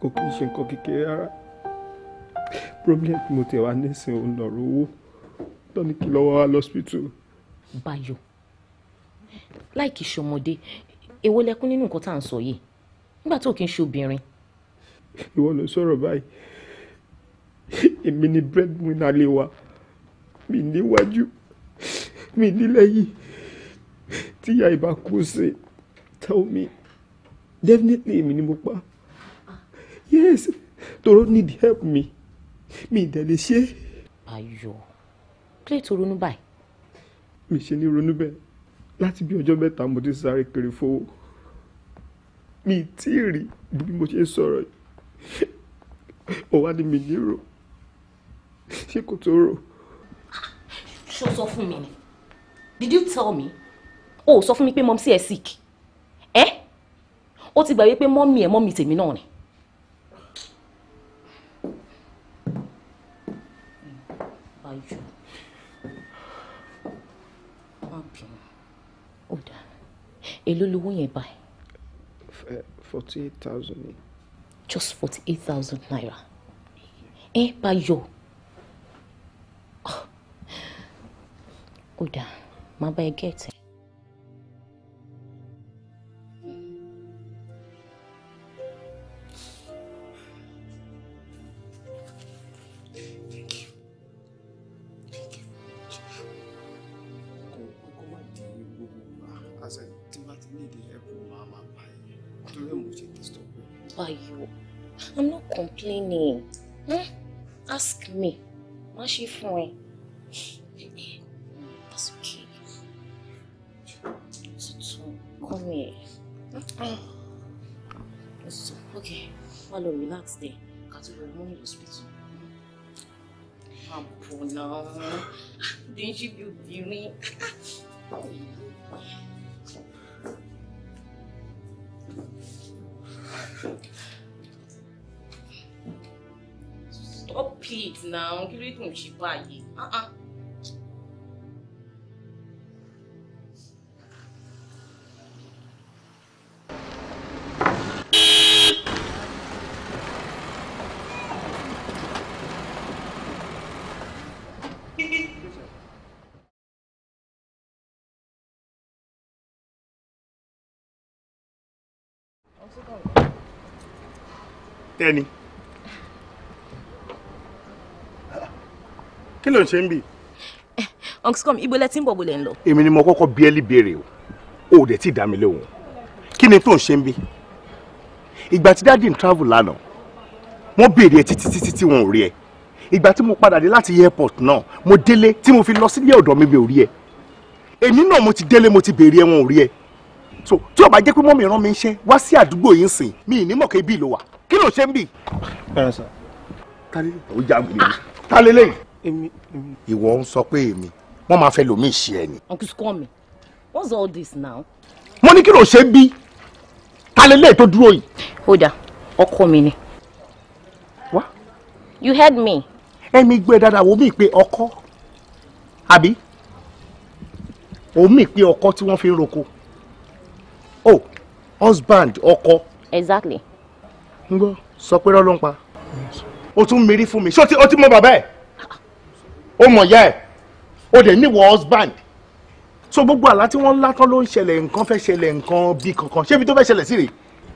kò kí n ṣe nǹkan kékeré rárá problem tí mo tẹ̀ wá nísìn òun lọ̀rọ̀ owó lọ́ni kí lọ́wọ́ wa lọ́sípítù. Báyọ̀ láìkí ṣọmọdé èwo lẹkún nínú nǹkan tá à ń sọ yìí nígbà tó kì í ṣe obìnrin. ìwọ ló sọ̀rọ̀ báyìí èmi ni breadwinner lè mi níwájú mi nílẹ̀yìn tíyà ìbá kú sí tell me definitely èmi ni mo pa yes toro need help me. mi dẹ̀ lè ṣe. ayọ̀ clay tó ronú báyìí. mi ṣe ní ronú bẹ́ẹ̀ láti bí ọjọ́ mẹ́ta mo ti sáré kiri fowó mi tí ì rí bí mo ṣe sọ̀rọ̀ yìí ó wá ní mi nírò ṣé kò tó rò. ṣó sọ fún mi ni did you tell me o oh, sọ fún mi pé mọ́mí sí ẹ̀ sick ẹ́ ó ti gbà wípé mọ́mí ẹ̀ mọ́mí tèmi náà ni. èló lówó yẹn ba. forty eight thousand ni. just forty eight thousand naira ẹ bá yọ ah. ó dáa má bá ẹ gẹ̀ẹ́tì. fún lórí tó ń ṣe báyìí. Ah, ah. Tẹ́ni. kí ló ń ṣe ń bì. ọ̀nkísọ́m ibo lẹ ti ń bọ̀ bolẹ̀ ń lọ. èmi ni mo kọ́kọ́ bí ẹ́ líbèrè o ò dẹ̀ tí dá mi lóhùn kí ni tó ń ṣe ń bì. ìgbà tí dáàdì ń travel lánàá wọ́n béèrè ẹ títí títí tí wọn ò rí ẹ ìgbà tí mo padà dé láti airport náà mo délé tí mo fi lọ sílé ọ̀dọ̀ mi mi ò rí ẹ èmi náà mo ti délé mo ti béèrè ẹ wọn ò rí ẹ so tí ó bá jẹ́ pé mọ́mí rán mi iṣẹ́ wá sí àdúgbò yìí ń sìn mi ì ní mọ̀ kébì ló wà kí ló ṣe ń bì. ta lélẹ̀ èmi èmi. ìwọ ń sọ pé èmi wọn máa fẹ́ lomi ìṣe ẹ ni. uncle squammy what's all this now. mo ní kí ló ṣe bí ta lè lè tó dúró yìí. ó ọkọ mi ni. wá. you heard me. ẹ̀mí gbé e dáadáa wo mí pé ọkọ àbí omi pé ọkọ tí wọ́n fi ń roko oh husband ọkọ. exactly. ń gbọ́ sọ pé rọ́ ló ń pa. o tún mérí fún mi ṣé o ti mọ bàbá ẹ̀ ó mọ̀ yá ẹ̀ ó dẹ̀ níwọ̀ husband so gbogbo àlá tí wọ́n lá tán ló ń ṣẹlẹ̀ nǹkan fẹ́ ṣẹlẹ̀ nǹkan bíi kankan ṣébi tó fẹ́ ṣẹlẹ̀ sí rèé.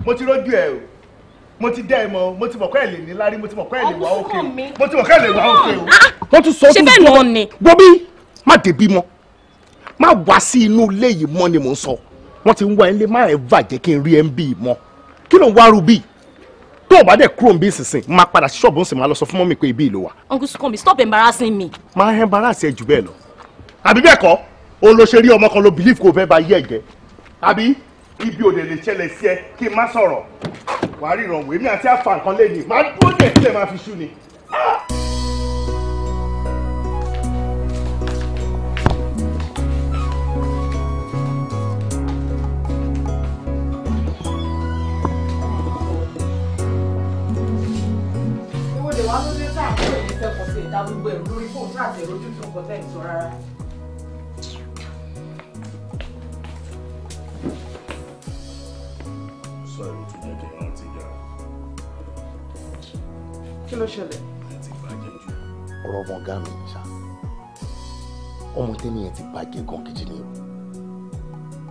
mo ti rójú ẹ o mo ti dẹ́ ẹ mọ mo ti mọ̀ kọ́ ẹ̀ lè ní lárí mo ti mọ̀ kọ́ ẹ̀ lè wá òkè o mo ti mọ̀ kọ́ ẹ̀ lè wá òkè o. wọ́n tún sọ fún mi gbọ́ mi gbọ́bí má débi mọ́ má wá sí inú ilé yìí mọ́ ni mò ń sọ wọ́n ti ń wá ilé má ẹ̀ bàjẹ́ kí n rí ẹ̀ ń bì mọ́ kí ló ń wá rubí tó o bá dẹ̀ kúrò nbí sísìn máa padà sí ṣọ́ọ̀bù nsìn máa lọ sọ fún mọ́mì pé ibi ìlú wa. uncle Sukanmi stop embarrassing me. máa embarrass ẹ jù bẹ́ẹ̀ lọ àbí bẹ́ẹ̀ kọ́ o lo ṣe rí ọmọ kan lo believe kò fẹ́ ba yí ẹ̀ jẹ́ àbí ibi òde lè ṣẹlẹ̀ sí ẹ kí n má sọ̀rọ̀ wàá ríran wèémí àti àfàǹkan lé ní dúró dé tí máa fi ṣú ni. wá ló dé tá àbúrò yìí fẹ́ kọ́ sí ìta gbogbo lórí fóun tí àti èrò tuntun kọ́ tẹ̀ rárá. sọ èrò tó jẹ́ kí n rántí kí ló ṣẹlẹ̀? ọ̀rọ̀ ọmọ ọ̀gá mi ṣá ọmọ tẹ́mi yẹn ti bàjẹ́ gan gidi ni o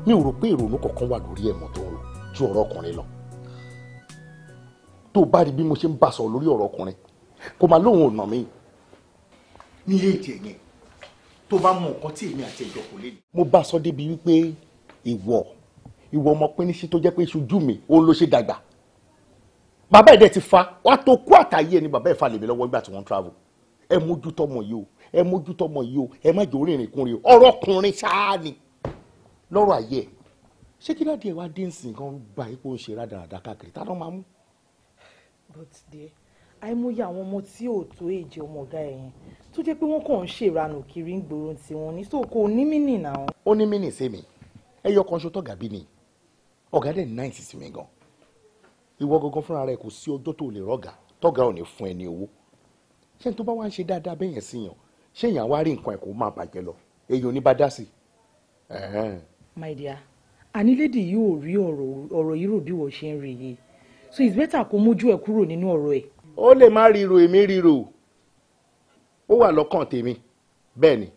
mi ò rò pé ìrònú kankan wà lórí ẹ̀mọ́ tó ju ọ̀rọ̀ ọkùnrin lọ tó o bá rí bí mo ṣe ń bá lórí ọ̀rọ̀ ọkùnrin kó máa lóun ò nà mí. nílé èdè yẹn tó bá mọ nǹkan tí èmi àti ẹjọ́ kò lè. mo bá a sọ débi wípé ìwọ ìwọ ọmọ pínísí tó jẹ́ pé ṣojú mi òun ló ṣe dàgbà bàbá ẹ̀ dẹ̀ ti fa wàá tó kó àtàyè ẹni bàbá ẹ̀ fa lèmi lọ́wọ́ nígbà tí wọ́n ń travel ẹ mójútó ọmọ yìí o ẹ mójútó ọmọ yìí o ẹ má jẹ orírìn kúnrin o ọ̀rọ̀ ọkùnrin ṣáá ni lọ́rọ̀ ayé ẹ ṣé kí dáadé ẹ wá dé nsìn kan gba ipò ń ṣe rádaràda káàkiri tá ló máa mú. but there àìmọye àwọn ọmọ tí ò tó èjì ọmọ ọ̀gá ẹ̀ yẹn tó jẹ́ pé wọ́n kàn ń ṣèranù kiri ń gbòòrò tiwọn ní sóko onímìnì náà. ó ní mìnì sí mi ẹyọ kan ṣo tọ́gà ni ọ̀gá dẹ̀ ní náìsì sí mi gan ìwọ gangan fúnra rẹ kò sí ọjọ́ tó lè rọ́gà tọ́gà ò ní fún ẹ owó ṣé n tó bá wá ń ṣe dáadáa bẹ́ẹ̀ yẹn síyàn ṣé èèyàn wá rí nǹkan ẹ̀ kó máa bàjẹ́ lọ èèyàn ò ní bá dá sí. my dear ànílédì yìí ò rí ọ̀rọ̀ yìí rò bí wọ́n ṣe ń rí yìí so it's better kó mójú ẹ̀ kúrò nínú ọ̀rọ̀ ẹ̀ ó lè má ríro èmi ríro ó wà lọ́kàn tèmi bẹ́ẹ̀ ni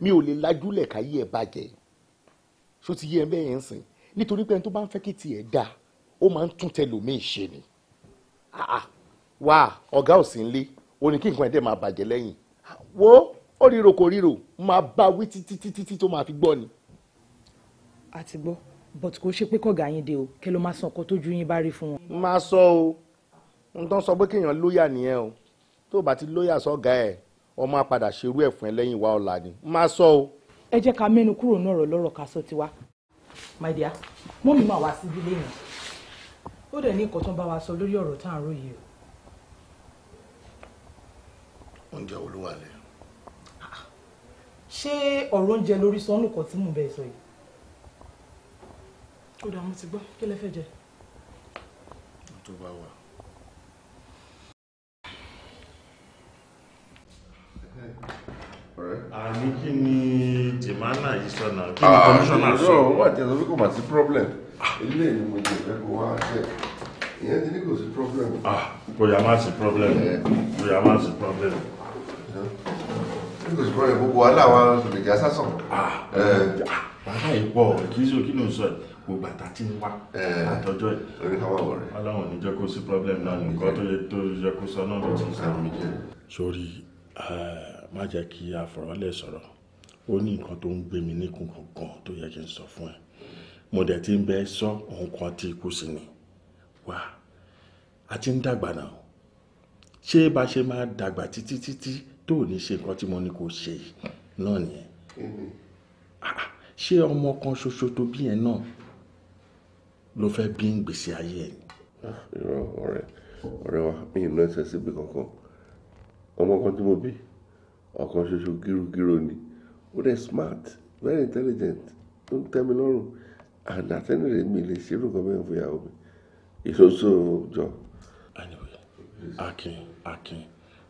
mi ò lè lajúlẹ̀ káyé ẹ̀ bàjẹ́ ṣó ti yé ẹ bẹ́ẹ̀ ń sìn nítorí pé ẹni tó bá ń fẹ́ kí tiẹ̀ dà ó máa ń tún tẹlòmíì ṣe ni wá ọ̀gá ò sí ń lé òní kí nǹkan ẹ̀ dẹ̀ máa bàjẹ́ lẹ́yìn wo ó ríro kò ríro máa bá wí títí títí tó máa fi gbọ́ ni. àti gbọ́ but kò ṣe pé kọ̀gá yín dé o kẹ́ ló máa sọ ọkọ tójú yín bá rí fún wọn. máa sọ o n tó ń sọ pé kéèyàn lóyà nìyẹn o tó o bá ti lóyà sọ́gà ẹ̀ ọmọ apàdà ṣerú ẹ̀ fún ẹ lẹ́yìn ìwà ọ̀la ni má sọ o. ẹ jẹ́ ká mẹ́nu kúrò náà rọ̀ lọ́rọ̀ ká sọ tiwa my dear wọ́n mi máa wá sí ilé yẹn ó dẹ̀ ní nǹkan tó ń bá wa sọ lórí ọ̀rọ̀ tá à ń róye o. oúnjẹ olúwa lẹ. ṣé ọ̀rọ̀ oúnjẹ lórí sọ́nù kan tí mò ń bẹ́ẹ̀ sọ yìí. ó dààmú ti gbọ́ kí lẹ fẹ́ jẹ. tó bá wà. àní kí ni jemana yìí sọnà kí ni kọmíṣánná ah, sọ. àná wà tí a sọ pé problem ilé ni mo jẹ ìfẹ́ kó wá jẹ ìyẹn ti ní kò sí problem. kò ah, yà má sí problem kò yà má sí problem. kò sí problem gbogbo wa láwa lòdìjà sásán. Ah, bàbá yìí pọ̀ kì í sọ kí ló ń sọ ẹ̀ gbogbo àtà tí ń wá àtọjọ ẹ Ọlọ́run ò ní jẹ́ kó sí problem náà nǹkan tó yẹ kó sọ náà ló ti sọ sórí má jẹ́ kí afọ̀rọ̀lẹ̀ sọ̀rọ̀ ó ní nǹkan tó ń gbé mi níkùn gangan tó yẹ kí n sọ fún ẹ mo dẹ̀ ti ń bẹ sọ ohun kan tí ikú sí ni wá a ti ń dàgbà náà ṣé bá ṣe máa dàgbà títí títí tó ò ní ṣe nǹkan tí mo ní kó ṣe náà nìyẹn ṣé ọmọ kan ṣoṣo tó bí yẹn náà ló fẹ́ bí ń gbèsè ayé ẹ̀. Ah, ọ̀rẹ́ ọ̀rẹ́ wa mi ì lọ ẹsẹ̀ síbi kankan ọmọ kan tí mo bí ọ̀kan ṣoṣo gírugíru ni ó dẹ̀ smart very intelligent tó ń tẹ́ mi lọ́rùn and àtẹnudẹ mi lè ṣerú nǹkan bẹ́ẹ̀ fún ìyàwó mi ìṣoṣo jọ. anyway akin akin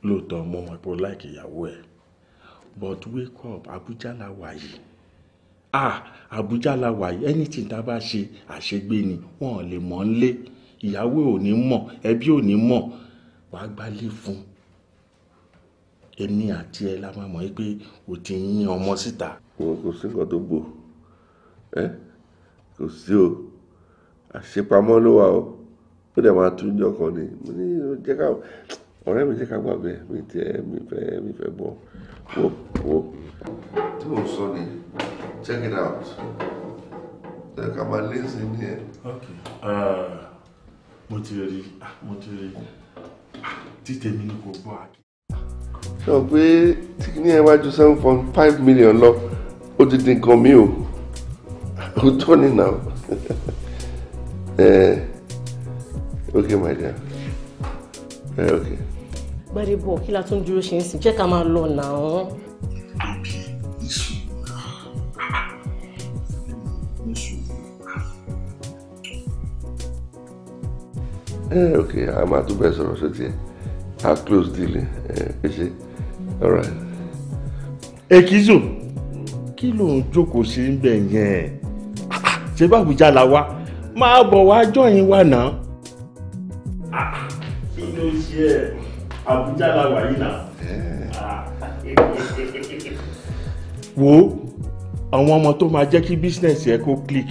lóòótọ́ mo mọ̀ pé o láìkì ìyàwó ẹ̀ but wake up abuja la wà yìí ah abuja la wà yìí anything tá a bá ṣe àṣegbé ni wọn ò lè mọ̀ ń lé ìyàwó ò ní mọ̀ ẹbí ò ní mọ̀ wàá gbálé fún un èmi àti ẹ la máa mọ̀ pé o ti yín ọmọ síta. kò sí nǹkan tó gbò ẹ kò sí o àṣepamọ́ ló wà o ó dẹ̀ máa tún jọ kan ni mo ní jẹ́ ká ọ̀rẹ́ mi jẹ́ ká gbà bẹ́ẹ̀ mi tẹ́ mi fẹ́ mi fẹ́ bọ̀ wò wò. tí mo sọ ni check it out ẹ ká máa lé sí ní ẹ. Ah, mo ti rí ah, mo ti rí ah, títẹ̀ mi ni kò bọ́ ṣe o pé tí ní ẹ wájú seven point five million lọ ó ti di nǹkan mi o ó tó nìyà o ok my dear very eh, ok. gbẹ́rẹ́ bọ̀ kí la tún dúró ṣe ń sìn jẹ́ ká máa lọ nà án. Eh, ok a máa tún bẹ́ẹ̀ sọ̀rọ̀ sóti ẹ̀. I close deal ẹ eh, ṣe all right. Ekizo kizu kilo ń jókòó sí ibẹ̀ yẹn ṣé báwo já la wá máa bọ̀ wá wa náà. kí ló ṣe ẹ Àbújá la wà yìí wo àwọn ọmọ tó máa jẹ́ kí bísínẹ̀sì ẹ kó click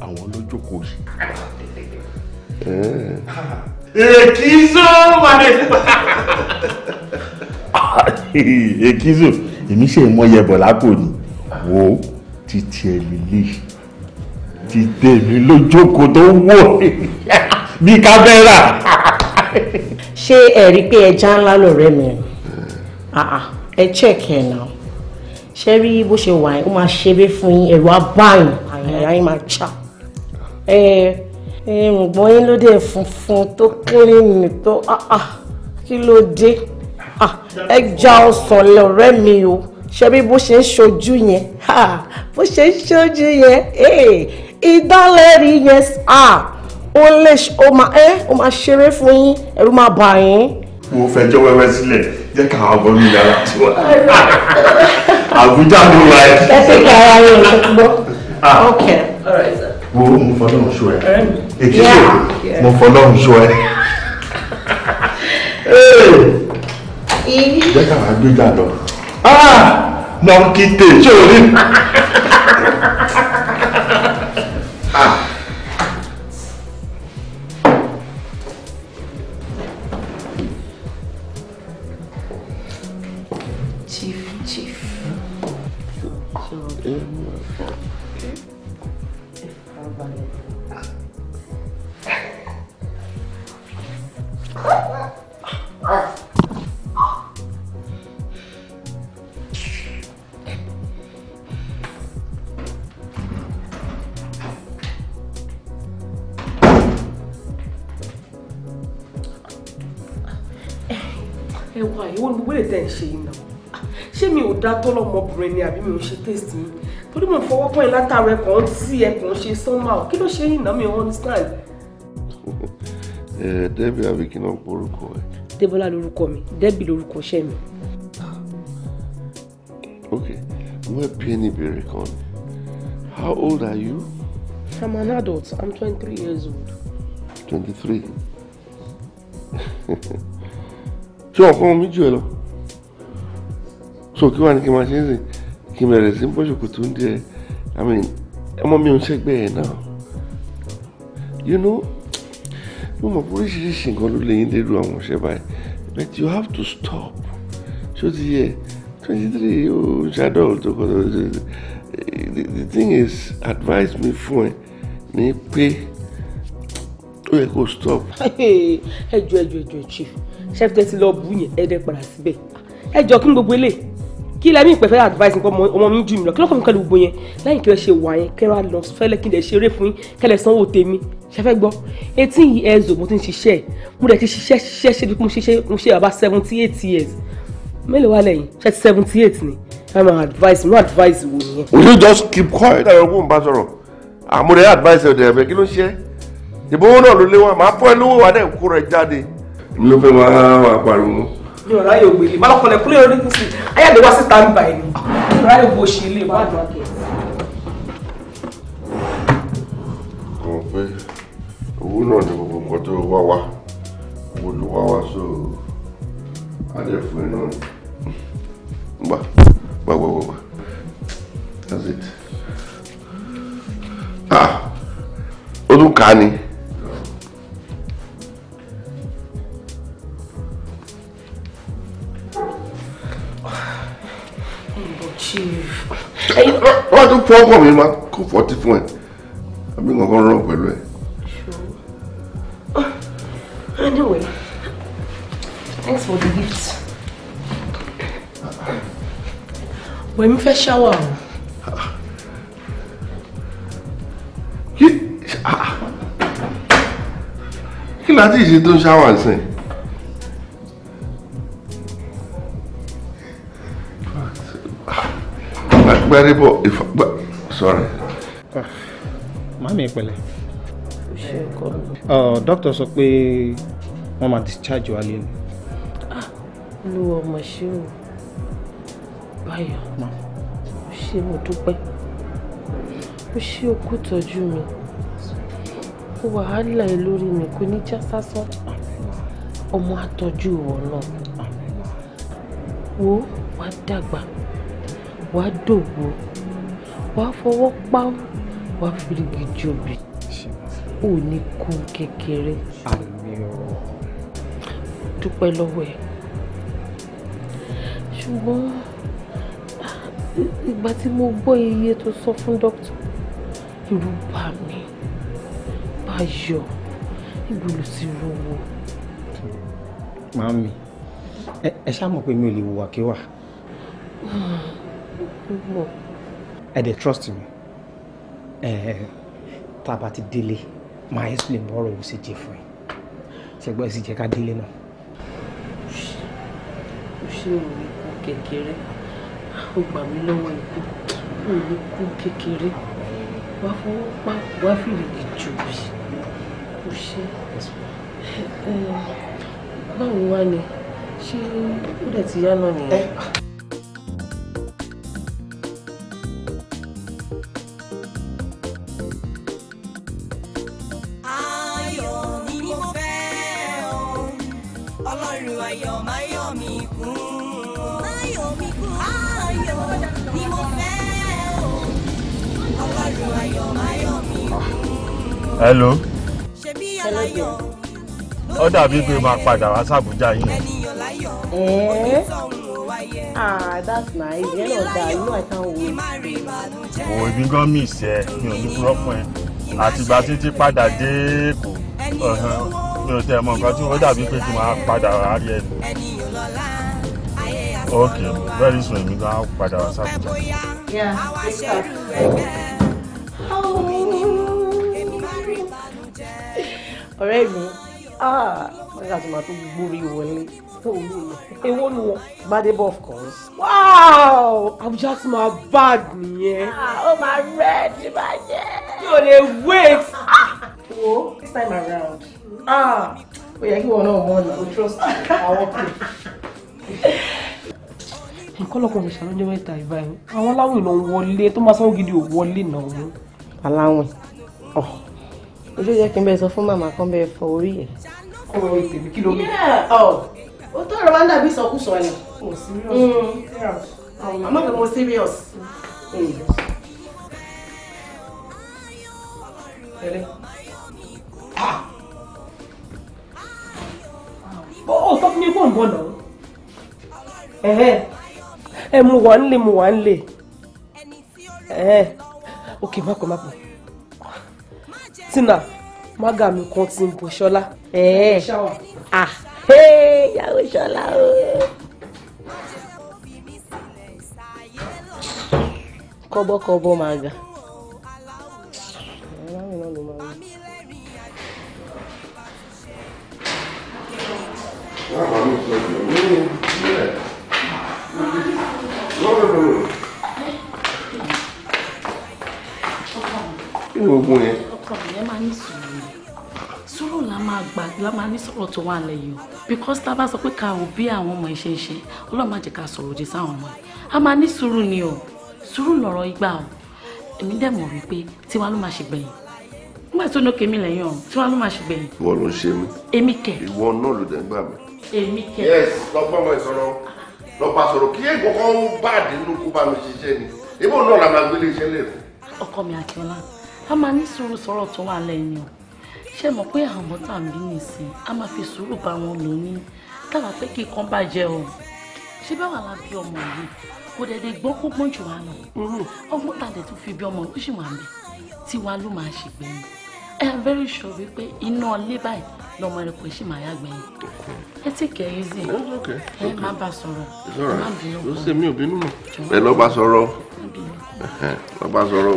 àwọn ló jókòó sí. Eh èkìzó wà ní. èkìzó èmi ṣe mọyẹ bọ̀lá kò ní wo títí ẹ lélẹ̀ ti tèmi lójókòó tó wò bí kámẹ́rà. ṣé ẹ rí i pé ẹja ńlá lọ̀rẹ́ mi ah, ah, ẹ check ẹ̀ náà ṣe rí bó ṣe wà ó máa é fún yín ẹ̀rọ abáyìn àyàrá yín máa ṣá ǹgbọ́n yín ló dé funfun tó kílíìnì tó ah, ah, kí ló dé ah, ẹ já ọsàn lẹ ọ̀rẹ́ mi o ṣebí bó ṣe ń ṣojú yẹn bó ṣe ń ṣojú yẹn eh, ìdálẹ́rìí yẹn ó lè ó máa ẹ ó máa ṣeré fún yín ẹ̀rù máa bà yín. mo fẹjọ́ wẹ́wẹ́ sílẹ̀ jẹ́ ká àgọ́ mi lára tiwa àbújá ló wà ẹ. ẹ ti kí ara rẹ ò ṣe gbọ́. ok. wo mo fọdún ṣọ ẹ èkìtì mo fọlọ́run ṣọ ẹ. jẹ́ ká wàá gbéjà lọ ah! nọ́ọ̀kì tè ṣé o rí. ọ̀rẹ́ ni àbí mi ò ṣe taste yín torí mo fọwọ́ pọ́n ẹ látàrọ ẹ̀kọ́ tí ẹ̀kọ́ ṣe somehow kí ló ṣe yín mi ò understand. ẹ eh, Debbie àbí kí náà porúkọ ẹ. Débọ́lá lorúkọ mi Debbie lorúkọ iṣẹ́ mi. Ah, okay mo bí ẹni béèrè kan ni how old are you. I'm an adult I'm twenty-three years old. twenty-three ṣé ọkọ mi jù ẹ lọ so kí wàá ní kí n máa ṣe é sìn kí n bẹ̀rẹ̀ sí ń bọ́ ṣòkòtò ń díẹ̀ i mean ọmọ mi ò ń ṣẹ́gbẹ́ ẹ̀ náà you know mo mọ̀ pé oríṣiríṣi nǹkan ló lè yín lérú àwọn ọ̀ṣẹ́ báyìí but you have to stop ṣó ti yẹ twenty three ó ń ṣe kọ́ tó ṣe the thing is advice me fún ẹ ní pé ó yẹ kó stop. ẹjọ ẹjọ ẹjọ chief ṣẹ́fẹ́ ti lọ bú yẹn ẹ̀ẹ́dẹ́ padà síbẹ̀ ẹjọ kí n gbogbo eléyìí kí lẹ́mí ìpẹ́fẹ́ advice nǹkan ọmọ mi jù mí lọ kí lọ́kàn mi kẹ́lẹ́ gbogbo yẹn lẹ́yìn kí ẹ ṣe wà yẹn kẹ́rọ lọ fẹ́lẹ́ kí n dẹ̀ ṣeré fún yín kẹ́lẹ́ sanwó tèmi ṣẹfẹ́ gbọ́ eighteen years old mo ti ń ṣiṣẹ́ mo dẹ̀ ti ṣiṣẹ́ ṣiṣẹ́ ṣe mo ṣiṣẹ́ mo ṣe àbá seventy eight years mélòó wà lẹ́yìn ṣe ti seventy eight ni ẹ máa advice no advice wò nìyẹn. will you just keep quiet ẹ̀rọ gbóhùn bá sọ̀rọ̀ àmúrẹ́ ah, advice ọ̀dẹ̀ ẹ̀fẹ̀ kí ló ṣe ìbówó náà ló lé wa màá fọ́ ẹ lówó wa dẹ̀ mi ò ráyè ògbè lè má lọ́kọ̀ọ́lẹ̀ kúlẹ̀ orí kùsì ayáde wá síta ń ẹ̀ ni mi ò ráyè ṣe lè má dùn àkẹ́. mo pé owó náà ni gbogbo nǹkan tó wá wá mo ló wá wá so adé fún iná ni gbà gbà gbà gbà that's it ah ó tún ni. chief. wọ́n ti fọ́ ọkọ mi máa kó fọ́tí fún ẹ àbí nǹkan rán pẹ̀lú ẹ. anyway thanks for the gift. wẹ̀mí fẹ́ ṣáwà o. Ah, kí ni a ti ṣe tó ṣáwà sẹ́yìn. agbárébọ̀ ìfọ̀gbà sorry. màmí ìpẹ̀lẹ́. dókítà sọ pé wọ́n máa discharge wa lẹ́nu. Ah, lu ọmọ ṣé o báyọ̀ o ṣé mo dúpẹ́ o ṣé o kú tọ́jú mi kó wàhálà ẹ lórí mi kò ní já sásán ọmọ àtọ́jú ìwọ náà wo wàá dàgbà wà á dògbò wà á fọwọ́ pa wà á fìrìgì jòbì ò ní kú kékeré dúpẹ́ lọ́wọ́ ẹ̀ ṣùgbọ́n ìgbà tí mo gbọ́ iye tó sọ fún dókítà irú bá mi bá yọ ìgbòlù ti rówó. màámi ẹ ṣáà mọ̀ pé mi ò lè wùwà kí wà. gbọ́. ẹ dey trust me ẹ ẹ tá a bá ti délé máa explain bọ́ọ̀rọ̀ òun sì jẹ fún yín ṣẹgbọ́n ẹ sì jẹ ká délé náà. o ṣe ò ní kú kékeré o gbà mí lọ́wọ́ ikú o ní kú kékeré wàá fọwọ́ pa wàá fìrìgì jù bí o ṣe báwo wá ni ṣé ó dẹ̀ ti yá náà nìyẹn. hello. hello dear. ó dàbí pé máa padà wá sàbújá yìí. ẹ̀ẹ́ eh? ah that's nice yẹn náà dáa inú àìsàn wo. òwò ibi gan mi ìṣe mi ò ní purọ́ fún ẹ àtìgbà títí padà dé èkó mi ò tẹ̀ mọ̀ nǹkan tí ó dàbí pé kí n máa padà wá rí ẹ okay very soon mi gan padà wá sàbújá. yeah. ọ̀rẹ́ mi ọ̀rẹ́ àti màá tó gbórí wọlé tó wù mí èwo nu wọn gbadebo of course wow abuja ti máa bad nìyẹn ó ah, oh, máa red ní bàjẹ́ yóò lè wait ah! wo this time around ah! ó yẹ kí wọn náà wọ́n náà o trust I àwọn kò nǹkan lọkọ mi ṣàlọ́jọ́ mẹ́ta ìbáyìí àwọn aláwìn ló ń wọlé tó máa sanwó gidi ò wọlé náà. aláwìn ọ̀h. Oh ojú jẹ́ kí n bẹ̀rẹ̀ sọ fún màmá kan bẹ̀rẹ̀ fọ orí ẹ̀. kọ́ ọ tèmi kí ló mi. Oh, ó tó ọ̀rọ̀ máa ń dàbí ìsọkúsọ ni. mo serious. àmọ́ mm. pé mo serious. Mm. Ah! ó sọ fún mi kó ń bọ̀ náà. ẹ mo wà ń lè mo wà ń lè. ok má pè tina maga mi kan ti ń bo ṣọlá. ẹ̀ẹ́ ah ìyàwó ṣọlá o. kọ́bọ́kọ́bọ́ máa ga. Kí ni ogun yẹn? máa ní sùúrù sùúrù la máa gbà la máa ní sọ̀rọ̀ tó wà lẹ́yìn o because tá a bá sọ pé ká ò bí àwọn ọmọ ìṣe ṣe ọlọ́run má jẹ́ ká sọ̀rọ̀ òdì sáwọn ọmọ a máa ní sùúrù ni o sùúrù lọ̀rọ̀ ìgbà o èmi dẹ̀ mọ̀ wípé tiwa ló máa ṣègbẹ̀yìn nígbà tó nókè mí lẹ́yìn o tiwa ló máa ṣègbẹ̀yìn. ìwọ ló ń ṣe mí. èmi kẹ. ìwọ náà ló dẹ̀ ń gbà mí. èmi kẹ. yes lọ́gbọ́n mọ̀ ìsọ̀rọ̀ lọ́pàá sọ̀rọ̀ kí ẹ̀gbọ́n kan bá àdínnú kó bá mi ṣiṣẹ́ ni ìbò náà la máa gbélé iṣẹ́ lẹ́nu. ọkọ mi Akínọlá a máa ní sùúrù sọ̀rọ̀ tó wà lẹ́yìn o mọ̀ pé àwọn ọmọọta nìsín a máa fi sùúrù bá wọn lò ní táwa pé kí nǹkan bàjẹ́ o ṣé bá wà lábí ọmọ yìí kò dẹ̀dẹ̀ gbọ́n kó gbọ́n jù wá lọ ọgbọ́n tàdé tó fi bí ọmọ ó sì wà mí tiwa ló máa ṣègbẹ́yìn I am very sure wípé iná ilé báyìí lọmọ rẹ kò ṣì máa yá gbẹ̀yìn ẹ tí oh, kẹ ẹ zì ẹ má bá sọ̀rọ̀ ẹ má bínú kọ ó sì mí ò ẹ lọ bá sọ̀rọ̀ lọ bá sọ̀rọ̀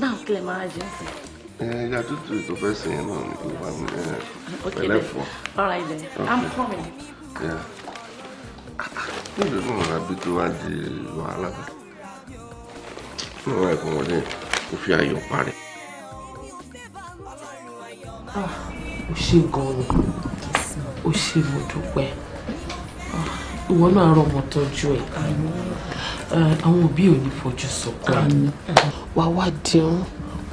náà kílẹ̀ máa jẹ́ sí. ẹja tútù tó fẹ́ sè é náà ní ìwà pẹ̀lẹ́ fọ. all right then i'm coming. níbi fún ọ̀rọ̀ àbí tó wá di wàhálà fún ọ̀rọ̀ ẹ̀kọ́ wọlé kò fi ayọ̀ parí. ó ṣe gan-an ó ṣe mo dúpẹ́ ìwọ náà rọ ọmọ tọ́jú ẹ àwọn òbí ò ní fojú sọkàn wàá wá dirun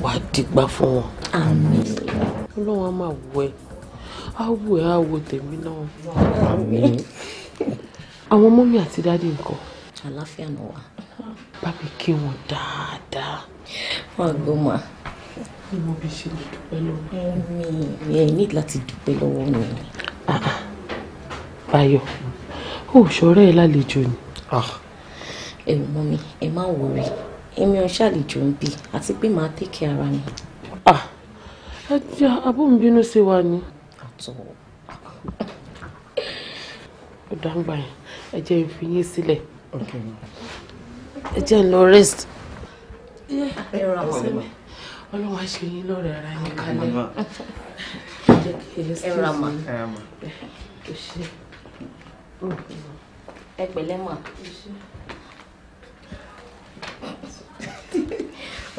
wàá dìgbà fún wọn ọlọ́run á máa wọ ẹ á wọ ẹ á wọ tèmi náà àwọn mọ́mí àti dádì nǹkan. àláfíà náà wà. bá mi kí wọn dáadáa. wọn á gbọ́ mọ́ a ni mo fi ṣe lè dúpẹ́ lọ́wọ́. mi ẹ ní láti dúpẹ́ lọ́wọ́ mi. Ah, ah. Báyọ̀ ó ṣọ̀rẹ́ ẹ lálejò ni. Ah. ẹ wò mọ́ mi ẹ má wòrè èmi ò ṣàlejò ń bì àti pé màá ara mi. Ah. abó wa ni. ó dáńgbà yẹn ẹ jẹ́ fi yín sílẹ̀ ẹ jẹ́ lọ rest. ṣe yín lọ́rẹ̀ ara yín kalẹ̀ ẹ ràn ẹ pẹ̀lẹ́ mà.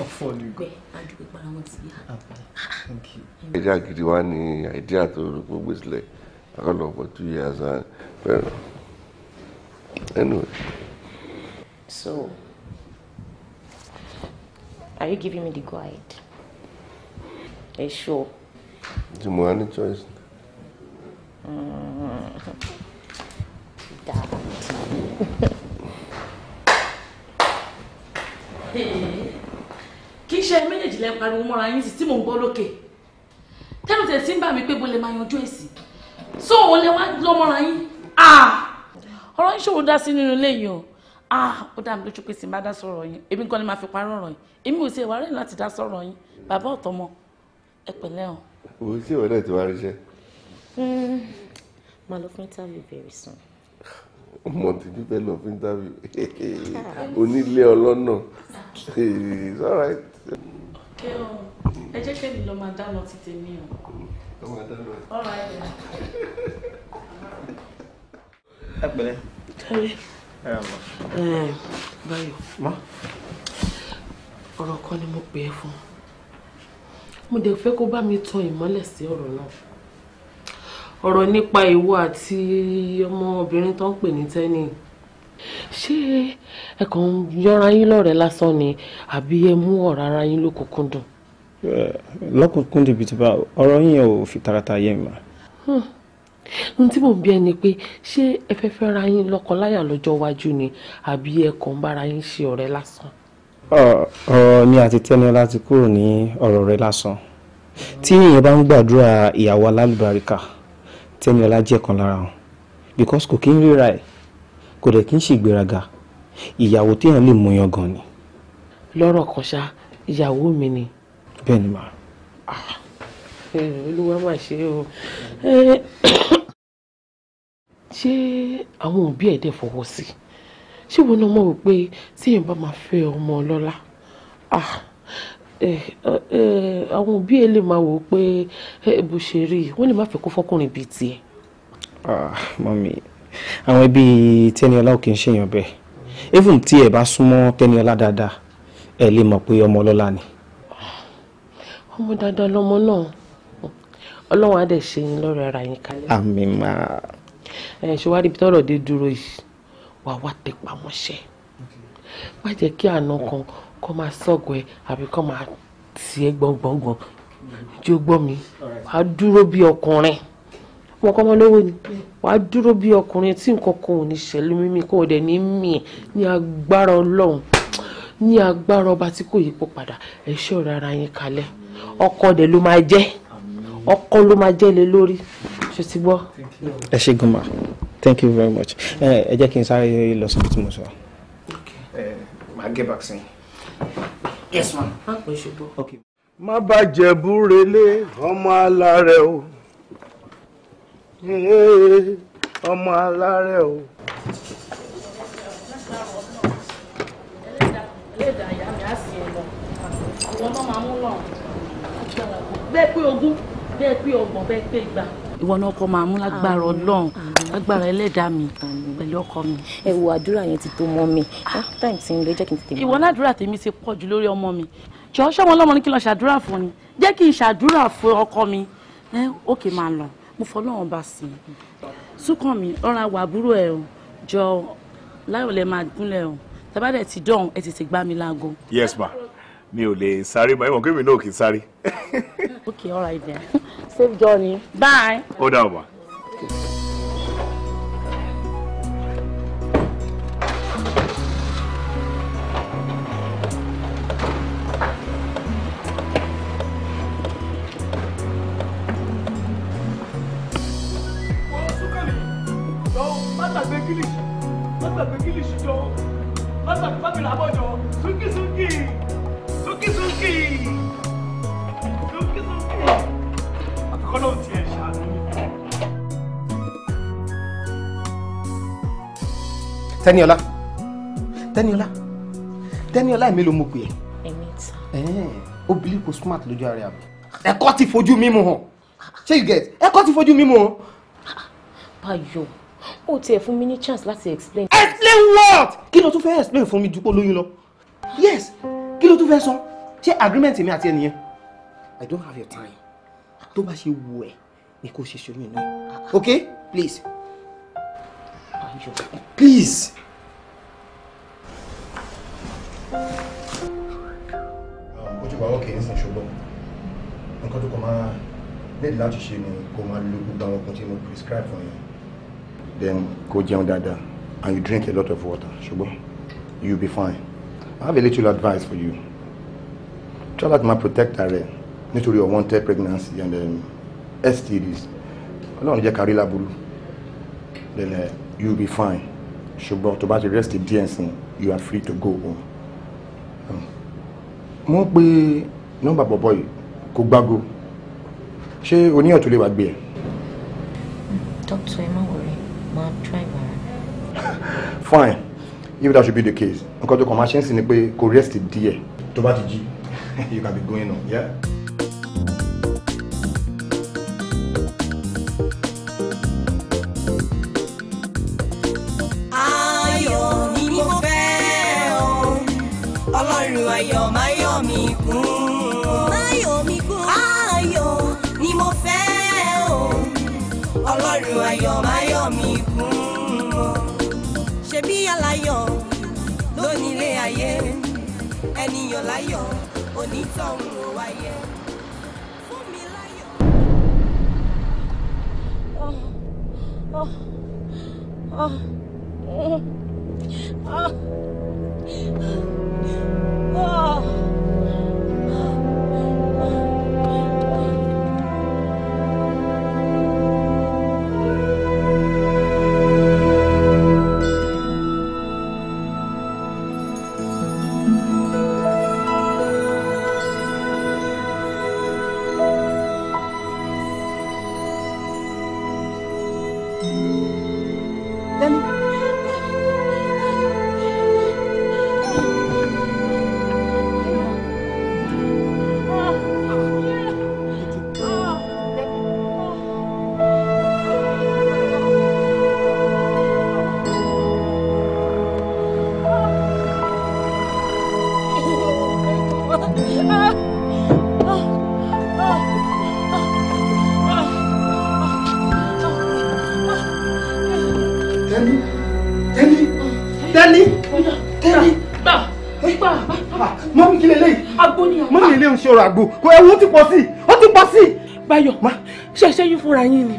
ọ̀fọ̀ ni. gbẹ adúgbò para wọn ti yá. Ah, ẹja gidi wa ni àìdíà tó gbogbo sílẹ̀ akọlọ for two years and pero anyway. so are you giving me the guide? ahead? ẹ ṣó. tí mo wá ní choice. Mm-hmm dáadé. kì í ṣe méjèèjì lẹ pariwo mọ́ra yín sí tí mò ń gbọ́ lókè tẹ́lù tẹ̀ sí ń bà mí pé bó lè máa yanjú èsì so òun lè wá lọ́ mọ́ra yín ọ̀rọ̀ yín ṣòro dá sí nínú ilé yìí o ó dá mi lójú pé sì má dá sọ̀rọ̀ yín èmi kan ni màá fi parí ọ̀rọ̀ yín èmi ò sí ìwà rẹ̀ láti dá sọ̀rọ̀ yín bàbá ọ̀tọ́mọ ẹ pẹ̀lẹ́ o. òun sì wọ́n náà ti wá ríṣẹ́. Hmm, lọ fún interview very soon. Mọ̀tìjú fẹ́ lọ fún interview onílé ọlọ́nà it's alright. ẹ jẹ́ kí èmi lọ máa dáná ti tèmi o. lọ máa dáná. ẹ pẹ̀lẹ́. ẹ báyọ̀ ma ọ̀rọ̀ kan ni mo pè é fún mo dẹ̀ fẹ́ kó bá mi tan ìmọ́lẹ̀ sí ọ̀rọ̀ náà ọ̀rọ̀ nípa ìwọ àti ọmọbìnrin tó ń pè ní tẹ́nì ṣé ẹ kàn ń yọra yín lọ́rẹ̀ẹ́ lásán ni àbí ẹ mú ọ̀rọ̀ ara yín lókùnkùn dùn. lọ́kùnkùn dùn bìtìbà ọ̀rọ̀ yín ò fi tààràtà yé mi. ohun tí mò ń bí ẹ ni pé ṣé ẹ fẹ́ fẹ́ ra yín lọ́kọ láyà lọ́jọ́ iwájú ni àbí ẹ kàn ń bára yín ṣe ọ̀rẹ́ lásán. ọ̀rọ̀ ni àti tẹ́ni láti kúrò ní ọ̀rọ̀ rẹ lásán tí ìyẹn bá ń gbàdúrà ìyàwó Tẹ́niọlá jẹ́ kan lára wọn because kò kí ń ríra ẹ̀ kò dẹ̀ kí ń ṣègbéraga ìyàwó téèyàn lè mú yan gan ni. lọ́rọ̀ kan ṣá ìyàwó mi ni. bẹ́ẹ̀ ni màá. Ah, olúwa máa ṣe o ṣé àwọn òbí ẹ̀ dẹ̀ fọwọ́ sí ṣé wọn náà mọ̀ wípé tí bá máa fẹ́ ọmọ ọlọ́lá ah Eh, eh, eh, àwọn òbí ẹ lè máa wò ó pé bó ṣe rí i wọ́n lè má fẹ́ kó fọkùnrin bíi tiẹ̀. Ah, mọ́mí àwọn ẹbí tẹ́niọlá ò kì í ṣèyàn bẹ́ẹ̀ even tí ẹ bá súnmọ́ tẹ́niọlá dáadáa ẹ lè mọ̀ pé ọmọ ọlọ́lá ni. ọmọ dáadáa lọmọ náà ọlọ́run á dẹ̀ ṣe yín lọ́rọ̀ ara yín kalẹ̀. àmì máa. ẹ ṣèwádìí ibi tọ́rọ̀ dé dúró yìí wàá wá tẹpá má jẹ́ kí àna kan kọ́ máa sọ̀gọ̀ ẹ àbí kọ́ máa tì ẹ́ gbọ̀ngbọ̀ngbọ̀n tí mi wà á dúró bí ọkùnrin wọn ni wà á dúró bí ọkùnrin tí nǹkan kan ò ní ṣẹlú mímí kó o dẹ̀ ní mí ní agbára ọlọ́run ní agbára ọba tí kò yípo padà ẹ ṣọ́ra ara yín kalẹ̀ ọkọ dẹ̀ ló máa jẹ́ ọkọ ló máa jẹ́ lé lórí ṣe ti gbọ́. ẹ ṣe gan ma thank you very much ẹ jẹ́ kí n sáré lọ síbi tí mo sọ. màá get back sí i yes ma. má bàjẹ́ búrelé ọmọ alárẹ̀ o eh, ọmọ alárẹ̀ o. gbẹ́ pé ogún bẹ́ẹ̀ pé ọgbọ̀n bẹ́ẹ̀ pé igba ìwọ náà kọ́ máa mú lágbára ọlọ́run lágbára ẹlẹ́dàá mi pẹ̀lú ọkọ mi. ẹ wo àdúrà yẹn ti tó mọ mi ah. Ah, time ti ń lọ jẹ́ kí n tètè mọ. ìwọ náà àdúrà tèmi ti pọ̀ jù lórí ọmọ mi jọ ṣọmọ ọlọ́mọ ní kí n lọ ṣàdúrà fún ni jẹ́ kí n ṣàdúrà fún ọkọ mi ókè eh, máa lọ mo fọlọ́run bá sí i súnkàn mi ọ̀ràn àwọn àbúrò ẹ̀ o jọ láyọ̀ lẹ́ máa gúnlẹ̀ o tàbá dẹ̀ ti dán ẹ̀ tètè gbá mi láago. yes ma mi ò lè sáré mọ ẹ̀wọ̀n kémi náà kì í sáré. okay all right then safe journey bye. Hold on, ma. Okay. tẹniọlá tẹniọlá tẹniọlá èmi ló mọ̀ pé ẹ. èmi ta. ó bilí kò smart lójú ara mi ẹ̀kọ́ ti fojú mímu hàn ṣé you get ẹ̀kọ́ ti fojú mímu hàn. Báyọ̀ o tiẹ̀ fún mi ní chance láti explain. explain what kí ló tún fẹ́ explain fún mi ju kó lóyún lọ yes kí ló tún fẹ́ sọ ṣé agreement mi àti ẹnìyẹn i don't have your time tó bá ṣe wù ẹ́ ni kò ṣe ṣoyún náà okay please. Please. ojú wa ọkẹ ń sìn ṣùgbọ́n nǹkan tó kọ máa nílò láti ṣe ni kó máa lo gbogbo prescribe fún yẹn. then go down, Dada. and you drink a lot of water Shobo. You'll be fine i have a little advice for you try láti my protect ara ẹ nítorí unwanted pregnancy and then, um, STDs ọlọ́run jẹ́ kárí láburú then. Uh, you'll be fine ṣùgbọ́n tó bá ti rest díẹ̀ sí you are free to go home. mo ń pe nọ́mbà bọ̀bọ̀ yìí kò gbágo ṣé oníyàn tó lè wá gbé ẹ. doctor ẹ má wọrí máa try wàrà. fine if that should be the case nǹkan tó kàn máa ṣe ń sìn ni pé kò rest díẹ̀ tó bá ti jí you can be going on. Yeah? ènìyàn láyọ̀ onítọ̀hún ò wáyé Oh, oh, oh. oh. ọ̀rọ̀ àgbo ẹ̀wù ó ti pọ̀ sí i ó ti pọ̀ sí i. Báyọ̀ ṣe ṣẹ́yún fúnra yín ni.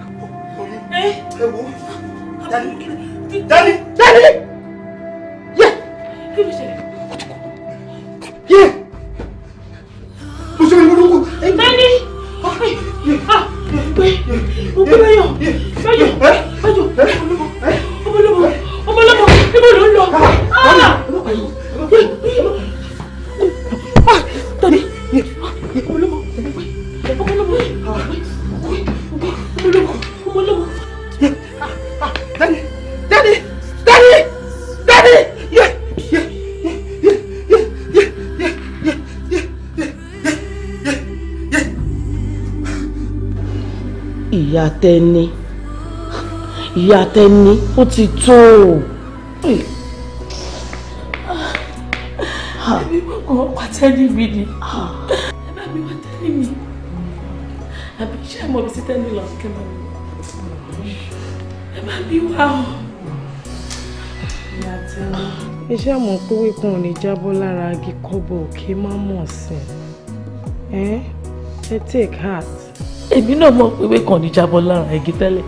tẹni ìyá tẹni ó ti tó o. ẹbí kò wá tẹ́lí mi ni ẹ bá mi wá tẹ́lí mi àbí iṣẹ́ ìmọ̀ mi sí tẹ́lí lọ kẹ́ bá mi ẹ bá mi wá o. ìyá tẹ́lí. iṣẹ́ àmọ́ pé wíkún ò ní jábọ́ lára agi kọ́bọ̀ òkè má mọ̀ sí ẹ ẹ take heart èmi náà mọ̀ pé wékàn ní jábọ́ lára igi tẹ́lẹ̀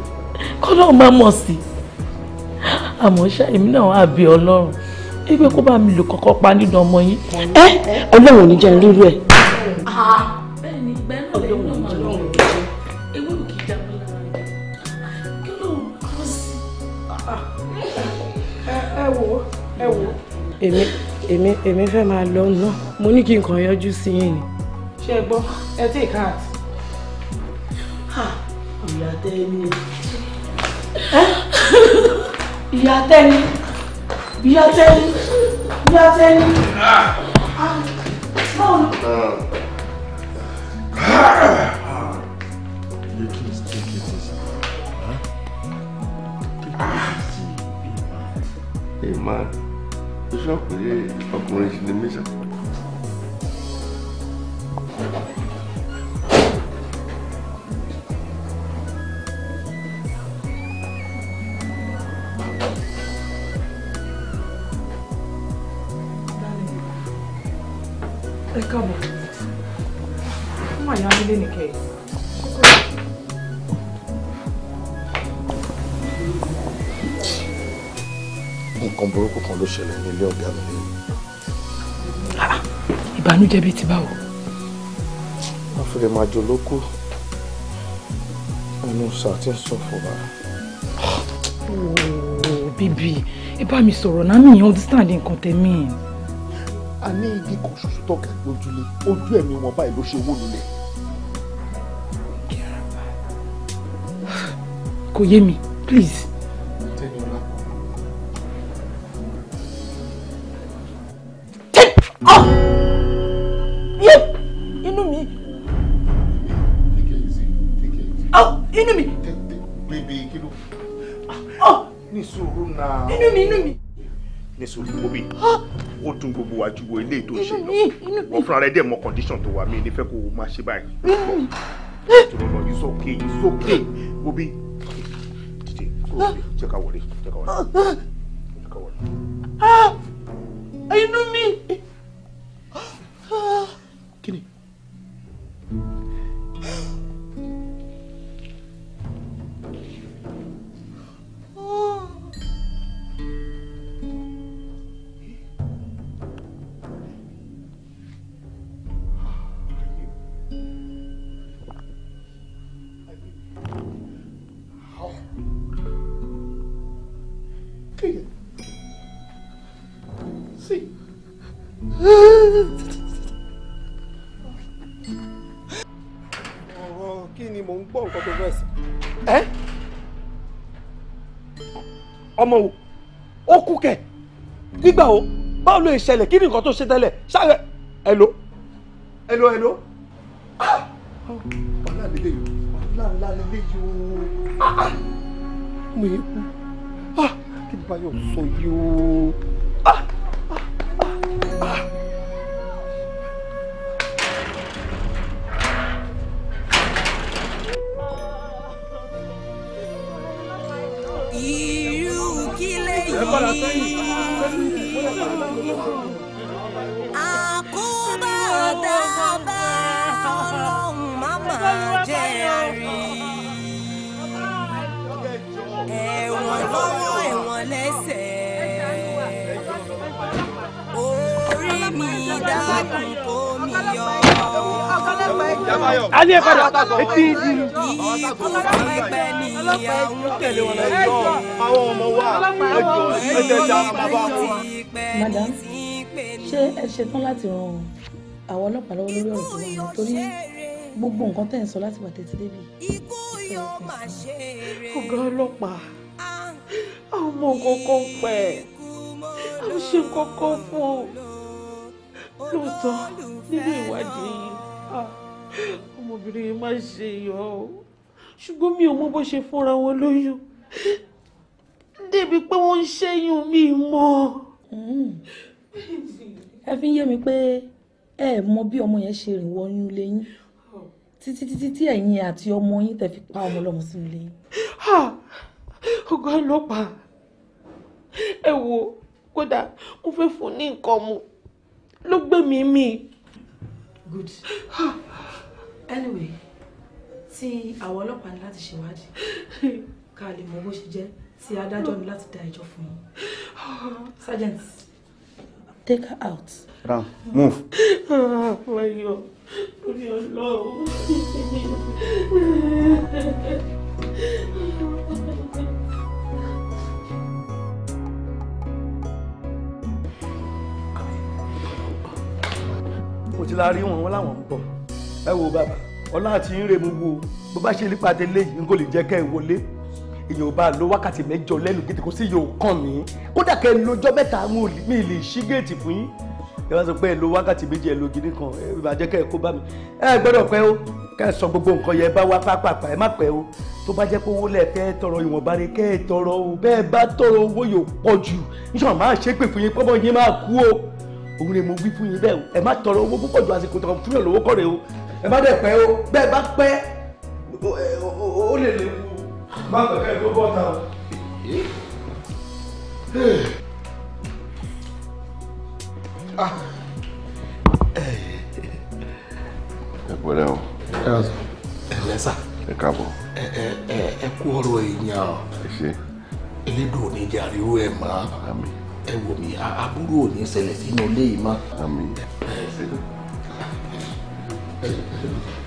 kọ́ náà má mọ̀ sí i àmọ́ ṣá èmi náà á bí ọlọ́run ẹgbẹ́ kó bá mi lò kọ́kọ́ pa nínú ọmọ yín. ẹ ọlọ́run ò ní jẹ́ rírú ẹ̀. bẹ́ẹ̀ ni bẹ́ẹ̀ náà lè ní ọmọ ọlọ́run ewé ò kì í jábọ́ ẹ èmi èmi èmi fẹ́ máa lọ náà mo ní kí n kàn yọjú sí yín ni. ṣé ẹ gbọ́ ẹ tí ì káàtì. Ah, ìyá tẹ́ni ìyá tẹ́ni ìyá tẹ́ni ìyá tẹ́ni ah, báwo ni. Hey man, you shock me, you're a community in the mission. kan ló ṣẹlẹ̀ ní ilé ọ̀gá mi lẹ́yìn. Ah, ìbànújẹ́ bíi ti báwo. wọ́n fi lè máa jọ lókù ẹnu sáà tí ń sọ fún wa. bíbí ẹ bá mi sọ̀rọ̀ náà mi yàn understand nǹkan tẹ̀mí. a ní igi kan ṣoṣo tó ga lójúlé ojú ẹ̀mí wọn báyìí ló ṣe wó lulẹ̀. kò yé mi please. sórí bóbí ó tún gbogbo wa ju wo ilé tó ṣe lọ wọ́n fúnra rẹ̀ dẹ̀ mọ condition tó wà mí ní fẹ́ kó o máa ṣe báyìí tó lọ yìí sókè yìí sókè bóbí dìde kúrò lè ká wọlé jẹ́ ká wọlé jẹ́ ká wọlé. Ah! Ah! inú mi. Ah! kí ni. mọ́ o ó kú kẹ̀ nígbà o báwo ló ìṣẹ̀lẹ̀ kí ni nǹkan tó ṣe tẹ́lẹ̀ ṣáà hello hello hello ah! wàhálà lélẹ̀ yìí mo yẹ ah, ah! kú kí ni báyọ̀ sọ yìí o. àkóbá dábà ọlọ́run má máa jẹ́ rí ẹ̀wọ̀n lọ́wọ́ ẹ̀wọ̀n lẹ́sẹ̀ orí mi dákun kó mi yọ a ní ẹ padà etí ìdí. ìgbẹ́ ni ìyàwó tẹ̀lé wọn lọ yọ àwọn ọmọ wa ẹjọ ẹjẹjà bàbá wọn. madam ṣé ẹ ṣetán láti ran àwọn ọlọ́pàá lọ́wọ́ lórí ọ̀rọ̀ tó wà lọ torí gbogbo nǹkan tẹ̀ ń sọ láti bàtẹ́ ti débi. ọ̀gá ọlọ́pàá àwọn ọmọ kọ̀ọ̀kan pẹ̀ àwọn ṣe kọ̀ọ̀kan fún lóòótọ́ nínú ìwádìí yìí ọmọbìnrin yẹn má ṣe yọ ọ ṣùgbọ́n mi ò mọ bó ṣe fúnra wọn lóyún débi pé wọ́n ń ṣẹ́yún mi mọ́. ẹ fi ń yé mi pé ẹ mọ bí ọmọ yẹn ṣe rìn wọnú ilé yín títí títí tí ẹ̀yin àti ọmọ yín tẹ̀ fi pa ọmọ lọ́mọ sínú ilé ọgá ọlọ́pàá ẹ wo kódà mo fẹ́ fún ní nǹkan mu ló gbé mi mì. good anyway tí àwọn ọlọ́pàá ní láti ṣèwádìí ká lè mọ bó ṣe jẹ́ tí adájọ́ ní láti dá ẹjọ́ fún yín sergeant take her out. ram move. wáyọ ah, orí ọlọ́run. òtí la rí wọn wọn láwọn ń bọ̀ ẹ wo bàbá ọlá àti ìrè mu wo bó bá ṣe nípa tẹ léyìí n kò lè jẹ́ kẹ́ ẹ wọlé èèyàn bá lo wákàtí mẹ́jọ lẹ́nu gidi kò sí yóò kàn mí kódà kẹ́ ẹ lójọ́ mẹ́ta mi lè ṣí géètì fún yín ẹ bá sọ pé ẹ lo wákàtí méjì ẹ lo gidi kan ẹ bá jẹ́ kẹ́ ẹ kó bá mi ẹ gbọ́dọ̀ pẹ́ o kẹ́ ẹ sọ gbogbo nǹkan yẹn bá wá pápápá ẹ má pẹ́ o tó bá jẹ́ pé owó lẹ̀ fẹ́ tọrọ ìwọ̀nba ni kẹ́ ẹ tọrọ o bẹ́ẹ̀ bá tọrọ owó yóò pọ̀ jù níṣọ́ máa ṣe pé fún yín pọ́bọ́ yín máa kú o òun ni mo wí fún yín bẹ́ẹ̀ ẹ má tọrọ owó púpọ̀ ju àsìkò tọrọ fún yàn lówó kọ́rẹ́ o ẹ má dẹ̀ pẹ́ o bẹ́ẹ̀ bá pẹ́ ó lè léwu. má pẹ̀kẹ́ ló bọ́ ta o. ẹ pẹ̀lẹ́ o. ẹ lẹ́sà. ẹ káàbọ̀. ẹ ẹ ẹ kú ọ̀rọ̀ èèyàn. ẹ ṣe. elédò ò ní jẹ́ ariwo ẹ̀ ẹ wò mí aburú ò ní ṣẹlẹ̀ sínú ilé yìí mọ́. àmín. ẹ ṣe.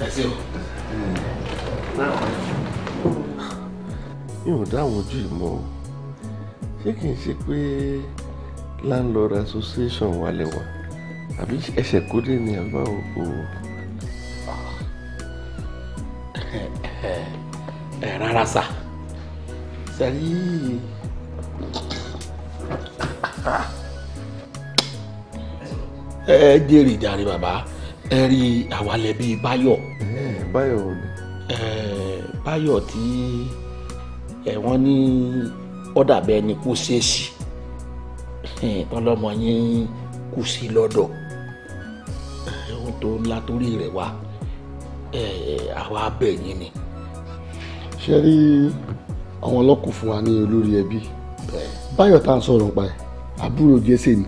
ẹsẹ o. mi ò dá àwọn ojú ìmọ̀ o ṣé kì í ṣe landlord association wà lẹ́wà àbí ẹsẹ̀ kódé o. ẹ rárá sá sẹ́rí ẹ jèrè jàre bàbá ẹ rí àwalẹ̀ bíi báyọ̀. báyọ̀ ò ní. báyọ̀ tí wọ́n ní ọ̀dà ni kú ṣèèṣì tọ́lọ́mọ yín kú sí lọ́dọ̀ ohun tó ńlá torí rẹ̀ wá àwa bẹ̀ yín ni. ṣe rí àwọn ọlọ́kùn fún wa ní olórí ẹbí báyọ̀ tá à ń sọ̀rọ̀ pa ẹ̀ àbúrò jẹ́sẹ̀ ni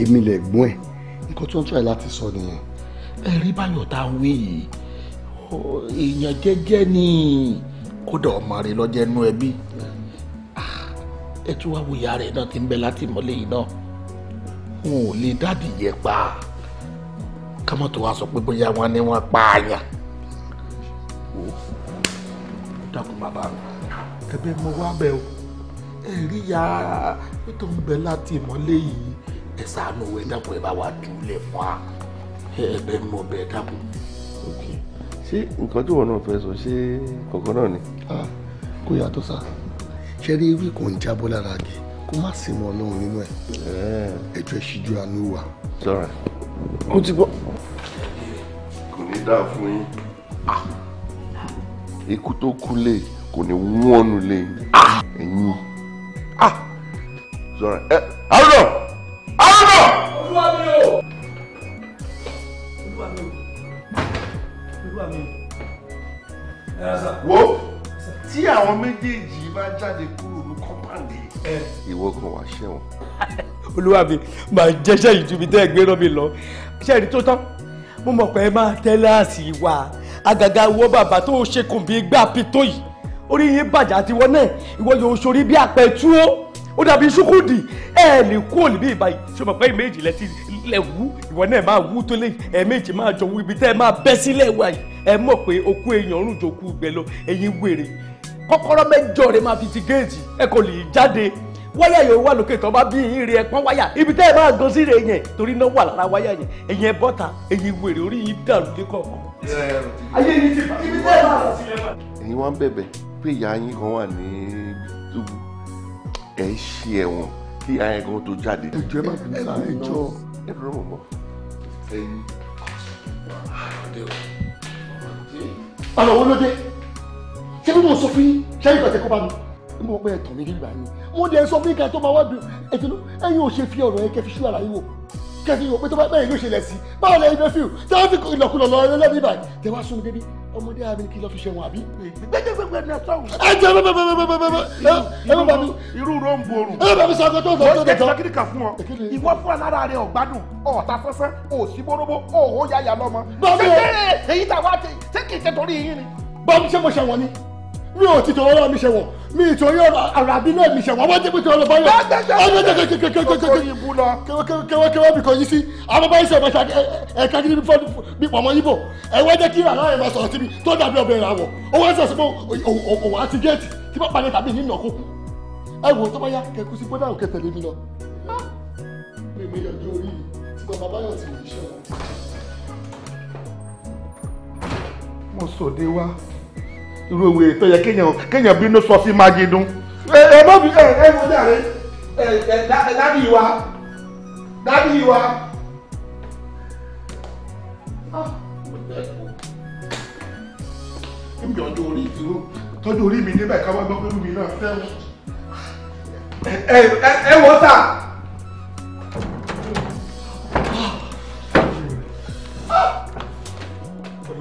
èmi lẹ̀ gbọ́n ẹ̀ nǹkan tó ń tọ́ ẹ láti sọ nìyẹn ẹ̀rí báyọ̀ tá à ń wí yìí èèyàn jẹ́jẹ́ ni kódà ọmọ rẹ lọ́jẹ́ nú ẹbí ah, ẹ tún wá wo ìyá rẹ̀ náà ti ń bẹ láti mọ́lẹ̀ yìí náà wọn ò lè dáàdì yẹ pa kámọ́tò wa sọ pé bóyá wọn ni wọ́n pa àyàn wò bàbá mi mo wá bẹ̀ o ẹ ya tó ń bẹ láti mọ́lẹ̀ yìí ẹ ṣàánú ẹ dàkún ẹ bá wa dùn fún wa ẹgbẹ́ mi ò bẹ̀ẹ́ dàbò. ṣé nǹkan tí wọn náà fẹ́ sọ ṣé kọ̀ọ̀kan náà ni. kò yàtọ̀ sá ṣe rí ewé kò ń jábọ́ lára àgẹ̀ kó má sì mọ ọlọ́run nínú ẹ̀ eh. ẹjọ́ ìṣíjú àánú wa. sọ́ra ó ti bọ́. kò ní dáa fún yín ikú tó kú lè kò ní wọ́nù lè ẹ̀yìn. sọ́ra ẹ àrùn náà àrùn náà. olúwa mi o. olúwa mi. wo tí àwọn méjèèjì bá jáde kúrò ní kọ́mpáǹdì ìwọ gan wàá ṣẹ̀wọ̀n. olúwa mi màá jẹ́ṣẹ́ ìjúbi tẹ́ ẹ gbé rán mi lọ ṣe èrè tó tán mo mọ̀ pé ẹ máa tẹ́lẹ̀ àsì wa àgàgà wọ bàbá tó ṣe kùn bí gbà pitó yìí orí yín bàjẹ́ àti ìwọ náà ìwọ yóò ṣorí bí àpẹ̀tú ó ó dàbí ṣúkúdì ẹ lè kú òní bí ìbáyìí ṣe mọ̀ pé ìméjì lẹ́tí lẹ̀ wú ìwọ náà máa wú tó léyìn ẹ̀ẹ̀mejì máa jọ wú ibi tẹ́ ẹ máa bẹ́ sílẹ̀ wáyé ẹ mọ̀ pé okú èèyàn ọ̀rùn jòkú gbẹ lọ ẹ̀yin wèrè kọ́kọ́rọ́ mẹ́jọ rẹ̀ máa fi ti géèjì ẹ kò lè jáde wáyà yóò wà lókè tó bá bí yín rí ẹpọn wáyà ibi tẹ́ ẹ máa gan sí rè yẹn torí náà wà lára wáyà yẹn ẹ̀yin ẹ bọ́ta ẹ̀yin wèrè orí yín dàrú dé kọ̀ọ̀kan. ẹ ṣe ẹ̀wọ̀n kí ìyá kan tó jáde. ẹ jẹ́ má bínú sáà ẹ jọ̀ọ́ ẹ̀rọ rọ̀ mọ́ ẹ̀yìn. ọ̀nà wo ló dé ṣé bí mo sọ fún yín ṣé ìgbà tẹ kó bá mi mo pẹ́ ẹ̀tàn mi nígbà yín mo dẹ̀ sọ fún yín ká tó máa wá bí ẹ̀tìnú ẹ̀yin ò ṣe fi ọ̀rọ̀ yẹn kẹfí sílára yín wò kẹfí wò pé tó bá bẹ́ẹ̀ ló ṣe lẹ̀ sí báwo lẹ́yìn bẹ́ẹ̀ fi tẹ́ wọ́n fi ìlọ̀kulọ̀ lọ ẹlẹ́bí báyìí tẹ́ wá sún mi débi ọmọdé àmì kí ló fi ṣe wọn àbí. gbẹdẹgbẹgbẹ ní ẹsẹ òun. ẹ jẹ bẹ bẹ bẹ bẹ bẹ bẹ ẹ bẹ bá mi. irú ló ń borun. ẹ bá mi sọ ọkọ tó sọ tó dọtọ. wọ́n ti kà fún ọ. ìwọ fún alára rẹ ọ̀gbádùn ọ̀ọ́ta sẹ́sẹ́ òsì bóróbó òwò yáyà lọ́mọ. bọ́ọ̀mù ẹ̀ èyí tàwa ṣe kì í ṣe torí yín ni. bọ́ọ̀mù ṣé mo ṣe wọ́n ni mi ò ti tọrọ mi ṣẹ̀wọ̀n mi ì torí àràbí náà mi ṣẹ̀wọ̀n àwọn tẹ́gbẹ́ tí wọ́n lọ bá yọ ọdún tẹ́gbẹ́ kékeré bí kan yí sí àwọn bá ìṣẹ̀wọ̀n ẹ̀ṣà ẹ̀ka gidi bí pọ̀mọ́ yíbo ẹ̀wọ́n jẹ́ kí àlàyé máa sọ̀rọ̀ síbi tó dàbí ọbẹ̀ ìràwọ̀ owó ẹ̀sẹ̀ sí òwò àti géètì tí bá palẹ̀ tàbí nínú ọkọ̀ ẹ̀wò tó bá yá kẹkù sí bọ́dà òkè tẹ̀lé mi lọ. mi ò yọjú orí ìgbà bàbá yọ̀ tí mo ṣe wọ́n. mo sòde wá irú òwe tó yẹ kéèyàn kéèyàn bínú sọ sí májídún ẹ ẹ mọ bí ẹ ẹ mọ jàre ẹ ẹ dádì wa dádì wa. ìmì ah, ọjọ́ orí ìdúró tọ́jú orí mi níbẹ̀ káwọn gbọ́ pé mi náà fẹ́ ẹ ẹ ẹ wọ́n sà.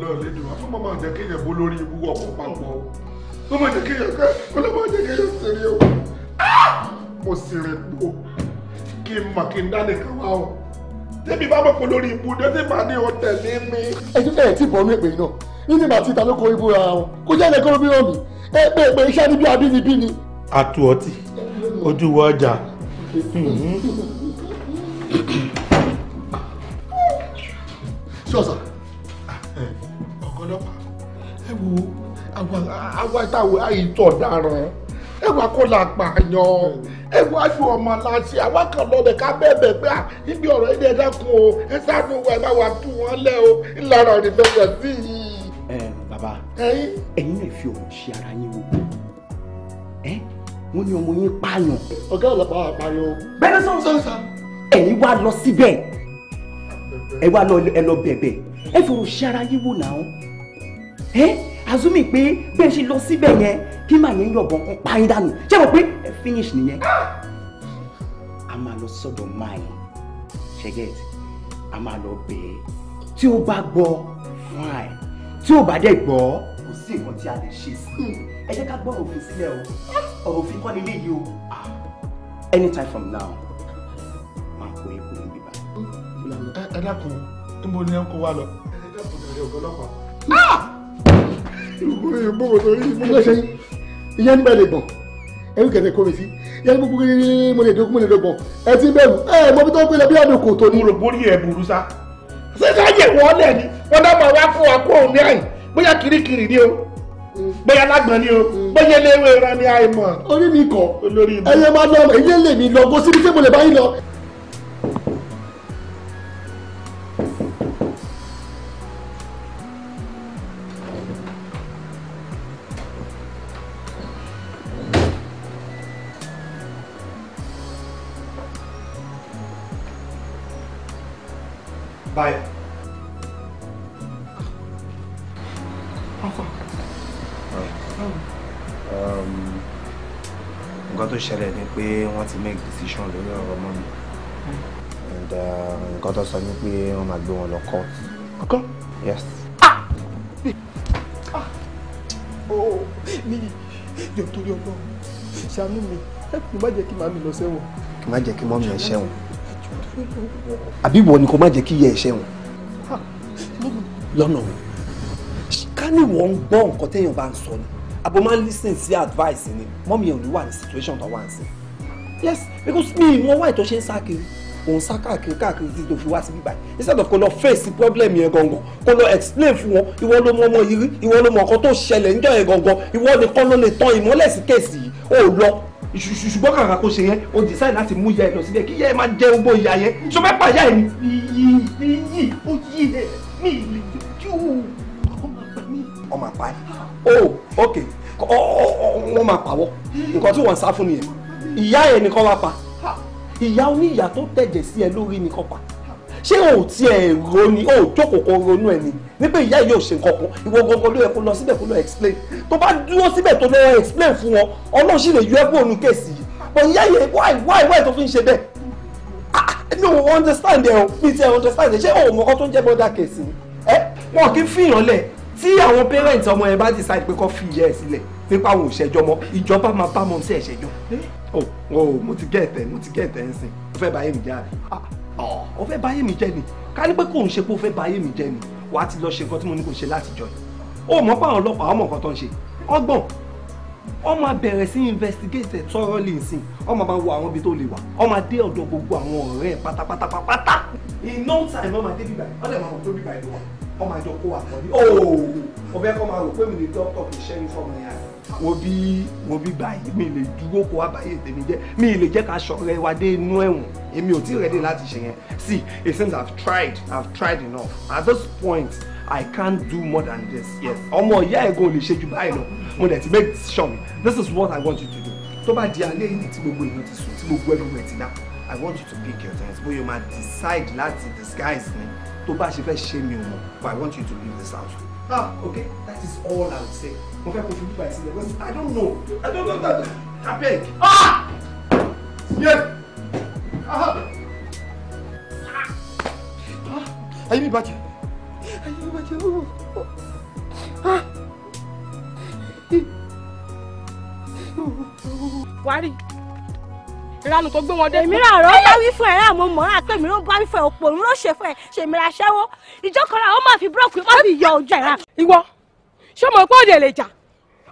lọ́ọ̀ lédè wá fún mọ́mọ́ jẹ́ kéèyàn bó lórí ibú ọ̀pọ̀ papọ̀ o mọ́mọ́ jẹ́ kéèyàn ká ọlọ́mọ jẹ́ kéèyàn sèré o mo sì rẹ̀ po kí n mà kí n dá nìkan wá o débi bá mọ̀ pé lórí ibú ni ó ti máa ní o tẹ̀lé mi. ẹ ti ẹ ti bọ̀ ní èpè náà nínú ìgbà tí ìtàlókò ibú ra wọn kó jẹ́ ẹ̀dẹ̀ kó bí wọn mi ẹ pé pé iṣẹ́ wo àwa táwo àìtọ́ ọ̀daràn ẹwà kó la pààyàn ẹwà ju ọmọ láti àwa kan lọbẹ ká bẹ̀bẹ̀ pé ibi ọ̀rọ̀ ilé ẹ̀dá kun o ẹ sáré wa ẹ bá wa tú wọn lẹ o ìlànà rẹ bẹ̀rẹ̀ sí i. ẹ bàbá ẹ̀yin náà fi ọ̀rọ̀ ṣe ara yín wò ẹ wọ́n ní ọmọ yín pààyàn. ọ̀gá ọlọ́pàá wà pariwo. bẹ́ẹ̀ni sọ sọ sọ. ẹ̀yin wá lọ síbẹ̀ ẹ wá lọ ẹ lọ bẹ̀bẹ̀ ẹ fi ara yín wò náà ẹ azumi pé bẹ́ẹ̀ ṣe lọ síbẹ̀ yẹn kí màá yẹn yọ̀bọ̀n kan pa yín dànù ṣé mo pé ẹ finish nìyẹn a máa lọ sọ́dọ̀ máa ṣẹ́gẹ́t a máa lọ bẹ̀ẹ́ tí ó bá gbọ́ fine tí ó bá dẹ̀ gbọ́ kò sí nǹkan tí a lè ṣe sí ẹ jẹ́ ká gbọ́ òfin sílẹ̀ o ọ̀rọ̀ òfin kọ́ nílé yìí o ah. anytime from now máa kó epo ń bíbá. ẹ dákun níbo ni ẹ ń kó wa lọ. ẹ dákun ẹ ọgọlọpàá ìbò torí ìbò. kí ló ṣe bẹ̀rẹ̀ gbọ̀n ẹrú kẹ̀kẹ́ kó mi sí iye gbogbo kékeré mo lè bẹ̀rù ẹ mọ bí tó gbélé bí àmì kò tó ni. mo borí ẹ burú sá. sísá yẹ wọ́n lẹ̀ ni wọ́n dá máa wá fún wa kó òun ní àyè bóyá kirikiri ni o bóyá lágbọ̀n ni o bóyá eléwé ra ni àyè mọ̀. orí mi kọ ẹyẹ máa lọ ẹyẹ lè mi lọ kó síbi tí lè bá lọ. pé wọ́n ti make decision lórí ọ̀rọ̀ ọmọ mi hmm. and um, nǹkan tó sọ ni pé wọ́n máa gbé wọn lọ court. kọ́. yes. Ah! mi yọ ah! oh, torí ọgbọ́n ṣàánú mi kí n má jẹ́ kí màá mi lọ sẹ́wọ̀n. kí n má jẹ́ kí mọ́mí ẹ̀ ṣẹ̀wọ̀n àbí wọ ni kò má jẹ́ kí yẹ ẹ̀ ṣẹ̀wọ̀n lọ́nà o ká ní wọ́n ń gbọ́ nǹkan téèyàn bá ń sọ ni àbò máa ń lis ten sí advice ni mọ́mí ẹ̀ ò ní wà ní situation tó wà ń sìn yes because me, ìmọ̀ wáyé tó ṣe ń sá kiri òun sá káàkiri káàkiri títí tó fi wá síbí báyìí instead of kó lọ face problem yẹn gangan kó lọ explain fún wọn ìwọ ló mọ ọmọ yìí rí ìwọ ló mọ ọkọ tó ṣẹlẹ̀ níjọ́ yẹn gangan ìwọ nìkan ló lè tan ìmọ́lẹ̀ sí kéèsì yìí ó lọ ṣùgbọ́n kàkà kó ṣe yẹn o decide láti mú ìyá ẹ lọ sílẹ̀ kí ìyá ẹ máa jẹ gbogbo ìyá yẹn ṣọ fẹ́ pàyà ẹ ni. iyì iyì ó yí ẹ mi ìlè jù ọmọ àpá mi. ọmọ àpá ẹ oh ok wọ́n máa pàwọ́ nǹkan tí wọ́n ń sá fún nìyẹn ìyá ẹ̀ nìkan wá pa ìyá oníyà tó tẹ̀jẹ̀ sí ẹ lórí nìkan pa ṣé o ti ẹ̀ roni o jókòó kan ronú ẹ̀ ni nígbà ìyá yóò ṣe nǹkan kan ìwọ gangan ló yẹ kó lọ síbẹ̀ kó lọ explain tó bá dúró síbẹ̀ tó lọ explain fún wọn ọlọ́run sì lè yọ ẹ́ kó ònú kéèsì yìí but ìyá yẹn why why why tó fi ń ṣe bẹ́ẹ̀ ah, mi ò understand ẹ o mi ti ẹ understand ẹ ṣé o mọ̀ ọkọ tó ń jẹ́ bọ́dà kéèsì ni ẹ wọn kì í fi ìrànlẹ̀ tí àwọn parents ọmọ yẹn bá decide pé kó fi ìyá ẹ sílẹ̀ nípa àwọn òṣèjọ́ mọ́ ìjọba máa bá mọ́ sí ẹ̀ṣẹ̀jọ́ o oh, o oh, mo ti gé ẹ̀tẹ̀ mo ti gé ẹ̀tẹ̀ ń sìn o fẹ́ báyé mi jẹ́ àrí o fẹ́ báyé mi jẹ́ ni ká ní pé kò ń ṣe pé o fẹ́ báyé mi jẹ́ ni wàá ti lọ ṣe nǹkan tí mo ní kò ṣe látijọ́ yìí o mọ̀ pé àwọn ọlọ́pàá ọmọ nǹkan tó ń ṣe ọgbọ́n wọ́n máa bẹ̀rẹ̀ sí investigate ẹ̀ thoroughly nsìn wọ́n máa wo àwọn ibi tó lè wà wọ́n máa dé ọ̀dọ̀ gbogbo àwọn ọ̀rẹ́ ẹ̀ pátápátá pátá in no time wọ́n máa dé bíbáyìí wọ́n dẹ̀ máa mọ̀ tó bíbáyìí lọ́wọ́ wọ́n máa jọ kó àpọ̀ ní ooo oh, ọbẹ̀ kan máa rò pé mi ní dókítà kì í ṣẹ́ ní fọ́ọ̀mù ní àná wo bí wo bí báyìí mi lè dúró kó abáyé tèmi jẹ mi lè jẹ ká ṣọ̀rẹ́ wa dé inú ẹ̀wọ̀n èmi ò tí ready láti ṣe yẹn see it seems I've tried I've tried enough at this point I can't do more than this yes ọmọ ìyá ẹ̀gbọ́n ò lè ṣe jù báyìí lọ mo dẹ̀ ti make sure mi this is what I want you to do tó bá di alẹ́ yìí tí gbogbo èèyàn ti sùn tí gbogbo everywhere ti dá I want you to pick your things bóyá o máa decide láti disguise me. tó bá ṣe fẹ́ ṣe mi ò mọ̀ but I want you to leave this house ah okay that is all I will say mo fẹ́ kojú bíbá ìsílẹ̀ wẹ́sì i don't know i don't know that abeg ah yes ah ah ayé mi bàjẹ́ ayé mi bàjẹ́ ooo oh. ah wárí ìranu tó gbé wọn dé. èmíràn ọ̀rọ̀ bá wí fún ẹ̀rá àmọ́ mọ́ àpé mìíràn bá wí fún ẹ̀ òpò òun ló ṣe fún ẹ̀ ṣèmíràn aṣẹ́wó ìjọkọ̀ra ó máa fi búrọ́ọ̀kì má fi yọ ojú ẹ̀rá. ìwọ ṣé o mọ̀ pé òde lè jà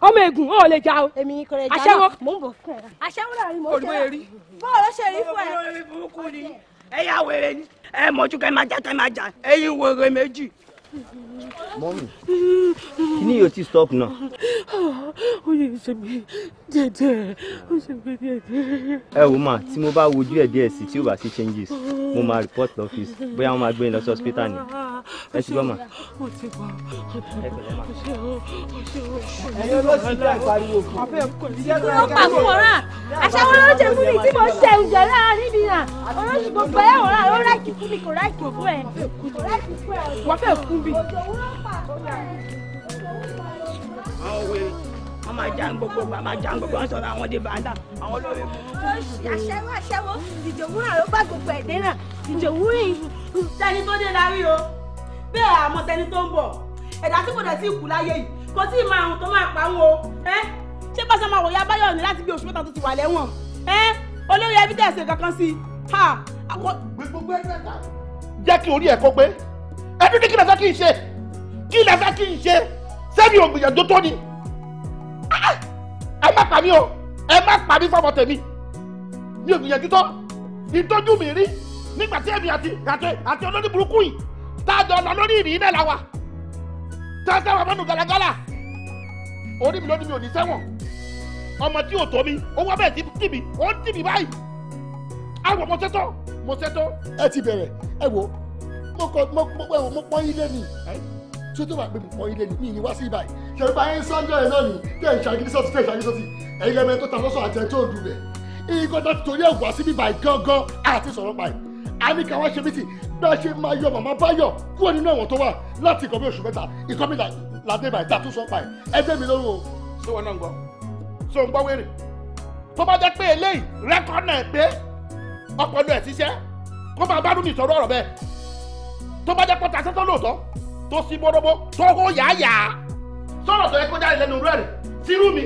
ọmọ egun ò lè jà o. èmi kò lè jà o mò ń bọ̀ fún ẹ. aṣẹ́wó náà ni mo fẹ́ ra bọ́ọ̀lù ṣe rí fún ẹ. olórí burúkú ni ẹ yá wèrè ni ẹ mọ̀jú kẹ́ máa jà kẹ́ máa jà ẹ̀yin wèrè méjì mọ́mì kí ni yóò ti stop náà. ó yẹ ṣe mí díẹ̀díẹ̀ ó ṣe mí díẹ̀díẹ̀. ẹ wo ma tí mo bá wojú ẹ díẹ̀ sí tí ó bá sí changes mo máa report office bóyá wọn máa gbé yín lọ sí hospital ni ẹ ti gbọ́ ma. ẹyọ ló sì dá ìpariwo fún mi. kí pa fún ọ̀rá aṣáwó ló jẹ fún mi tí mo ṣe oúnjẹ láàrin mi náà olóṣù gbogbo ẹ̀ ọ̀rá ló ráìkì fún mi kò ráìkì fún ẹ wọ́n fẹ́ kú mi àwọn wèrè wọn máa já gbogbo wọn máa já gbogbo wọn sọ̀rọ̀ àwọn di bàńdà àwọn lórí burúkú. aṣẹ́wó aṣẹ́wó ìjòwúrà ló bá gbogbo ẹ̀dẹ́ náà ìjòwúrì tẹni tó dé lárí o bẹ́ẹ̀ àmọ́ tẹni tó ń bọ̀ ẹ̀dá tí kò dẹ̀ sí ikú láyé yìí kò tí ì máa àrùn tó máa pa wọn o ṣé pàṣẹ máa wòye abáyọ̀ ní láti bí oṣù mẹ́ta tó ti wà lẹ́wọ̀n olórí ẹbí tẹ̀sẹ̀ kankan sí i. gbogbo ẹgbẹ́ ta jẹ́ kí orí ẹ̀ kó pé ẹbí kékeré ta kì í ṣe kí lẹ fẹ́ kí n ṣe sẹ́mi ò gbìyànjú tó ni ah, ẹ má pa mí o ẹ má pa mí fọmọ tèmi mi ò gbìyànjú tó ìtọ́jú mi rí nígbà tí èmi àti àti àti olórí burúkú yìí tá a jọ lọ lórí ìrìn náà la wa tá a sábà mọ́nu galagala orí mi ló ní mi ò ní sẹ́wọ̀n ọmọ tí ò tó mi owó bẹ́ẹ̀ ti tì mí ó ń tì mí báyìí àwọ̀ mo ṣetán mo ṣetán. ẹ ti bẹ̀rẹ̀ ẹ wo mo kọ mo mo pọ́n ilé mi tí ó tó wà pé mo kọ́ ilé ni mi ní wá sí ibà yìí ṣẹ̀rù bá yẹn sọ́jọ́ yẹn náà ni tẹ̀ ń ṣàgídí sọ́ọ̀tì tẹ̀ ń ṣàgídí sọ́ọ̀tì ẹ̀yin lẹ́mẹ̀ tó ta lọ́sọ̀ àti ẹ̀ tó dù rẹ̀ nǹkan tó ti torí ẹ̀ wá sí bíbà yìí gángan àti sọ̀rọ̀ pa yìí a ní káwá ṣe mítì bá ṣe máa yọ màmá báyọ̀ kúrò nínú ẹ̀wọ̀n tó wà láti ìkọ́ bí oṣù mẹ́ta ìkọ́ mi làdé bàyí tà tó sọ pa yìí ẹ dé mi lóru o. ṣé wọn náà ń gbọ́ ṣé òun gbọ́ wéré tó bá jẹ́ pé eléyìí rẹ́kọ́nà ẹ̀ pé ọpọlọ ẹ̀ ṣiṣẹ́ kó máa bá dùn sẹ́tọ́ lóòótọ́ tó sí bọ́dọ́bọ́ tó hó yáyà sọ̀rọ̀ tó yẹ kó jáde lẹ́nu rẹ̀ tírú mi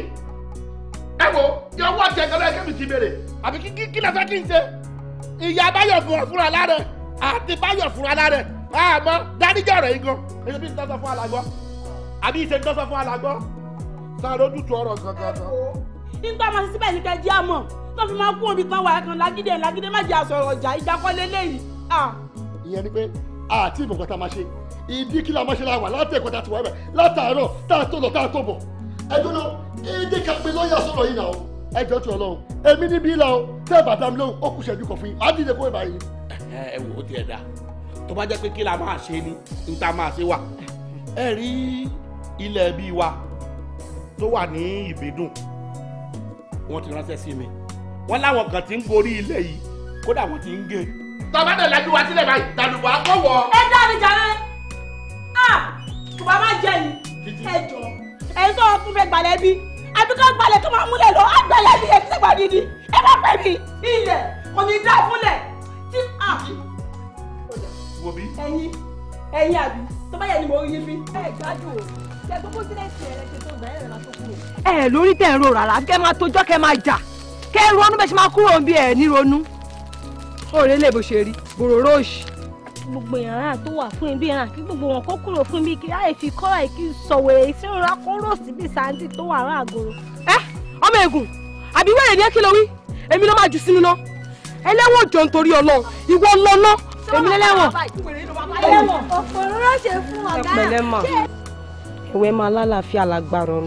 ẹ wo ìyàwó àti ẹ̀gẹ́ lọ́yẹ kẹ́mi ti béèrè àbí kí kí lè fẹ́ kí n ṣe ìyá báyọ̀ fúnra fúnra lára àti báyọ̀ fúnra lára àmọ́ dáríjà rẹ̀ igan èyí bí n tọ́sọ fún alágbọ́ àbí ìṣe n tọ́sọ fún alágbọ́ sáré lójútu ọ̀rọ̀ kankan. nígbà máa ṣe síbẹ̀ ní kẹjí àmọ́ tó fi máa kú omi kan wà ìyẹn ni pé àti ìmọ̀kọ́ta máa ṣe ibi kí la máa ṣe la wà láti ẹ̀kọ́ tàti wà bẹ̀ látàárọ̀ tá tó lọ tá tó bọ̀ ẹjọ́ náà èdè ká pé sọ̀rọ̀ yìí náà ẹjọ́ tó ọlọ́run èmi níbi ìlà o tẹ́ bàtà mi lóhùn ó kù ṣẹ́jú kan fún yín á dìde kó ìbá yìí. ẹ wò ó tiẹ̀ dá tó bá jẹ́ pé kí la máa ṣe ni n ta máa ṣe wà ẹ rí ilẹ̀ bí wa tó wà ní ìbídùn wọ́n ti ránṣẹ́ sí mi wọ́n láwọn kan ti ń gorí ilẹ̀ yìí kódà wọ́n ti ń gé. tọ́ba dẹ̀ lajú wa sílẹ̀ báyìí tàbí wàá kọ́ wọ. ẹ dáa ni jàre kò bá má jẹ ni ẹ jọ ẹ ń sọ̀rọ̀ fún fẹ́ Come on, move ká gbalẹ̀ tó máa múlẹ̀ lọ àgbàlẹ̀ bí ẹ ti sẹ́gbà gidi ẹ bá here. mi ilẹ̀ kò ní dá fúnlẹ̀ tí a. ẹyin ẹyin àbí tó bá yẹ ni mo rí yín fi ẹ gbádùn o ẹ lórí tẹ̀ ń ro rárá kẹ́ máa tojọ́ kẹ́ máa jà kẹ́ ronú bẹ́ẹ̀ ṣe máa kúrò bí ẹ̀ ní ronú òrè lè bó ṣe rí bòròró òṣì gbogbo ìran tó wà fún ibi ìran kí gbogbo wọn kó kúrò fún ibi kí láì fi kọ́ra ìkí sọ̀wọ́ èyí tí ìrora kó rò síbi sáńtì tó wà rán àgòrò. ẹ ọmọ ègùn àbí wẹ́rẹ̀ ni ẹ kí ló wí èmi ló máa jù sínú ná ẹlẹ́wọ̀n jọ nítorí ọlọ́run ìwọ lọ́nà èmi lẹ́lẹ́wọ̀n. òfòrò ránṣẹ́ fún ọ̀gá rẹ̀. ẹ̀wẹ̀ máa lálàáfíà lágbára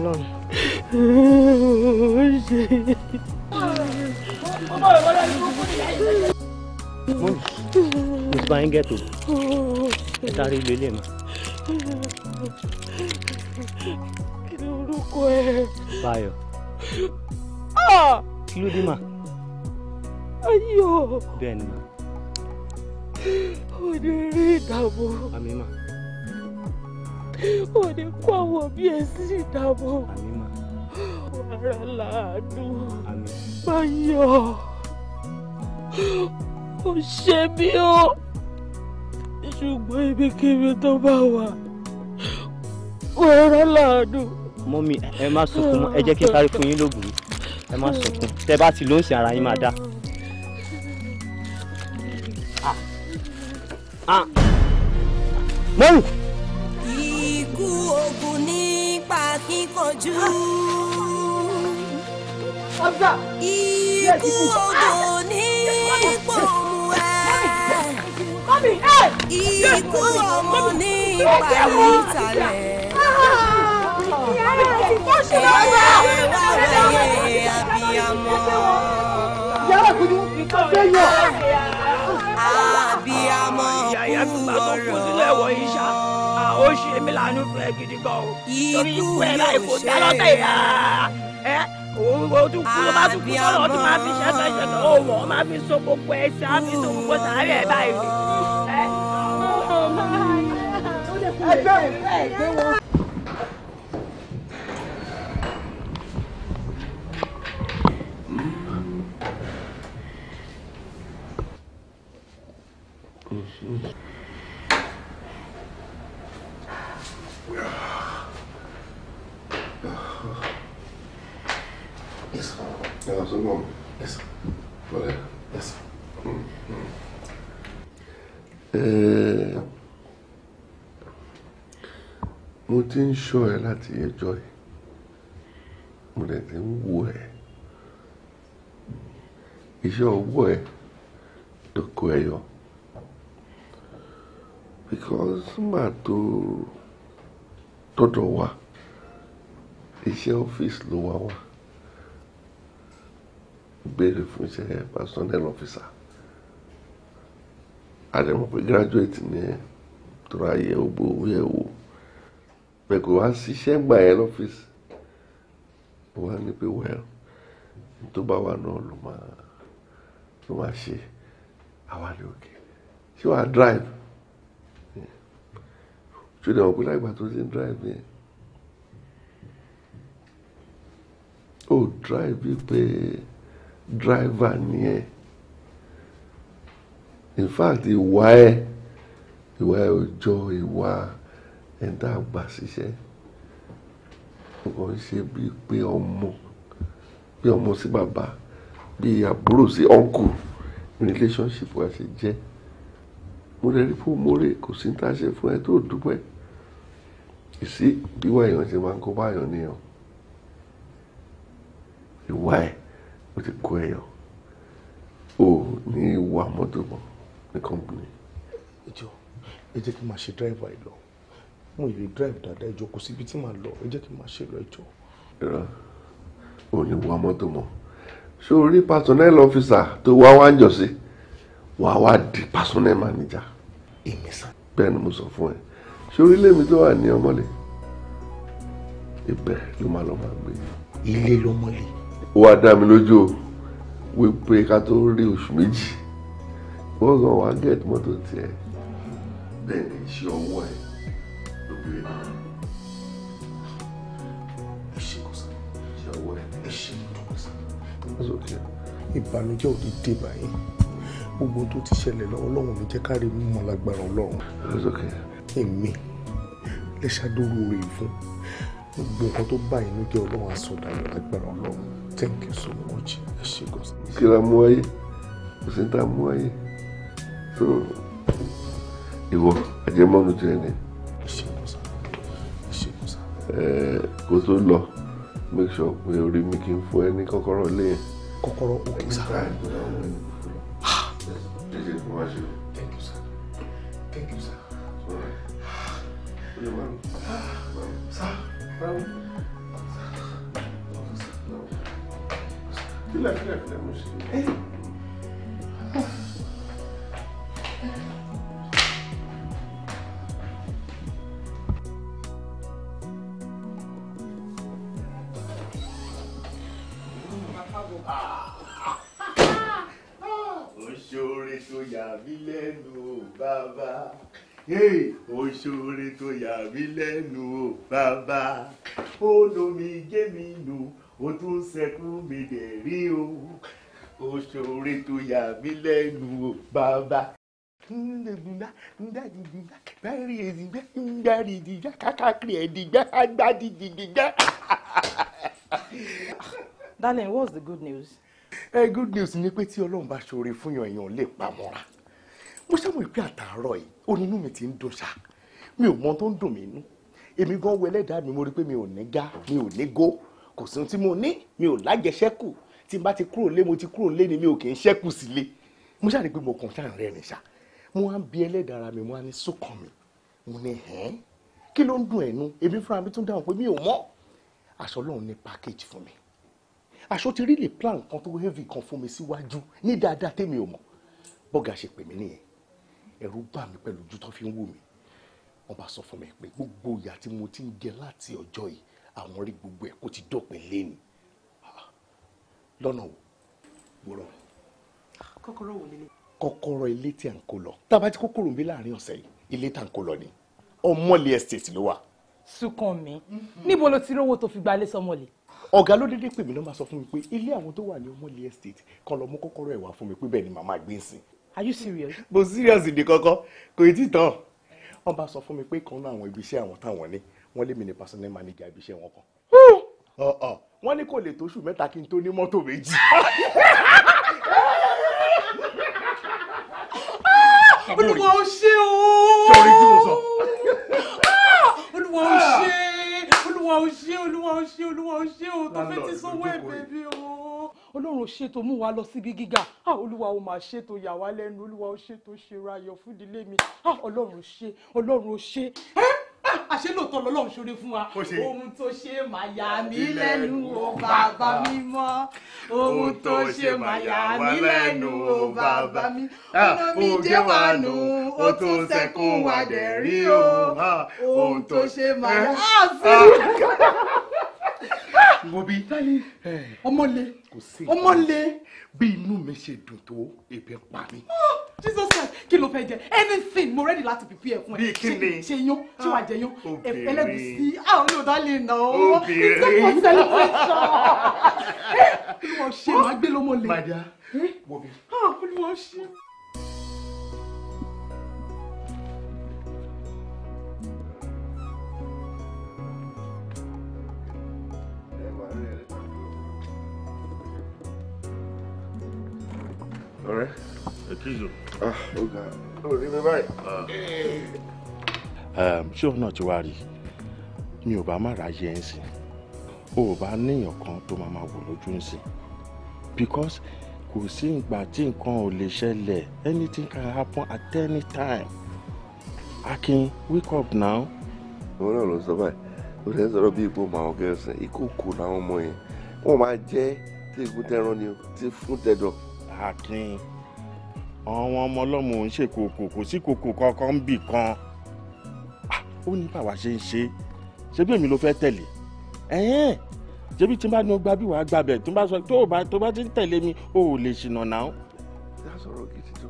mo ti bá yín gẹ̀tò ẹ sáré ilé ilé mi. kí ni orúkọ ẹ. Báyọ̀. Ah! kí ló dé mà. Ayọ̀. bẹ́ẹ̀ ni mà. o ní rí ìdààmú. àmì mà. o ní kó ṣùgbọ́n ibikíbi tó bá wà wọ́n rán láàánú. mọ́mí ẹ má sunkún mọ́ ẹ jẹ́ kí n sáré fún yín lóògùn ẹ má sunkún tẹ bá ti lóǹsì ara yín máa dá. Ah. Ah. mọ́mí. ikú ogun nípa kíkojú. ikú ogun nípa òmùwẹ̀ ikú ọmọ ní ìparí ìtàlẹ̀ ẹ̀yẹ wá wẹ̀yẹ abiyamọ. abiyamọ kú ọ̀rọ̀ ó ṣe mí lánàá fún ẹ gidi gan ikú yóò ṣe é òun kò tún kú ló bá tún kú sọ̀rọ̀ ọdún máa fi ṣẹ́ṣẹ́ ṣẹ́ṣẹ́ òwò máa fi so gbogbo ẹ̀ṣẹ̀ á fi so gbogbo sàárẹ̀ ẹ̀ báyìí. Yeah. Ja, så bra. Yes. Var det? mo ti ń ṣọ́ ẹ láti ẹjọ́ ẹ mo dẹ̀ ti ń wo ẹ iṣẹ́ ọwọ́ ẹ dọ̀kọ ẹ yọ because mà tó tọ́dọ̀ wa iṣẹ́ ọ́fíìsì ló wá wá béèrè fún iṣẹ́ personnel officer àdẹ̀mọ̀ pé graduate ni ẹ tó ra yẹ ògbó owó ẹ wò bẹ́ẹ̀ kò wá ṣiṣẹ́ gbà ẹ lọ́fíìsì mo wá ní pé well tó bá wà náà ló máa ló máa ṣe àwa ní òkè ṣé wàá drive ṣùgbọ́n àwọn òpínlẹ̀ àgbà tó ti ń drive yẹn ó drive pé. pe. Driver near. in fact ìwà ẹ ìwà ẹ ò jọ ìwà ẹ̀dá àgbà ṣiṣẹ́ nǹkan ṣe bíi pé ọmọ bí ọmọ sí bàbá bí àbúrò sí uncle relationship wa ṣe jẹ́ mo lè rí fún mórè kò sí ní tá a ṣe fún ẹ tó dúpẹ́ ìsí bí wọ́n èèyàn ṣe máa ń kó báyọ̀ nìyẹn ìwà ẹ̀ ó ti kó èèyàn o ní wà mọ́tò mọ́ ní kọ́mpìnì. ẹ jọ ẹ jẹ́ kí n máa ṣe dírẹ́fà yìí lọ mo lè dírẹ́fà dáadáa ẹ jọ kò síbi tí màá lọ ẹ jẹ́ kí n máa ṣe lọ ẹ jọ. ìrọ ò ní wà mọ́tò mọ́ ṣé o rí personnel officer tó wá wá ń jọ sí wà wá di personnel manager. èmi sàn. bẹ́ẹ̀ ni mo sọ fún ẹ ṣé orílẹ̀ mi tó wà ní ọmọlẹ̀ ibẹ̀ ló máa lọ máa gbé. ilé lọmọlẹ̀ ó wá dá mi lójú o wípé ká tó rí oṣù méjì wọ́n gan wá get mọ́tò tiẹ̀ bẹ́ẹ̀ ni iṣẹ́ ọwọ́ ẹ̀ lóbìnrin náà ẹ ṣe kò sá iṣẹ́ ọwọ́ ẹ̀ ẹ ṣe kò sá. ìbànújẹ́ ò ní dé báyìí gbogbo tó ti ṣẹlẹ̀ lọ́wọ́ lọ́wọ́ mi jẹ́ káre mímọ́ lágbára ọlọ́run. èmi lẹ́ṣàdúró rè fún gbogbo nǹkan tó bá inú jẹ́ ọlọ́run àsọdàlọ́ lágbára ọlọ́run thank you so much ẹ ṣe kò sí. kí la a mú ayé so ìwọ àjẹmọ́nu tiẹ̀ ni. ẹ ṣe kò sá ẹ ṣe make sure pé orí mi kì í fún ẹ ní kọ́kọ́rọ́ lé yẹn. kọ́kọ́rọ́ òkè thank you sir thank you sir. Sir, Filẹ̀ filẹ̀ filẹ̀ mo ṣe. Oṣoore tó yà mí lẹ́nu o bàbá. Oṣoore tó o bàbá. Ó lomi ó tún sẹkún mi dẹ̀ rí o ó ṣòro tó yà mí lẹ́nu o bàbá ndedunda ndadidiga bari edigbe ndadidiga kakakiri edigbe agbadidiga. darling what's the good news. ẹ good news ni pé tí ọlọ́run bá ṣoore fún yan èèyàn lè pamọ́ra mo ṣàmù ìpín àtàárọ̀ yìí onínú mi ti ń dùn ṣá mi ò mọ tó ń dùn mí nú èmi gan wẹlẹ́dàá mi mo rí i pé mi ò ní gá mi ò ní gó kò sí ohun tí mo ní mi ò lájẹṣẹ́kù tí n bá ti kúrò lé mo ti kúrò lé ni mi ò kì í ṣẹ́kù sílé mo ṣàrí pé mo kàn ṣáà ń rẹ́rìn ṣá mo wá ń bi ẹlẹ́dàá mi mo wá ní sókàn mi mo ní hẹ́n kí ló ń dùn ẹ̀nu èmi fúnra mi tún dáhùn pé mi ò mọ̀ aṣọ lọ́run ní package fún mi aṣọ ti rí lè plan kan tó heavy kan fún mi síwájú ní dáadáa tèmi ò mọ̀ bọ́gà ṣe pè mí nìyẹn ẹ̀rù bà mí pẹ̀lú ojú tó fi ń wò mí wọ́n bá sọ fún mi pé gbogbo ìyà tí mo ti ń jẹ láti ọjọ́ yìí àwọn rí gbogbo ẹ̀ kó ti dópin léni lọ́nà wo gbọ́rọ̀. kọ́kọ́rọ́ wo lélẹ̀. kọ́kọ́rọ́ ilé tí à ń kó lọ tábà tí kókòrò ń bí láàrin ọ̀sẹ̀ yìí ilé tá à ń kó lọ ni ọmọlẹ estate ló wà. Súnkànmí níbo ló ti rówó tó fi gbalé sọmọlẹ ọ̀gá ló dédé pè mí ló máa sọ fún mi pé ilé àwọn tó wà ní ọmọlé estate kan lọ mú kọ́kọ́rọ́ ẹ̀ wá fún mi pé bẹ́ẹ̀ ni màmá gbé ń are you serious. mo serious ìdí kọ́kọ́ kò tí ì tán wọ́n bá sọ fún mi pé kan náà àwọn ibi iṣẹ́ àwọn táwọn ní wọ́n lèmi ní personal manager ibi iṣẹ́ wọn kan hmm. wọ́n ní kò lè tóṣù mẹ́ta kí n tó ní mọ́tò méjì. olùwà ò ṣe o. olùwà ò ṣe olùwà ò ṣe olùwà ò ṣe olùwà ò ṣe o tó ah! ah! fẹ́ ti sanwó ẹ̀ bẹ̀bí o. ọlọ́run ṣètò mú wa lọ síbi gíga ah! olúwa ò máa ṣètò yà wá lẹ́nu olúwa ò ṣètò ṣèrò ayọ̀ fún ìdílé mi ọlọ́run ṣe ọlọ́run ṣe àṣé lóòótọ́ lọ́lọ́run ṣoore fún wa ohun tó ṣe máa mí lẹ́nu o bàbá mi mọ́ ohun tó ṣe máa mí lẹ́nu o bàbá mi ọ̀nà jẹ́ wàá nù ó sẹ́kún wa dẹ̀ rí o ohun tó ṣe máa yà ọmọ le ọmọ le bí inú mi ṣe dùn tó ebi pa mi jesus christ kí ló fẹ́ jẹ anything mo ready láti prepare fún ẹ. bí kíni ṣe yan ṣé wàá jẹ yan ẹlẹ́gùsí àwọn olóòdà ah, lè nà ó obìnrin it's a celebration. Eh, olùwọ̀ ṣe máa gbé lọ́mọ lè. my dear eh? wo mi. Ah, olùwọ̀ ṣe. prison. ọ̀gá orí mi báyìí. ṣé òun náà ti wá rí mi ò bá má ráyè ẹ̀ ń sìn o ò bá níyàn kan tó máa máa wò lójú ń sìn because kò sí ìgbà tí nǹkan ò lè ṣẹlẹ̀ anything can happen at any time Akin wake up now. ìwọ náà ló sọ báyìí ó lè sọ̀rọ̀ bí ipò màá ọ̀gá ẹ̀sìn ìkókò làwọn ọmọ yẹn wọ́n máa jẹ́ tí ikú tẹ́ran ni o ti fún tẹ́dọ̀. Akin. Ah, àwọn ọmọ ọlọ́mọ ò ń ṣe kòkò kò sí kòkò kankan ń bì kan ah, ó ní báwa ṣe ń ṣe ṣé bí èmi ló fẹ́ tẹ̀lé ẹ̀hẹ́n ṣebí tí n bá ní o gba bí wàá gbabẹ̀ tó bá sọ tó o bá tó bá ti ń tẹ̀lé mi o ò lè ṣìnà náà. ìyá sọ̀rọ̀ gidi tó.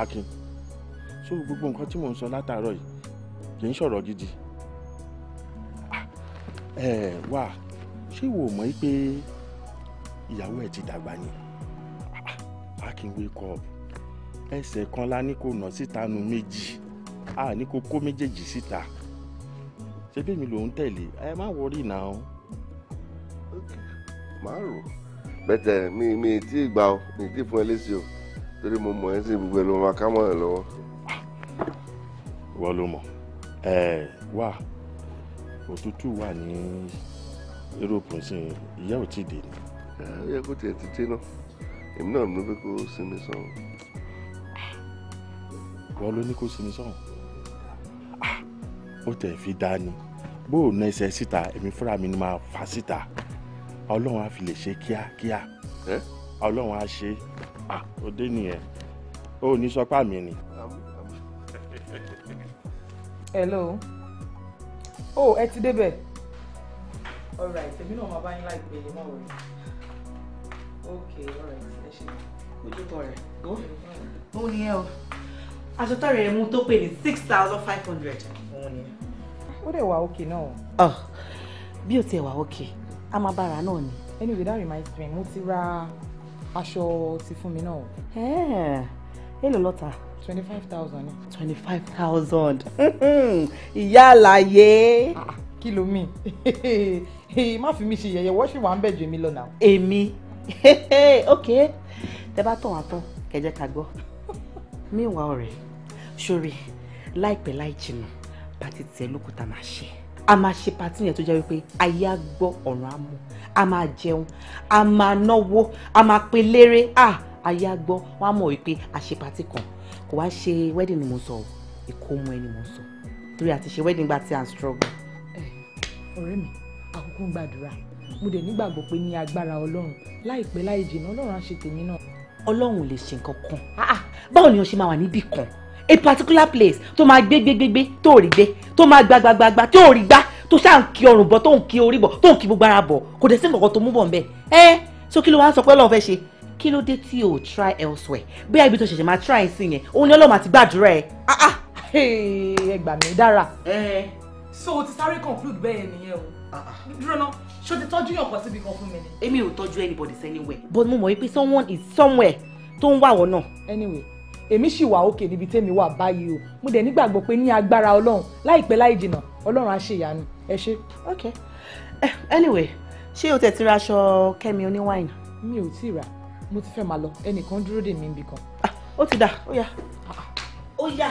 Akin so gbogbo nǹkan tí mò ń sọ látàárọ̀ yìí kì í sọ̀rọ̀ gidi ah, ẹ wá ṣé ìwọ mọ̀ pé ìyàwó ẹ ti dàgbà yẹn fucking wake up ẹsẹ̀ kan la ní kò nà síta nu méjì a ní kò kó méjèèjì síta ṣé bí mi lòún tẹ̀lé ẹ má wọrí nà ó. máa rò bẹ́tẹ̀ eh, mi mi tí ì gbà ó mi tí ì fún ẹ lésì o torí mo mọ̀ ẹ́ sí gbogbo ẹ̀ ló máa ká mọ́ ẹ lọ́wọ́. wọ́n ló mọ̀ ẹ wá òtútù wà ní Europe nsìn ìyá ò tí ì dé ni. ẹ ó yẹ kó tiẹ̀ ti dé náà èmi náà ló fẹ́ kó sinmi sọ̀rọ̀. wọ́n ló ní kó sinmi sọ̀rọ̀ ah, ó tẹ̀ fi dá ni bó o na ẹsẹ̀ síta èmi fúnra mi ni máa fà síta ọlọ́run á fi lè ṣe kíákíá ọlọ́run á ṣe òde ah, nìyẹn ó ní sọpá mi ni. hello o ẹ ti débẹ̀. alright èmi náà máa bá yín láìpẹ́ yìí mọ̀ rẹ̀ okay alright ojúbọ rẹ̀ òun nìyẹn o aṣọ tọrẹ ẹ mú tó pè ní six thousand five hundred òun nìyẹn. ó dẹ̀ okay òkè náà. Ah, bí o tiẹ̀ wà òkè a máa bára anyway that reminds me Mutira, Asho, ra aṣọ ti fún mi náà. èlò lọ́ta. twenty five thousand. twenty five thousand ìyá àlàyé. Ah, kí ló mi má fi mi ṣe yẹ̀yẹ́ wọ́n ṣì wà ń bẹ̀ jù mí lọ náà. tẹ bá tàn wá tán kẹjẹ ká gbọ́ míwá ọ̀rẹ́ sórí láìpẹ́ láì jìnnà pàtí tiẹ̀ lóko tá a máa ṣe a máa ṣe pàtí yẹn tó jẹ́ wípé ayé á gbọ́ ọ̀run á mú a máa jẹun a máa náwó a máa pe léré à ayé á gbọ́ wọn á mọ̀ wípé a ṣe pàtí kan kò wá ṣe wedding ni mo sọ ìkómọ ẹni mo sọ torí àti ṣe wedding gba ti à ń struggle. ọ̀rẹ́ mi àkókò ń gbàdúrà mo dẹ̀ nígbàgbọ́ pé ní agbára ọlọ́run láìpẹ́ láì jìnnà ọlọ́run á ṣe tèmi náà ọlọ́run lè ṣe nǹkan kan ah, ah, báwo ni wọ́n ṣe máa wà níbì kan a particular place tó máa gbé gbégbégbé tó rí gbé tó máa gba gbagbagba tó rí gbá tó ṣáà ń kí ọrùn bọ̀ tó ń kí orí bọ̀ tó ń kí gbogbo ara bọ̀ kò dẹ̀ sí nǹkan kan tó mú bọ̀ nbẹ̀ ẹ́ so kí ló wá ń sọ pé ọlọ́run fẹ́ ṣe kí ló dé tí o try elsewhere bóyá ibi tó ṣẹ̀ṣẹ̀ máa try sí yẹn òun ni ọlọ́run àti gbàdúrà ẹ̀ ah, ẹ gbà mí dára. ẹ so o ti sáré conclude bẹ́ẹ̀ nìyẹn o dúró náà ṣó ti tọ́jú yàn pọ̀ síbi kan fún mi ni. èmi ò tọ́jú anybody anywhere. but mo mọ̀ wípé someone is somewhere tó ń wà wọ́n náà. anyway èmi sì wà òkè níbi tẹ́mi wà báyìí o mo dẹ̀ nígbàgbọ́ pé ní agbára ọlọ́run láìpẹ́ láì jìnnà ọlọ́run á ṣe ìyanu ẹ ṣe. ok eh, anyway ṣé o tẹ̀sí raṣọ kẹ́mi oníwáìnì. mi ò tí ì rà mo ti fẹ́ máa lọ ẹnìkan dúró dè mí níbì kan. Ah, ó ti dà ó yá. Ah, ah. ó yá.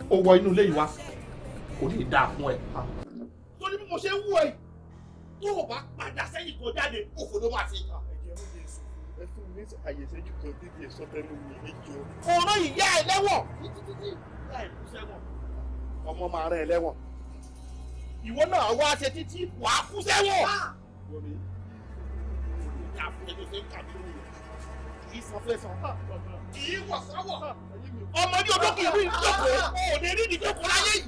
ó wọ inú ilé yìí wá kò ní í dáa fún ẹ. torí bí mo ṣe ń wọ ẹ tó o bá padà sẹ́yìn kan jáde òfò ló máa fi hàn. ẹ fún mi ní àyè ìṣẹ́jú kan bíbí èso tẹnu mi níjọ. ọ̀rọ̀ ìyá ẹ lẹ́wọ̀n títí láì kú sẹ́wọ̀n ọmọ máa rán ẹ lẹ́wọ̀n ìwọ náà wá ṣe títí wàá kú sẹ́wọ̀n. kì í sọ fẹ́ sọ ah, kì í wọ̀ sáwọ̀. Ah ọmọ ní olókùn ìlú ìjọpọ̀ òde ní ìdíjókòó láyé yìí.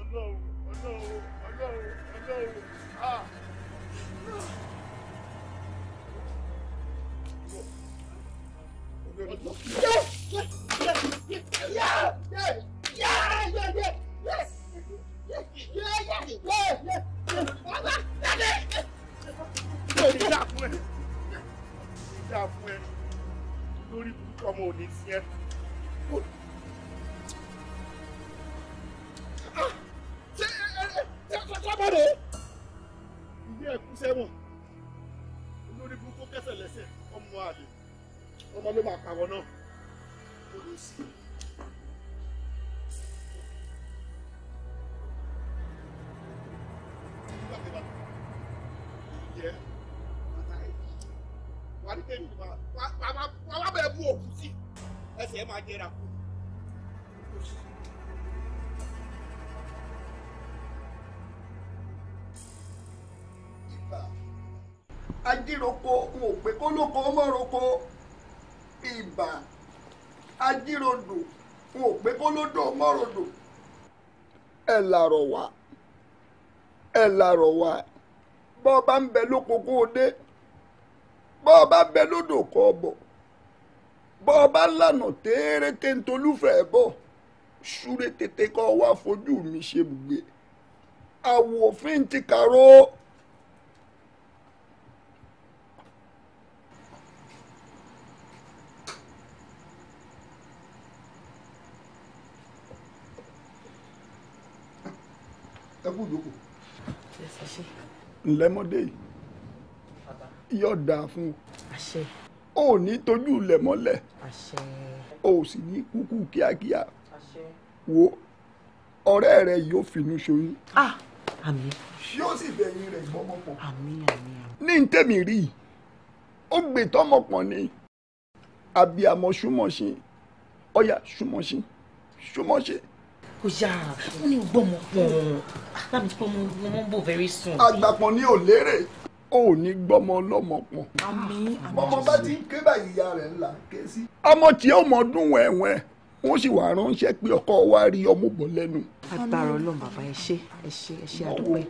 Ọlọ́run Ọlọ́run Ọlọ́run Ọlọ́run ah. Yeah! Yeah! Yeah! Yeah! Yeah! lórí burúkú ọmọ òní sí ẹ. ṣé ẹ ẹ kábàdé ilé ẹkú sẹ́wọ̀n lórí burúkú kẹsẹ̀ lẹ́sẹ̀ ọmọ àlè ọmọ ló máa pàwọ̀ náà kò lè sí i. wàá bẹ bú òkú sí ẹsẹ̀ ẹ máa jẹra kú. ajíroko n ò pé kólóko mọ́roko ìbà ajírodò n ò pé wá. ẹ làrọ̀ wá bọ́ ọ bá ń bẹ lóko kó o dé bọ́ bẹ lódò kọ́ ọ bọ̀ bọ́ ọ bá lànà téérété ntolúfẹ́ tètè kọ́ wá fojú mi ṣe bùgbé àwọ̀ òfin ti kàró. ẹ kú ìdókòó. ńlẹ́mọ́dé yóò dáa fún ọ ò ní tójú lẹ̀mọ́lẹ̀ o ò sì ní kúkú kíákíá wo ọ̀rẹ́ rẹ yóò finú ṣoyún. Ah, àmín. yóò sì bẹ̀yìn rẹ̀ gbọ́mọpọ̀. àmín àmín. ní ntẹ́mi rí i ó gbé tọmọpọ̀ ni àbí àmọ́ súnmọ́ṣin ọ̀yà súnmọ́ṣin súnmọ́ṣin ó yá wọn ní gbọmọ pọn láti pọn mo mọ bò very soon. àgbàpọ̀ ni ò lérè o ò ní gbọ́mọ ọlọ́mọ pọ̀. ọmọ bá ti ń ké báyìí ìyá rẹ̀ ńlá ké sí. ọmọ tí ó mọ ọdún wẹ̀wẹ̀ wọ́n sì wá ránṣẹ́ pé ọkọ wa rí ọmọ bọ̀ lẹ́nu. agbára Ọlọ́run bàbá ẹ ṣe ẹ ṣe ẹ ṣe àdúgbò ẹ.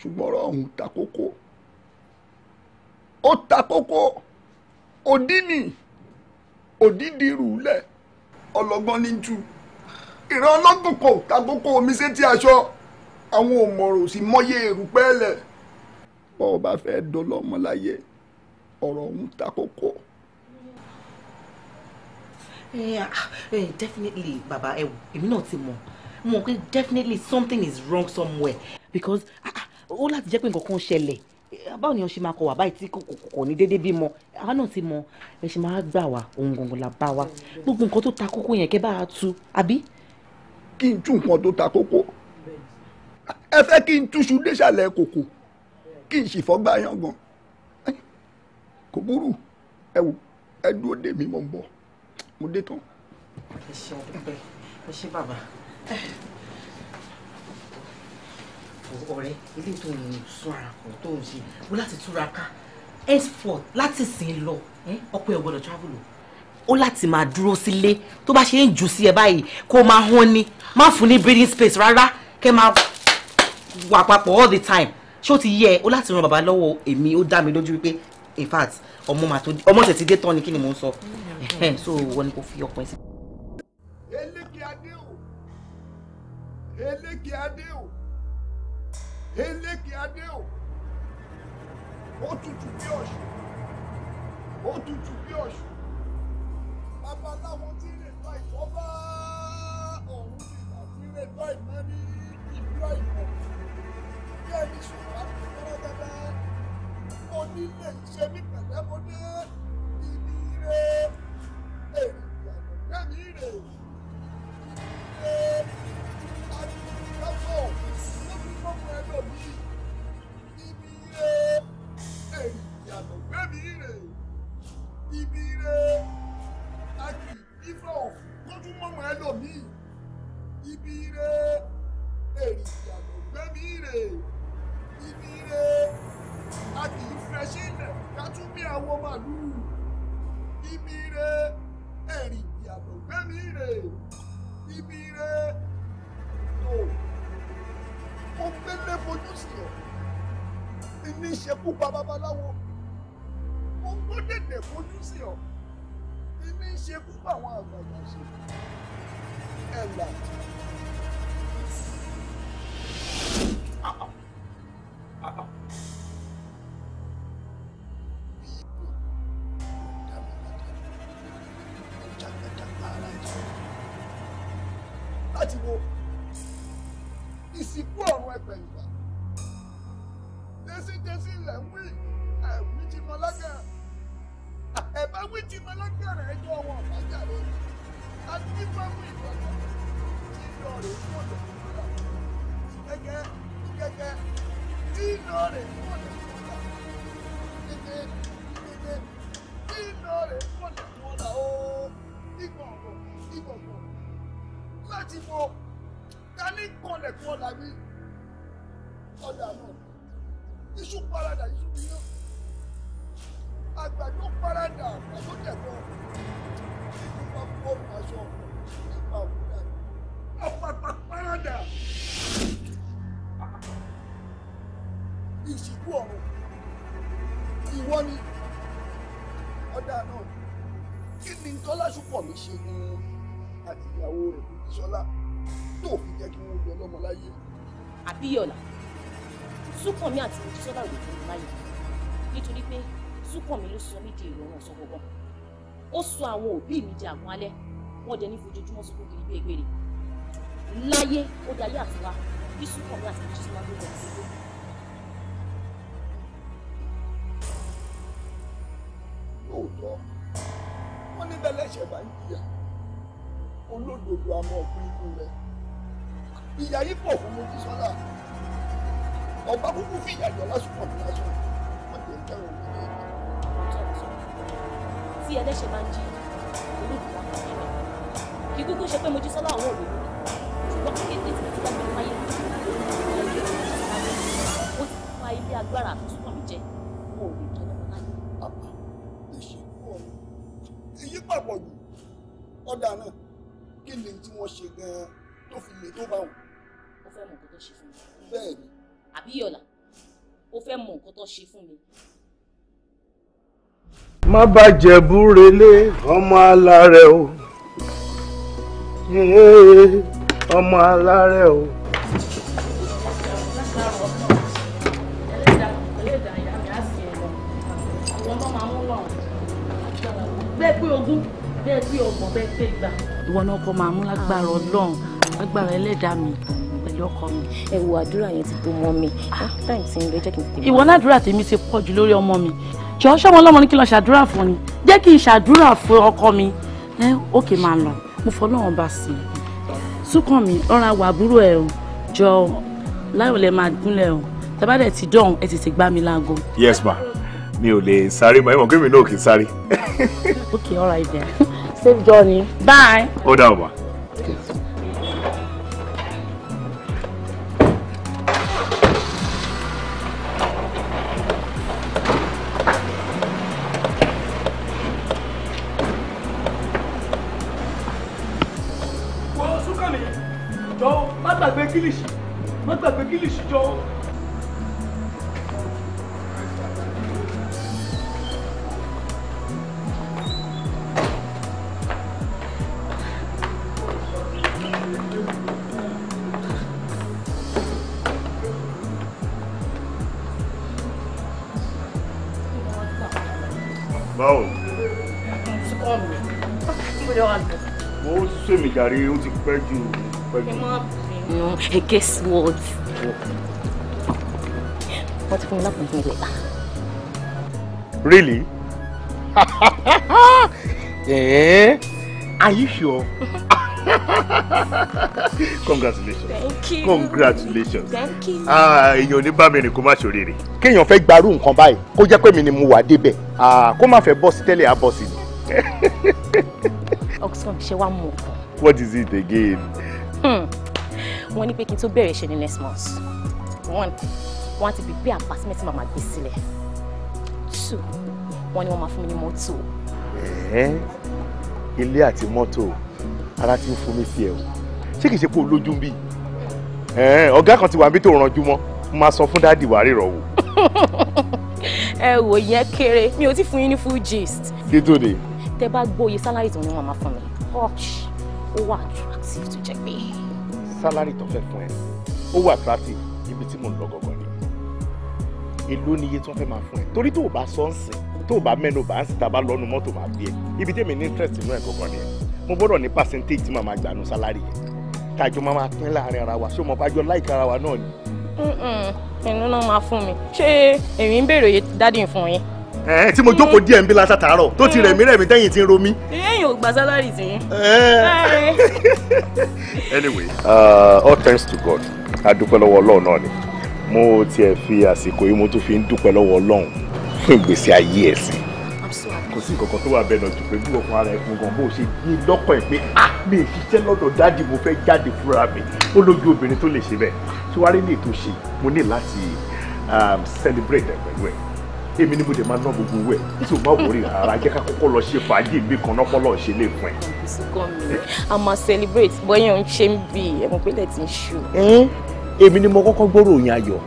ṣùgbọ́n ọ̀rọ̀ ọ̀hún ta kókó ó ta kókó òdì ni òdì di lẹ̀ ọlọ́gbọ́n ní jù ìran ọlọ́gùnkò tàgókò omi sétí aṣọ àwọn òmòrò sì mọyé èrùpẹ́ lẹ̀. bọ́ ọ bá fẹ́ dolọ́mọ láyé ọ̀rọ̀ ọ̀hún ta kókó. definitely baba ẹ wò èmi náà ti mọ mọ pé definitely something is wrong somewhere because ah, ah, ó láti jẹ́ pé nǹkan kan ṣẹlẹ̀ báwo ni wọn ṣe máa kọ wà báyìí tí kò ní déédéé bímọ àwa náà ti mọ ẹ ṣe máa gbà wá ohun gangan la bá wa gbogbo nǹkan tó ta kókó yẹn kẹ bá a tu àbí kí n tú nǹkan tó ta kókó ẹ fẹ́ kí n túṣu déṣàlẹ̀ kòkò kí n sì fọ́gbà yangan kò burú ẹ wò ẹ dúró dè mí mo ń bọ̀ mo dé tán. ẹ ṣe ọdúpẹ́ bàbá ọ̀rẹ́ ilé tó ń sún ara kan tó ń ṣe wọ́n láti túra henceforth láti sìn lọ ọkọ ẹ̀ travel o ó láti máa dúró sílé tó bá ṣe ń jù sí ẹ báyìí kó máa hàn ni má fún ní breathing space rárá kẹ́ máa wà papọ̀ all the time ṣé ó ti yẹ ó láti ran bàbá lọ́wọ́ èmi ó dá mi lójú wípé in fact ọmọ màá tó ọmọ tẹ̀ ti dé tán ni kí ni mò ń sọ so wọ́n ni kò fi ọkùnrin sí. eléke adé o eléke adé o eléke adé o ó tutù bí ọ̀ṣun ó tutù bí ọ̀ṣun babaláwo tí ń rìn bá ìfọ́fá ọ̀hún ti gbà tí ń rìn bá ìmọ̀ ní ìgbà ìmọ̀ bí ẹni ṣùgbọ́n àtúntò dáadáa mo nílé ṣe mí pẹ̀lẹ́ mo dé ibi ire èrè ìyàgbẹ́ mi rè ibi ire adúgbò lórí gbogbo ẹgbẹ́ mi ibi ire èrè ìyàgbẹ́ mi rè ibi ire fún ẹlòmíì ibi ire èrì ìyàgò gbẹ́bí ire ibi ire a kì í fẹ́ sílẹ̀ ká tún bí àwọn màlúù ibi ire èrì ìyàgò gbẹ́bí ire ibi ire tó ó gbélé fojú sí ọ ní ṣekú pa babaláwo ó gbódèdè fojú sí ọ ní ṣekú pa àwọn àgbàgbà ṣe àgbà. láti wo ìsìnkú ọ̀run ẹgbẹ̀yìnwá tẹ́sítẹ́sí ilẹ̀ ń wí ẹ̀wí ti mọ lága ẹ̀bá wí ti mọ lága rẹ̀ ẹjọ́ wọn ọ̀bájà lónìí adúgbò wí ìgbàgbọ́ lóore fún ṣẹ́gun àti ìyàwó rẹ̀ Bísọ́lá tó fi jẹ́ kí wọ́n lọ lọ́mọ láyé. àbíyọ̀lá Súnkànmí àti Bísọ́lá ò lè fún mi láyè nítorí pé Súnkànmí ló sọ mí di èrò ọ̀ràn sọ́kọ̀ ó sọ àwọn òbí mi di àgùn alẹ́ wọ́n dẹ ní fojoojúmọ́ sunkún kiri bí egbèrè láyé ó dayé àtiwá bí Súnkànmí àti Bísọ́lá ló lọ sí lóòótọ́ bá ń jìyà olódodo àmọ́ ọ̀gbìn inú rẹ̀ ìyá yìí pọ̀ fún Mojísọ́lá ọba kúkú fi ìyàjọ lásìkò ọ̀gbìn lásìkò wọ́n ti ń tẹ́ òun ní ẹ̀ka. tí ẹlẹ́ṣẹ̀ bá ń jí olódodo àmọ́ ọ̀gbìn rẹ̀ kì í kúkú ṣe pé Mojísọ́lá àwọn òwe ló ṣùgbọ́n kékeré tí ti bá gbẹ̀rẹ̀ máyé ó ti fa ilé agbára àtúntò mi jẹ. dáa náà kí ni tí wọ́n ṣe gan-an tó fi lè tó bá wọn. ó fẹ́ mọ nǹkan tó ṣe fún mi. bẹ́ẹ̀ ni. àbí yọ̀là ó fẹ́ mọ nǹkan tó ṣe fún mi. má bàjẹ́ búrelé ọmọ alárẹ̀ o ọmọ alárẹ̀ o. bẹ́ẹ̀ bí ọgbọ̀n bẹ́ẹ̀ pé gbà. ìwọ náà kọ́ máa mú lágbára ọlọ́run lágbára ẹlẹ́dàá mi pẹ̀lú ọkọ mi. ẹ wo àdúrà yẹn ti tó mọ́ mi ah. time ti ń lọ jẹ́ kí n tèmi. ìwọ náà àdúrà tèmi ti pọ̀ jù lórí ọmọ mi jọ̀ọ́ ṣọmọ ọlọ́mọ ní kí n lọ ṣàdúrà fún ni jẹ́ kí n ṣàdúrà fún ọkọ mi ẹ òkè máa lọ mo fọ ọlọ́run bá sí i súnkàn mi ọ̀ràn àwọn àbúrò ẹ̀ o jọ láyọ̀ lẹ máa gúnlẹ̀ o tẹ́bàdẹ̀ ti dán ẹ tètè gbá mi láago. yes ma mi ò lè sáré mọ ẹ mọ kí mi náà kì í sáré. okay all right then. safe journey. bye. ó dà ọ̀bà. yìí ó ti pẹ́ jù pẹ́ jù. no I guess what. wọ́n ti fún mi lápò fún ilẹ̀. really? eh? are you sure? congratulations thank you congratulations thank you ah, èèyàn ní bá mi rìn kó má ṣoríire. kéèyàn fẹ́ gbarú nǹkan báyìí kó jẹ́ pé mi ni mo wà débẹ̀ ah, kó má fẹ́ bọ́ọ̀sì tẹ́lẹ̀ àbọ̀sì ni. Oxford ṣe wá mú ọkọ. What is it again? Hmm. Wọ́n ní pé kí n tó bẹ̀rẹ̀ ṣe ní next month. One, wọ́n á ti gbé apartment màmá gbé sílẹ̀. Two, wọ́n ní wọ́n máa fún mi ní mọ́tò. Ilé àti mọ́tò ara ti ń fún mi sí ẹ̀ o. Ṣé kìí ṣe pé o lójú ń bí? Ọ̀gá kan ti wà níbi tó ranjú mọ́, mo máa sọ fún dáàdì wàá rírọ̀ wò. Ẹ wò yẹn kéré, mi ò tí fún yín ní full gist. Kí tó dé? tẹ bá gbóye sálárì tó ní wọn máa fún mi hush oh, ó wà attractive tó jẹ pé. Salary tó fẹ́ fún ẹ ó wà attractive ibi tí mò ń lọ gọ́gọ́ ni èló ni iye tó fẹ́ máa fún ẹ torí tó o bá sọ ń sìn tó o bá mẹ́nu bá ń sìn tá a bá lọ́nu mọ́tò máa bí ẹ e. ibi tẹ́mi ní interest inú ẹ̀ gọ́gọ́ ni ẹ mo gbọ́dọ̀ ní percentage tí màá máa gbà nu sálárì yẹn tàjọ máa máa pín láàrin ara wa ṣé o mọ̀ bá jọ láìka ara wa náà ni. ẹnu náà máa fún mi ṣé èmi ń béèrè dáàdì fún yín ẹ tí mo jókòó díẹ̀ ń bí lásà tàárọ̀ tó ti rẹ̀mí rẹ̀mí tẹ́yìn ti ń ro mí. ẹ̀yin ò gba sálárì tí. anyway. Uh, all thanks to God a dúpẹ́ lọ́wọ́ ọlọ́run náà ni mo tiẹ̀ fi àsìkò yìí mo tún fi ń dúpẹ́ lọ́wọ́ ọlọ́run fún ìgbésí ayé ẹ̀ sí kò sí nǹkan kan tó wà bẹ́ẹ̀ náà jù pé bí ọkùnrin ara ẹ̀kún gan bó ṣe ní lọ́kàn ẹ̀ pé à mi ìṣiṣẹ́ lọ́dọ̀ dáàdì mo fẹ́ jáde fúnra mi ó lójú obìnrin tó lè ṣe bẹ́ẹ̀ tí wàá rí ní ètò ṣe mo ní láti um, celebrate ẹ̀ pẹ̀lú ẹ̀ èmi ni mo dẹ̀ máa ná gbogbo owó tí o bá wòrí rárá jẹ́ ká kọ́kọ́ lọ ṣe fàájì mi kan lọ́pọ̀lọ́ ṣe lè fún ẹ. a máa celebrate bóyá ń ṣe ń bì ẹ̀mọ́ pẹ́lẹ̀ ti ń ṣù. èmi ni mo kọ́kọ́ gbọ́ ròyìn ayọ̀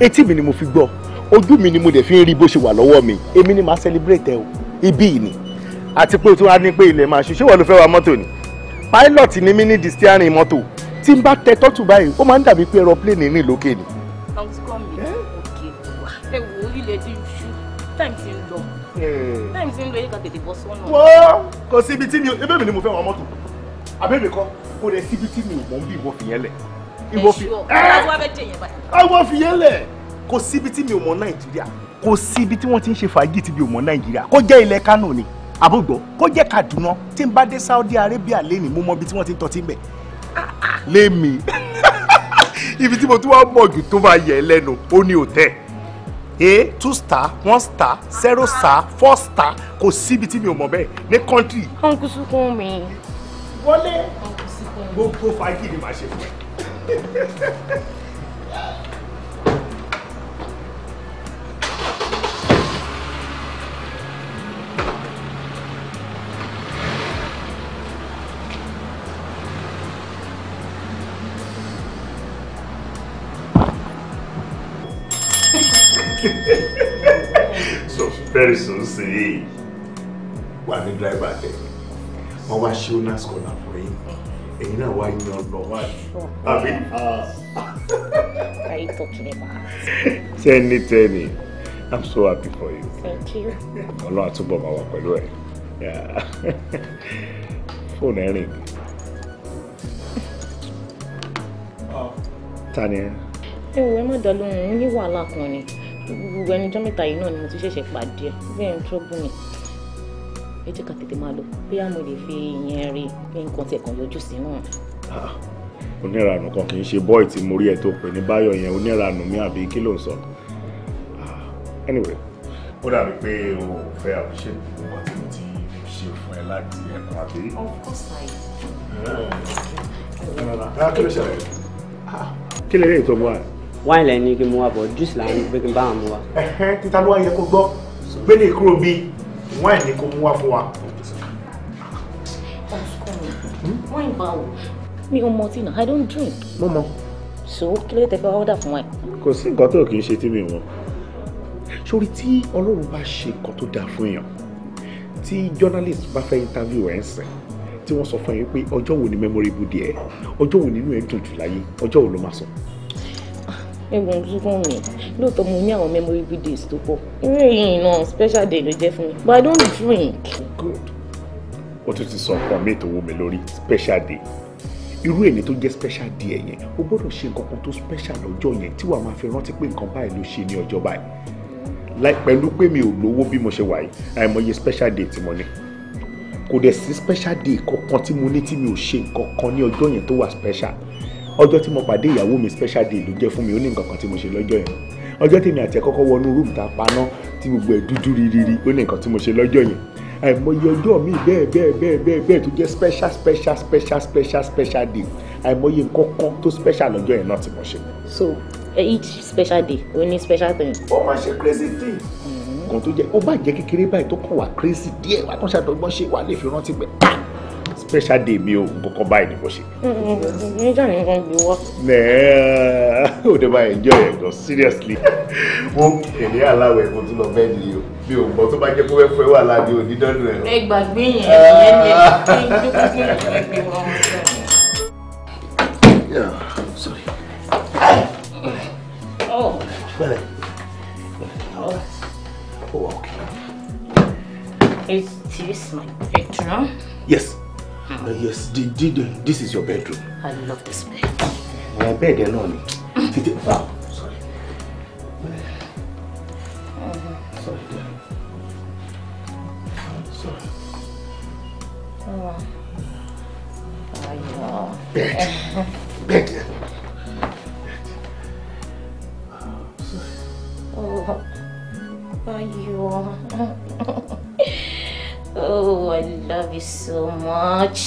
etí mi ni mo fi gbọ́ ojú mi ni mo dẹ̀ fi ń rí bó ṣe wà lọ́wọ́ mi èmi ni màá celebrate ẹ o ibí yìí ni àti pé o tún wá ní pé ilẹ̀ máa ṣu ṣé wọ́n ló fẹ́ wa mọ́tò ni pilot ni mí ní di steering mọ́tò tí n bá tẹ tọ́tù báyìí ó máa ń dàbí pé aeroplane ní lókè ni ilẹ̀ ti ṣú time ti ń lọ hmm. time ti ń lọ one. kan Because bọ́ sọ́nà. wọ́n kò sí ibi tí mi ebe mi ni mo fẹ́ wọn mọ́tò àbẹ́mi kọ́ kó lè síbi tí mi ò mọ̀ won't bí ìwọ Because lẹ̀ you fìyẹn ah! lẹ̀ kò síbi tí mi ò mọ̀ nàìjíríà kò síbi tí wọ́n ti ń ṣe fàájì tí mi ò mọ̀ nàìjíríà kó jẹ́ ilẹ̀ kánò ni àbúgbò kó Saudi Arabia lẹ́ni mo mọ ibi tí to ti ń tọ́tí mbẹ̀ ah! ah! lémi ibi tí mo tún wá mọ̀ jù tó máa yẹ lẹ́nu ó ní òtẹ́ a two star one star zero star four star kò síbi tí mi ò mọ̀ bẹ́ẹ̀ ní kọ́ńtì. uncle sukun mi. wọlé gbogbo fàájì ni màá ṣe fún ẹ. so very soon sí i wà ní dráìbà tẹ wọn wá ṣe owners corner fún yín èyí náà wá yan lọ wá àbí. are you talking about. tẹ́ni tẹ́ni i'm so happy for you. thank you. I'm not máa wà pẹ̀lú ẹ̀ fóònù ẹ̀ rìn. Ah. ta ni ẹ. ẹ wo ẹ má dá lóhùn ní wàhálà kan ni gbogbo ẹnu ọjọ́ mẹ́ta yìí náà ni mo ti ṣẹ̀ṣẹ̀ pàdé ẹ̀ bẹ́ẹ̀ ń trọ́bù ni ẹ jẹ́ ká tètè máa lọ bóyá mo lè fi ìyẹn rí pé nǹkan tiẹ̀ kàn yọjú sí náà. Ah, oníranù kan kì í ṣe bọ́ì tí mo rí ẹ tó pè ní báyọ̀ yẹn oníranù mi àbí kí ló ń sọ ah, anyway ó dàbí pé o fẹ́ appreciate gbogbo àti mo ti ṣe fún ẹ láti ẹ̀kọ́ àbí. of course I do. Eh, ah, kí lè rí ètò mú wáìnì lẹ́ni kí mo wá bọ̀ juice là ń gbé kí n bá àwọn mu wa. títa ló wá yẹ kó gbọ́ gbélé kúrò bíi wáìnì ni kó mú wá fún wa. wáìnì báwo mi ò mọtí náà i don't drink. mo mọ. so kí ló dé tẹfẹ́ ọ́dà fún wáìnì. kò sí nǹkan tó kì í ṣe tí mi mọ sórí tí ọlọ́run bá ṣe nǹkan tó dáa fún èèyàn tí journalist bá fẹ́ interview ẹ̀ ń sìn tí wọ́n sọ fún yín pé ọjọ́ wo ni memorable day ẹ̀ ọjọ́ wo nínú ẹ̀ dùn jù láyé ọjọ́ wo ló máa sọ ẹ̀gbọ́n sunkún mi lóòótọ́ mo ní àwọn memorable days tó pọ̀ eré yìí náà special day ló jẹ́ fún mi but I don't drink. Oh, good o tún ti sọ nǹkan mi tó mi lórí special day irú èyí tó jẹ́ special day yẹn o gbọ́dọ̀ ṣe nǹkan tó special lọ́jọ́ yẹn tí wàá máa fi rántí pé nǹkan báyìí ló ṣe ní ọjọ́ báyìí láì pẹ̀lú pé mi ò lówó bí mo ṣe wà yìí àìmọye special day tí mo ní kò dẹ̀ sí special day kankan tí mo ní tí mi ò ṣe nǹkan kan ní ọjọ́ yẹn tó wà special ọjọ́ tí mo pàdé ìyàwó mi special day ló jẹ́ fún mi ó ní nǹkan kan tí mo ṣe lọ́jọ́ yẹn ọjọ́ tèmi àti ẹ̀ wọnú rúùmù tá a paná tí gbogbo ẹ̀ dúdú rírírí ó ní nǹkan tí mo ṣe lọ́jọ́ yẹn àìmọye ọjọ́ mi bẹ́ẹ̀ bẹ́ẹ̀ bẹ́ẹ̀ bẹ́ẹ̀ bẹ́ẹ̀ tó jẹ́ special special special special special day àìmọye nǹkan kan tó special lọ́jọ́ yẹn náà tí mo ṣe. so eh, each special day we need special things. ó máa ṣe crazy thing mm-hmm. kan tó jẹ́ ó bá jẹ́ kékeré báyìí tó kàn wá crazy díẹ̀ wá tó ń ṣàdọ́gbọ́n ṣe wà lè fi rántí pé ah! special day mi o nkankan báyìí ni mo ṣe. níjà ni nǹkan bí wọ́. ó dé máa enjoy eh, ẹ̀ gan seriously. mo èlé aláwọ̀ ẹ̀kọ́ tó lọ bẹ́ẹ̀ ni o mi ò gbọ́ tó bá jẹ́ kó fẹ́ fẹ́ wà láàbí onídọ́nù ẹ̀rọ. ẹ gbàgbé yẹn ah. ìyẹn ni ẹ ti ń dúpọ̀ fún ìrìn Oh. Oh. Oh, okay. Is this my Uh, yes, the, the, the, this is your bedroom. I love this bed. My bed alone. Ah, wow. Sorry. Mm -hmm. Sorry, dear. Ah, sorry. Oh. Oh, yeah. Bed.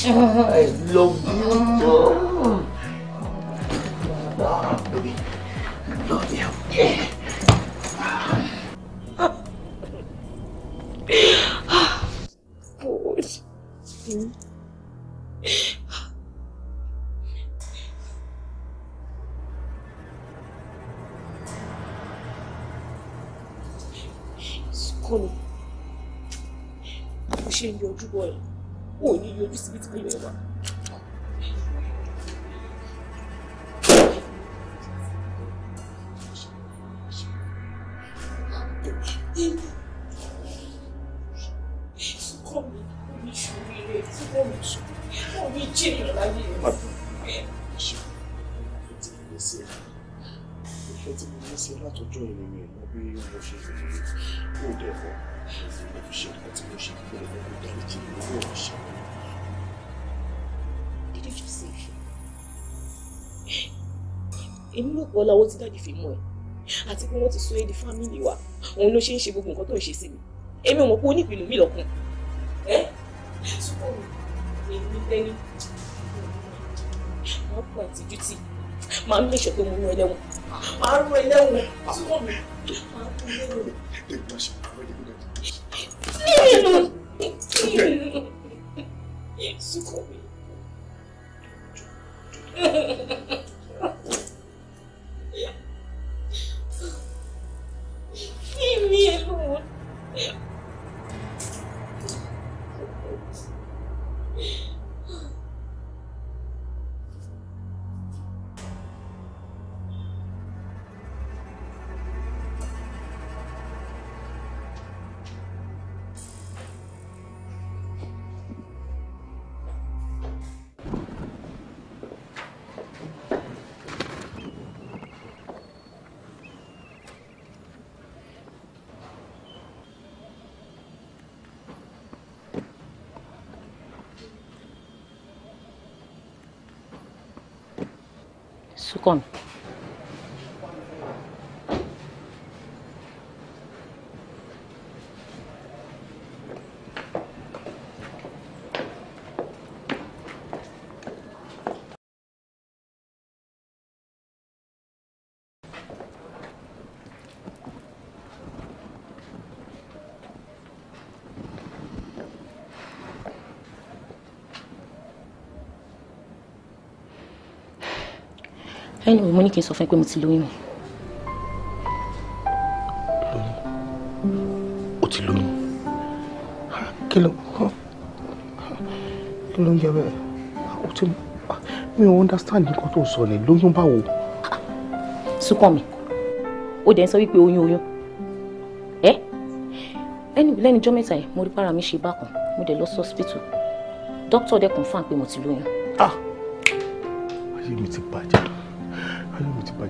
I love you, sọ ẹ́ di fámìlì wa òun ló ṣe ń ṣe gbogbo nǹkan tó ń ṣe sí mi èmi ò mọ̀ pé onípinnu mi lọ́kàn ẹ́ sọ́kọ̀ mi èmi tẹ́lẹ̀ wọ́n pọ̀ àtijú tì máa ń mẹ́sọ̀ pé mo rún ẹlẹ́wọ̀n máa rún ẹlẹ́wọ̀n sọ́kọ̀ mi máa rún ẹlẹ́wọ̀n. Sọ́kọ̀ mi. Yeah. Leave كوم anyway mo ní kí n sọ fún ẹ pé mo ti lóyún. lóyún o ti lóyún kí ló kí ló ń jẹ bẹ́ẹ̀ o ti mi ò understand nǹkan tó sọ ni lóyún báwo. Súnkànmí ó dẹ̀ ń sọ wípé oyún oyún ẹ ẹni lẹ́nu jọ́ mẹ́ta yìí mo rí para mi ṣe bákan mo dẹ̀ lọ sí hospital doctor dẹ̀ confam pé mo ti lóyún. ah ayé mi ti bàjẹ́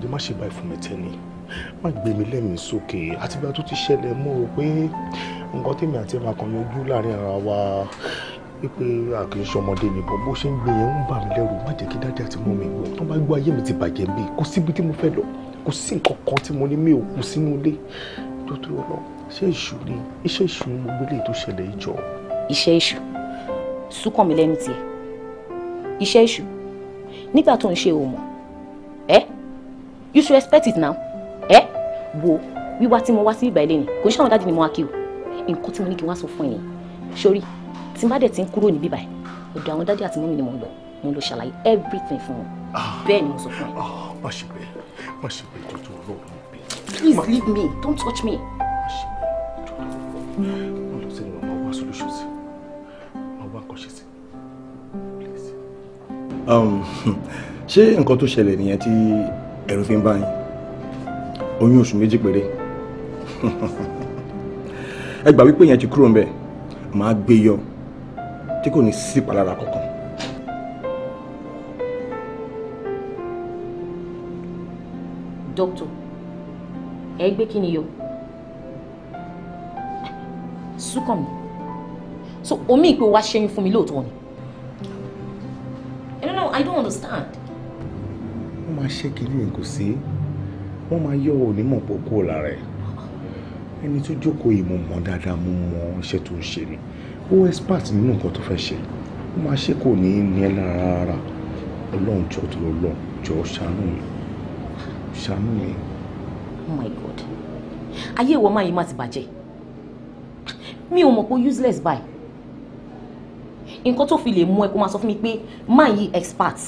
bàjẹ́ má ṣe báyìí fún mi tẹ́ni má gbé mi lẹ́mìí sókè àtìgbà tó ti ṣẹlẹ̀ mú o pé nǹkan tèmi àti ẹ̀ma kan yanjú láàrin ara wa pípé àkìlẹ́sọ ọmọdé ni bọ́ bó ṣe ń gbé yẹn ń bà mí lẹ́rù má jẹ́ kí dájú àti mú mi gbọ́ tó bá gbọ́ ayé mi ti bàjẹ́ bí kò síbi tí mo fẹ́ lọ kò sí nǹkan kan tí mo ní mi ò kú sínú ilé tó tó lọ ṣé èṣù ni iṣẹ́ èṣù ni gbogbo eléyìí tó ṣẹlẹ̀ ìjọ. iṣẹ́ èṣù súnkàn mi lẹ́nu tiẹ̀ iṣẹ́ èṣù nígbà tó ń ṣe òmò ẹ́ you should expect it now ẹ eh? wo wíwá tí mo wá sí ìgbà ilé ni kò ń ṣàwọn dájú ni mo wá kí o nǹkan tí mo ní kí n wá sọ fún ẹ̀yin sórí tí n bá dẹ̀ ti ń kúrò níbí báyìí ọ̀dọ̀ àwọn dájú àti mọ́mí ni mo lọ mo lọ ṣàlàyé everything fún wọn ah. bẹ́ẹ̀ ni mo sọ fún ẹ. Ah, má ṣe bẹ́ẹ̀ má ṣe bẹ́ẹ̀ tó tó lọ́wọ́ mi bẹ́ẹ̀. please leave me don't touch me. má ṣe bẹ́ẹ̀ mo lọ sẹ́yìn máa wá solution sí máa wá nǹkan ṣe sí please. Um, ṣé nǹkan tó ṣẹlẹ̀ nìyẹn tí ẹ̀rù fi ń bá yín oyún oṣù méjì péré ẹ gbà wípé yẹn ti kúrò ńbẹ̀ màá gbé e yọ tí kò ní sí ìpalára kankan. dókítà ẹ gbé kí ni yọ sùkàn mi so omi ìpè wa ṣẹ́yìn fún mi lóòótọ́ ni. I don't know I don't understand wọ́n máa ṣe kìíní kò sí wọ́n máa yọ onímọ̀ pọ̀ kúrò lára ẹ̀ ẹni tó jókòó yìí mo mọ̀ dáadáa mo mọ̀ iṣẹ́ tó ń ṣe ni ó expert nínú nǹkan tó fẹ́ ṣe ó máa ṣe kò ní ní ẹ lára rárá ọlọ́run jọ tó lọ jọ ṣàánú mi ṣàánú mi. oh my god ayé ìwọ máa yí má ti bàjẹ́ mi ò mọ̀ pé useless báyìí nǹkan tó fi lè mú ẹ kó máa sọ fún mi pé máa yí expert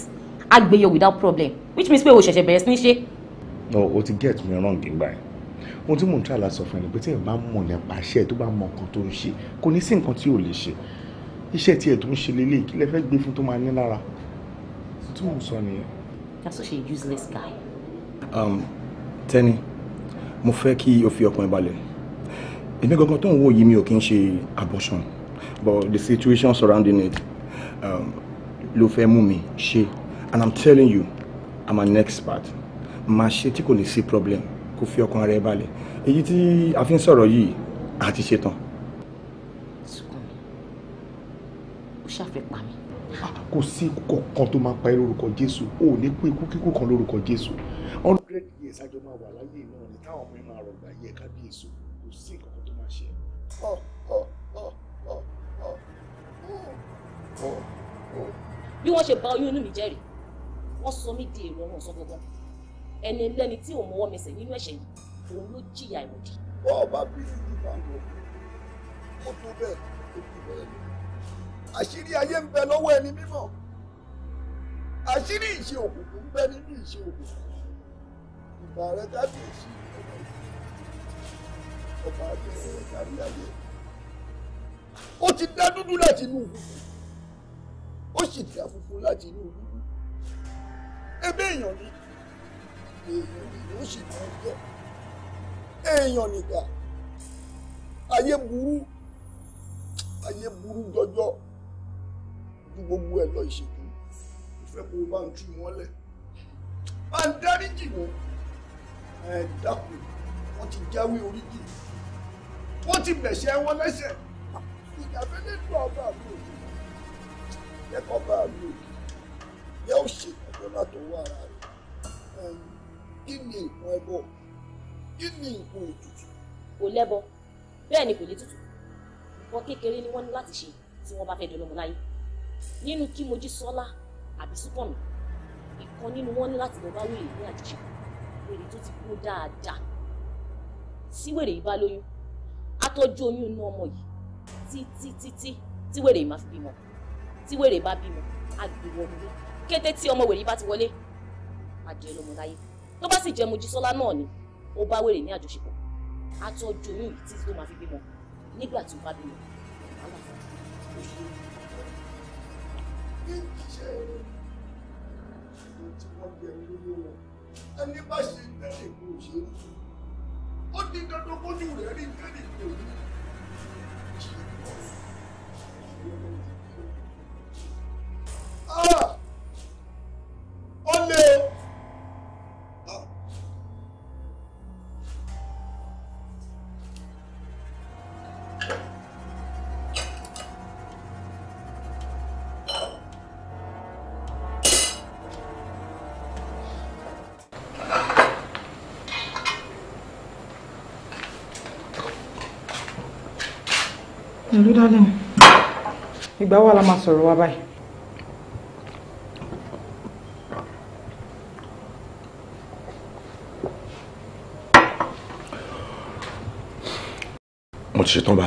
á gbé yọ without problem which means pé o ṣẹ̀ṣẹ̀ bẹ̀rẹ̀ sí ní ṣe. no o ti get me wrong gbà yẹn ohun tí mò ń try láti sọ fún ẹni pé tí èèyàn bá mọ̀ nípa iṣẹ́ tó bá mọ nǹkan tó ń ṣe kò ní sí nǹkan tí ò lè ṣe iṣẹ́ tiẹ̀ tó ń ṣe lélẹ̀ kí lẹ fẹ́ gbé fún tó máa ní lára tí mò sọ nìyẹn. that's such a useless guy. Um, tẹ́ni mo fẹ́ kí o fi ọkàn ẹ balẹ̀ èmi gangan tó ń wò yìí mi ò kí ń ṣe abortion but the situation surrounding it um, ló fẹ́ mú mi ṣe and i'm telling you i'm an expert Ma, ṣe tí kò ní sí problem kò fi ọkàn rẹ balẹ̀ èyí tí a fi ń sọ̀rọ̀ yìí àti ṣetán. Sùkànmí ó ṣàfẹ́ pa mí. Ah, kò sí ikú kankan tó máa pa ẹ lórúkọ Jésù ò ní kú ikú kíkú kan lórúkọ Jésù hundred years àjọ máa wà láyé náà ni táwọn ọmọ ẹ máa rọgbà yẹ kábíyèsí kò sí nǹkan tó máa ṣe. bí wọ́n ṣe bà oyún inú mi jẹ́ wọ́n sọ mí di èrò ọ̀run ọ̀sán gbọ̀ngàn ẹni lẹ́ni tí ò mọwọ́ mẹsẹ̀ nínú ẹ̀ṣẹ̀ yìí òun ló jìyà ìwòdì. bọ́ọ̀ bá bí ìlú bá ń lọ ó tó bẹ́ẹ̀ ó tó bẹ́ẹ̀ lọ àṣírí ayé ń bẹ lọ́wọ́ ẹni mímọ́ àṣírí ìṣe òkùnkùn ń bẹ nínú ìṣe òkùnkùn ìgbà rẹ kábíyèsí ọba àti ọ̀rẹ́ kárí ayé ó ti dá dúdú láti inú òkùnkùn ó sì dá funfun láti inú òkùnkùn ebe èèyàn ni èèyàn ni ó sì máa ń jẹ èèyàn nìgbà ayé burú ayé burú jọjọ ju gbogbo ẹ lọ ìṣètò ìfẹ́ kó o bá ń tú wọn lẹ̀ bá ń dáríjì wọn ẹ dákun wọn ti jáwé oríjì wọn ti bẹ̀ṣẹ̀ wọn lẹ́sẹ̀ ìjàfẹ́lẹ́ dùn ọba mi òkè lẹ́kọ̀ọ́ bá mi òkè yẹ́ òṣèlú dọ́là tó wà ara rẹ̀ kí ni nǹkan ẹbọ kí ni nǹkan ètùtù. kò lẹ́bọ bẹ́ẹ̀ ni kò lè tutù nǹkan kékeré ni wọ́n ní láti ṣe tí wọ́n bá fẹ́ dọ́lọ́mọ láyé nínú kí Mojísọ́lá àbí Súpọ̀nù ìkan nínú wọn ní láti lọ bá wèrè ní àjẹsẹ̀kù wèrè tó ti kú dáadáa tí wèrè yìí bá lóyún atọ́jú oyún inú ọmọ yìí títí títí tí wèrè yìí máa fi bímọ tí wèrè bá bímọ á gbé wọlé kété tí ọmọ wèrè bá ti wọlé má jẹ lọmọ láyé tó bá sì jẹ Mojísọ́lá náà ni ó bá wèrè ní àjọṣepọ̀ àtọ́jú oyún yìí títí tó máa fi bímọ nígbà tí ó bá bímọ ẹni bá ṣe tẹ́lẹ̀ kò ṣe é ó di dandan kójú rẹ̀ rí tẹ́lẹ̀ kò rí. Ah! ó lé Hello, darling. Ìgbà wo la máa sọ̀rọ̀ wa báyìí? J'ai tombé.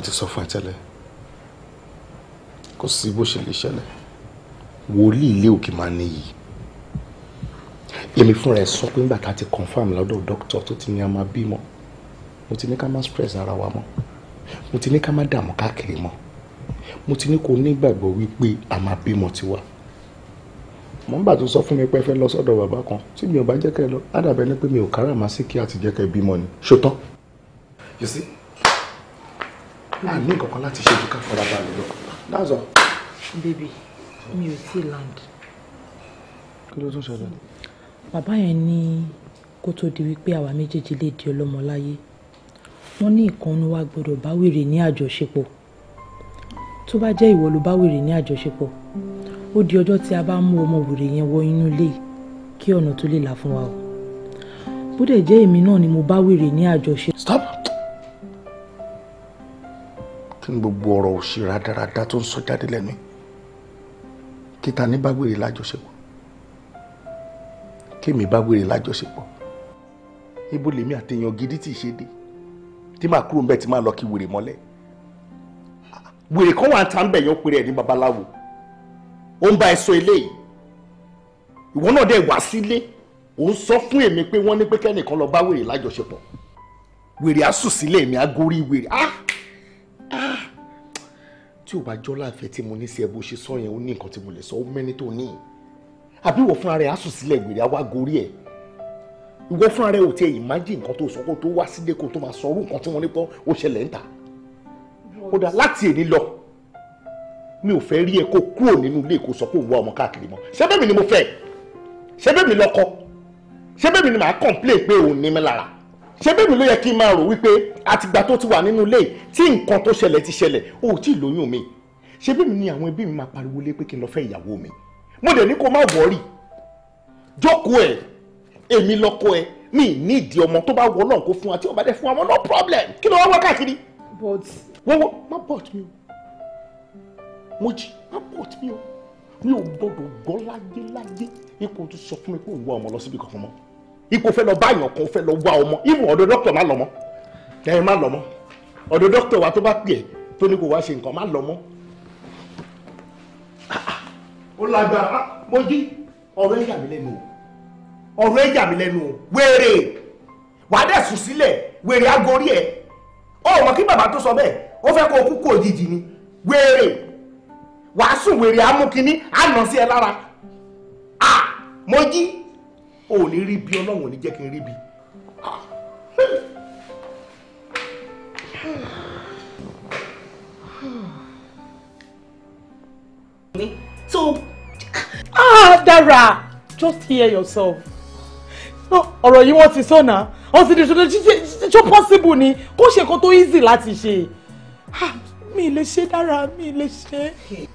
mo ti sọ fún ẹ tẹ́lẹ̀ kò sí bó ṣe lè ṣẹlẹ̀ wòlíì ilé òkè máa níyì èmi fúnra ẹ sọ pé nígbà tá a ti confam lọ́dọ̀ dókítà tó ti ní a máa bímọ mo ti ní ká má stress ara wa mọ́ mo ti ní ká má dààmú káàkiri mọ́ mo ti ní kó nígbàgbọ́ wípé a máa bímọ tiwa mo ń bà tó sọ fún mi pé fẹ́ lọ sọ́dọ̀ bàbá kan tí mi ò bá jẹ́ kẹ́ lọ á dàbẹ́ ní pé mi ò kárà máa sí kí àtijẹ́kẹ́ bímọ ni ṣòtán you see a ah, ní nǹkan kan láti ṣe ju ká fara balẹ̀ that's all. baby mi ò tí ì land. kí ló tún ṣẹlẹ̀. bàbá yẹn ní kó tó di wípé àwa méjèèjì lè di ọlọ́mọ láyé wọ́n ní ìkànnì wa gbọ́dọ̀ bá wèrè ní àjọṣepọ̀ tó bá jẹ́ ìwọ ló bá ní àjọṣepọ̀ ó di ọjọ́ tí a bá mú ọmọ wèrè yẹn wọ inú ilé kí ọ̀nà tó lè là fún wa o bó dẹ̀ jẹ́ èmi náà ni mo bá wèrè ní àjọṣe. stop kí ni gbogbo ọ̀rọ̀ òṣìra dáradá tó ń sọ jáde lẹ́nu kí ta ní bá lájọṣepọ̀ kí mi bá wèrè lájọṣepọ̀ ibo lèmi àtẹ̀yàn gidi tí ì ṣe dé tí màá kúrò mbẹ́ tí màá lọ kí wèrè mọ́lẹ̀ wèrè kan wà ń ta ń bẹ̀ yan péré ẹ̀ ní babaláwo ó ń bá ẹ sọ eléyìí ìwọ náà dẹ̀ wá sílé ò ń sọ fún èmi pé wọ́n ní pé kẹ́nìkan lọ bá wèrè lájọṣepọ̀ wèrè á sùn sílé èmi á gorí wèrè Ah! tí ò bá jọ́lá àfẹ́ tí mo ní sí ẹ bó ṣe sọ yẹn ó ní nǹkan tí mo lè sọ ó mẹ́ni tó ní àbí ìwọ fúnra rẹ á sùn sílẹ̀ gbèrè àwa gorí ẹ̀ ìwọ fúnra rẹ ò tiẹ̀ imagine nǹkan tó sọ kó tó wá sílé kó tó máa sọ orú nǹkan tí wọ́n ní pọ́n ó ṣẹlẹ̀ ń ta ó dá láti èní lọ mi ò fẹ́ rí ẹ kó kúrò nínú ilé kó sọ pé òun wá ọmọ káàkiri mọ́ ṣé bẹ́ẹ̀ mi ni mo fẹ́ ṣé bẹ́ẹ̀ mi lọ́kọ ṣé bẹ́ẹ̀ mi ni màá complain pé òun ní mi lára ṣé bẹ́ẹ̀ mi ló yẹ kí n máa rò wípé àtìgbà tó ti wà nínú ilé tí nǹkan tó ṣẹlẹ̀ ti ṣẹlẹ̀ o ò tí ì lóyún mi ṣé bẹ́ẹ̀ mi ni àwọn ẹbí mi máa pariwo lé pé kí n lọ fẹ́ ìyàwó mi mo dẹ̀ ní kó má wọ́ọ̀rì jókòó ẹ̀ èmi lọ́kọ ẹ̀ mi ní ìdí ọmọ tó bá wọ náà kó fún wa tí ó bá fún wa mọ́ no problem kí ló wá wá káàkiri. but wọ́n wọ́n má bọ̀t mi o mo jì má bọ̀t mi o mi ò gbọ́dọ̀ gbọ́ láyé láyé ipò tó sọ fún mi pé òun wá ọmọ lọ síbi kankan mọ́ ipò fẹ́ lọ bá àyàn kan fẹ́ lọ wá ọmọ ìmọ̀ ọ̀dọ̀ dókítà má lọ mọ́ ẹ má lọ mọ́ ọ̀dọ̀ dókítà wa tó bá pè ẹ́ tó ní kò wá ṣe nǹkan má lọ mọ́. ó lágbára ah, mo jí ọ̀rọ̀ ẹ̀ yà mí lẹ́nu o ọ̀rọ̀ ẹ̀ yà mí lẹ́nu o wèrè wàá dẹ̀ sùn sílẹ̀ wèrè agorí ẹ̀ ó mọ̀ kí bàbá tó sọ bẹ́ẹ̀ ó fẹ́ kó o kú kó òjijì ni wèrè wàá sùn wèrè amúkiní àná sí ẹ lára ah, mo jí o ò ní rí bí ọlọ́run ò ní jẹ́ kí n rí bí. so ah Dara just hear yourself ọ̀rọ̀ yìí wọ́n ti sọ̀nà wọ́n ti di ṣoṣo ṣoṣo possible ni kó ṣe nǹkan tó easy láti ṣe ah, mi lè ṣe Dara mi lè ṣe.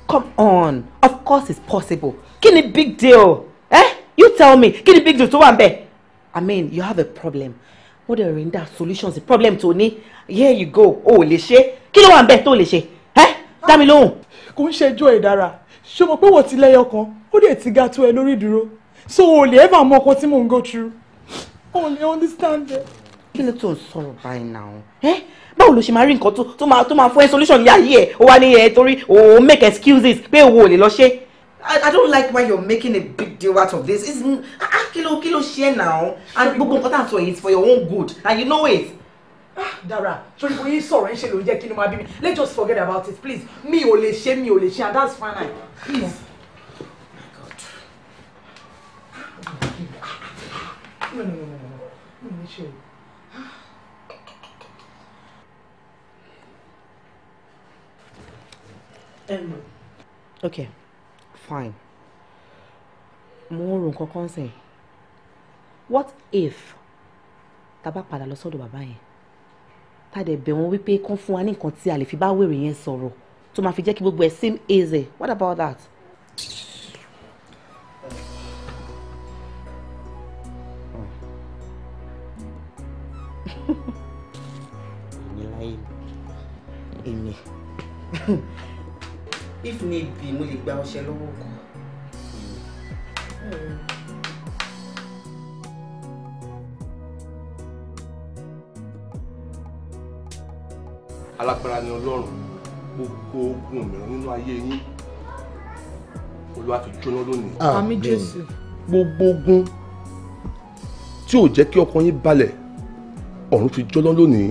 come on of course it's possible kí ni big deal. Eh? you tell me kí ni big deal tó wà ń i mean you have a problem wọ́n dẹ̀ rí ń dá the problem tó ní here you go o ò lè ṣe kí ló wà ń bẹ̀ tó lè ṣe ẹ́ dá mi lóhùn. kò ń ṣẹjọ́ ìdára ṣé mo pé wọ́n ti lẹ́yọ kan ó dẹ̀ ti ga tó ẹ lórí ìdúró so o lè ever mọ ọkọ tí mò ń go through o lè understand it. kí ló tó ń sọ̀rọ̀ báyìí náà ẹ́ báwo ló ṣe máa rí nǹkan tó máa fún ẹ solution ní ayé ẹ ó wá ní ẹ torí òun make excuses pé òun ò lè lọ ṣe I, I don't like why you're making a big deal out of this. It's ah, kí kilo kí ló now. And gbogbo that's tá à for your own good and you know it. Ah, Dara, torí bóyá sọ̀rọ̀ ń ṣe ló jẹ́ kí ni Let's just forget about it, please. Me ò lè ṣe, mi ò lè ṣe, and that's fine. Please. No, no, no, no, no, no, no, no. okay fine mo ń ro nǹkan kan sìn what if tá bá padà lọ sọ́dọ̀ bàbá yẹn tá dẹ̀ bẹ̀ wọ́n wípé kán fún wa ní nǹkan tí a lè fi bá wèrè yẹn sọ̀rọ̀ tó máa fi jẹ́ kí gbogbo ẹ̀ seem easy what about that. èmi láyé èmi. if need be mo lè gba ọṣẹ lọ́wọ́ ọkọ. alágbára ni ọlọ́run gbogbo ogun mìíràn nínú ayé yín olúwa fi jóná lónìí. àmín jésù. gbogbo ogun tí ò jẹ́ kí ọkàn yín balẹ̀ ọ̀run fi jóná lónìí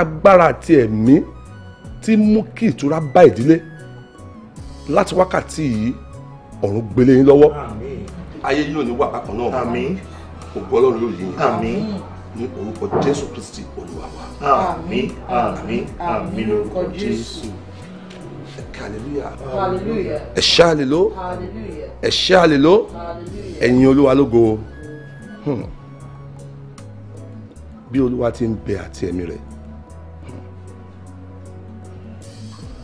agbára àti ẹ̀mí tí mú kí ìtura bá ìdílé láti wákàtí yìí ọ̀run gbélé yín lọ́wọ́ ayé yóò ní wà bákan náà ògbó ọlọ́run yóò yé yín ní orúkọ jésù kristi olúwa wa. àmín àmín àmín lórúkọ jésù. hallelujah hallelujah ẹ ṣá àleló ẹ ṣá àleló ẹ̀yin olúwa lógo hmm. bí olúwa ti ń bẹ àti ẹ̀mí rẹ̀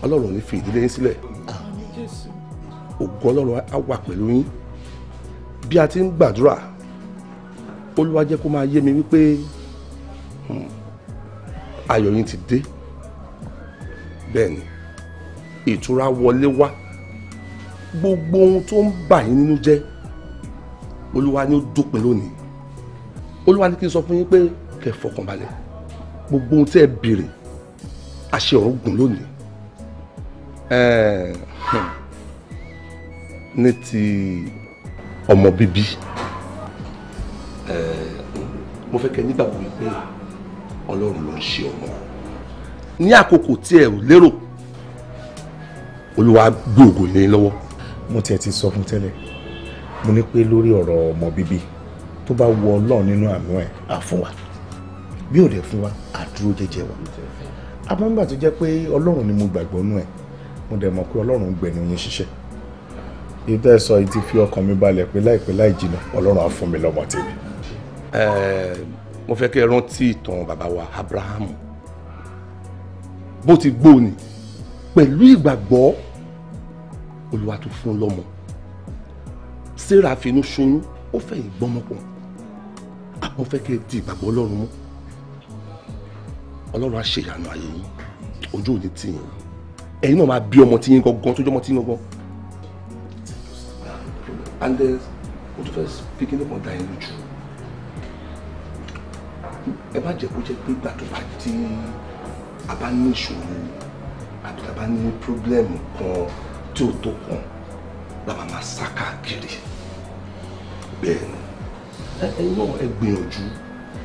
ọlọ́run ò ní fi ìdílé yín sílẹ̀ ògo ọlọ́run á wà pẹ̀lú yín bí a ti ń gbàdúrà olúwa jẹ́ kó máa yé mi wípé hmm, ayọ̀ yín ti dé bẹ́ẹ̀ ni ìtura wọlé wá gbogbo ohun tó ń bà yín nínú jẹ́ olúwa ni ó dópin lónìí olúwa ní kí n sọ fún yín pé kẹ́ fọkànbalẹ̀ gbogbo ohun tí ẹ béèrè àṣẹ ọ̀rọ̀ gùn lónìí. Eh, hmm ní ti ọmọ bíbí mo fẹ́ kẹ́ nígbàgbọ́ wípé ọlọ́run ló ń ṣe ọmọ ní àkókò tí ẹ ò lérò olúwa gbòògùn ní e lọ́wọ́. mo tiẹ̀ ti sọ fún tẹ́lẹ̀ mo ní pé lórí ọ̀rọ̀ ọmọ bíbí tó bá wọ ọlọ́run nínú àánú ẹ̀ á fún wa bí ò dẹ̀ fún wa á dúró jẹ́jẹ́ wa àmọ́ nígbà tó jẹ́ pé ọlọ́run ni mo gbàgbọ́ nú ẹ̀ mo dẹ̀ mọ̀ pé ọlọ́run gbẹ̀nu yín ṣiṣẹ́ ìtẹ́ sọ yìí ti fi ọkàn mi balẹ̀ pé láìpẹ́ láì jìnnà ọlọ́run á fún mi lọ́mọ tèmi. mo fẹ́ kẹ́ ẹ rántí ìtàn bàbá wa Abraham, bó ti gbóni pẹ̀lú ìgbàgbọ́ olúwa tún fún lọ́mọ sarah finú ṣoyún ó fẹ́ ìgbọ́mọpọ̀ àmọ́ fẹ́ kẹ́ ẹ di ìgbàgbọ́ ọlọ́run mú ọlọ́run á ṣe ìyànà ayé yín ojú òní tì yín ẹ̀yin náà máa bí ọmọ tí yín gangan tó jọmọ tí yín gangan and then o tún fẹ́ fi kíní kan da ẹnu jù ẹ má jẹ́ kó jẹ́ pé ìgbà tó bá ti a bá ní ìṣòro àbí a bá ní pírọ́blẹ́mù kan tí ò tó kàn lábàá máa sá káàkiri bẹ́ẹ̀ ni ẹ̀yin náà ẹ gbìyànjú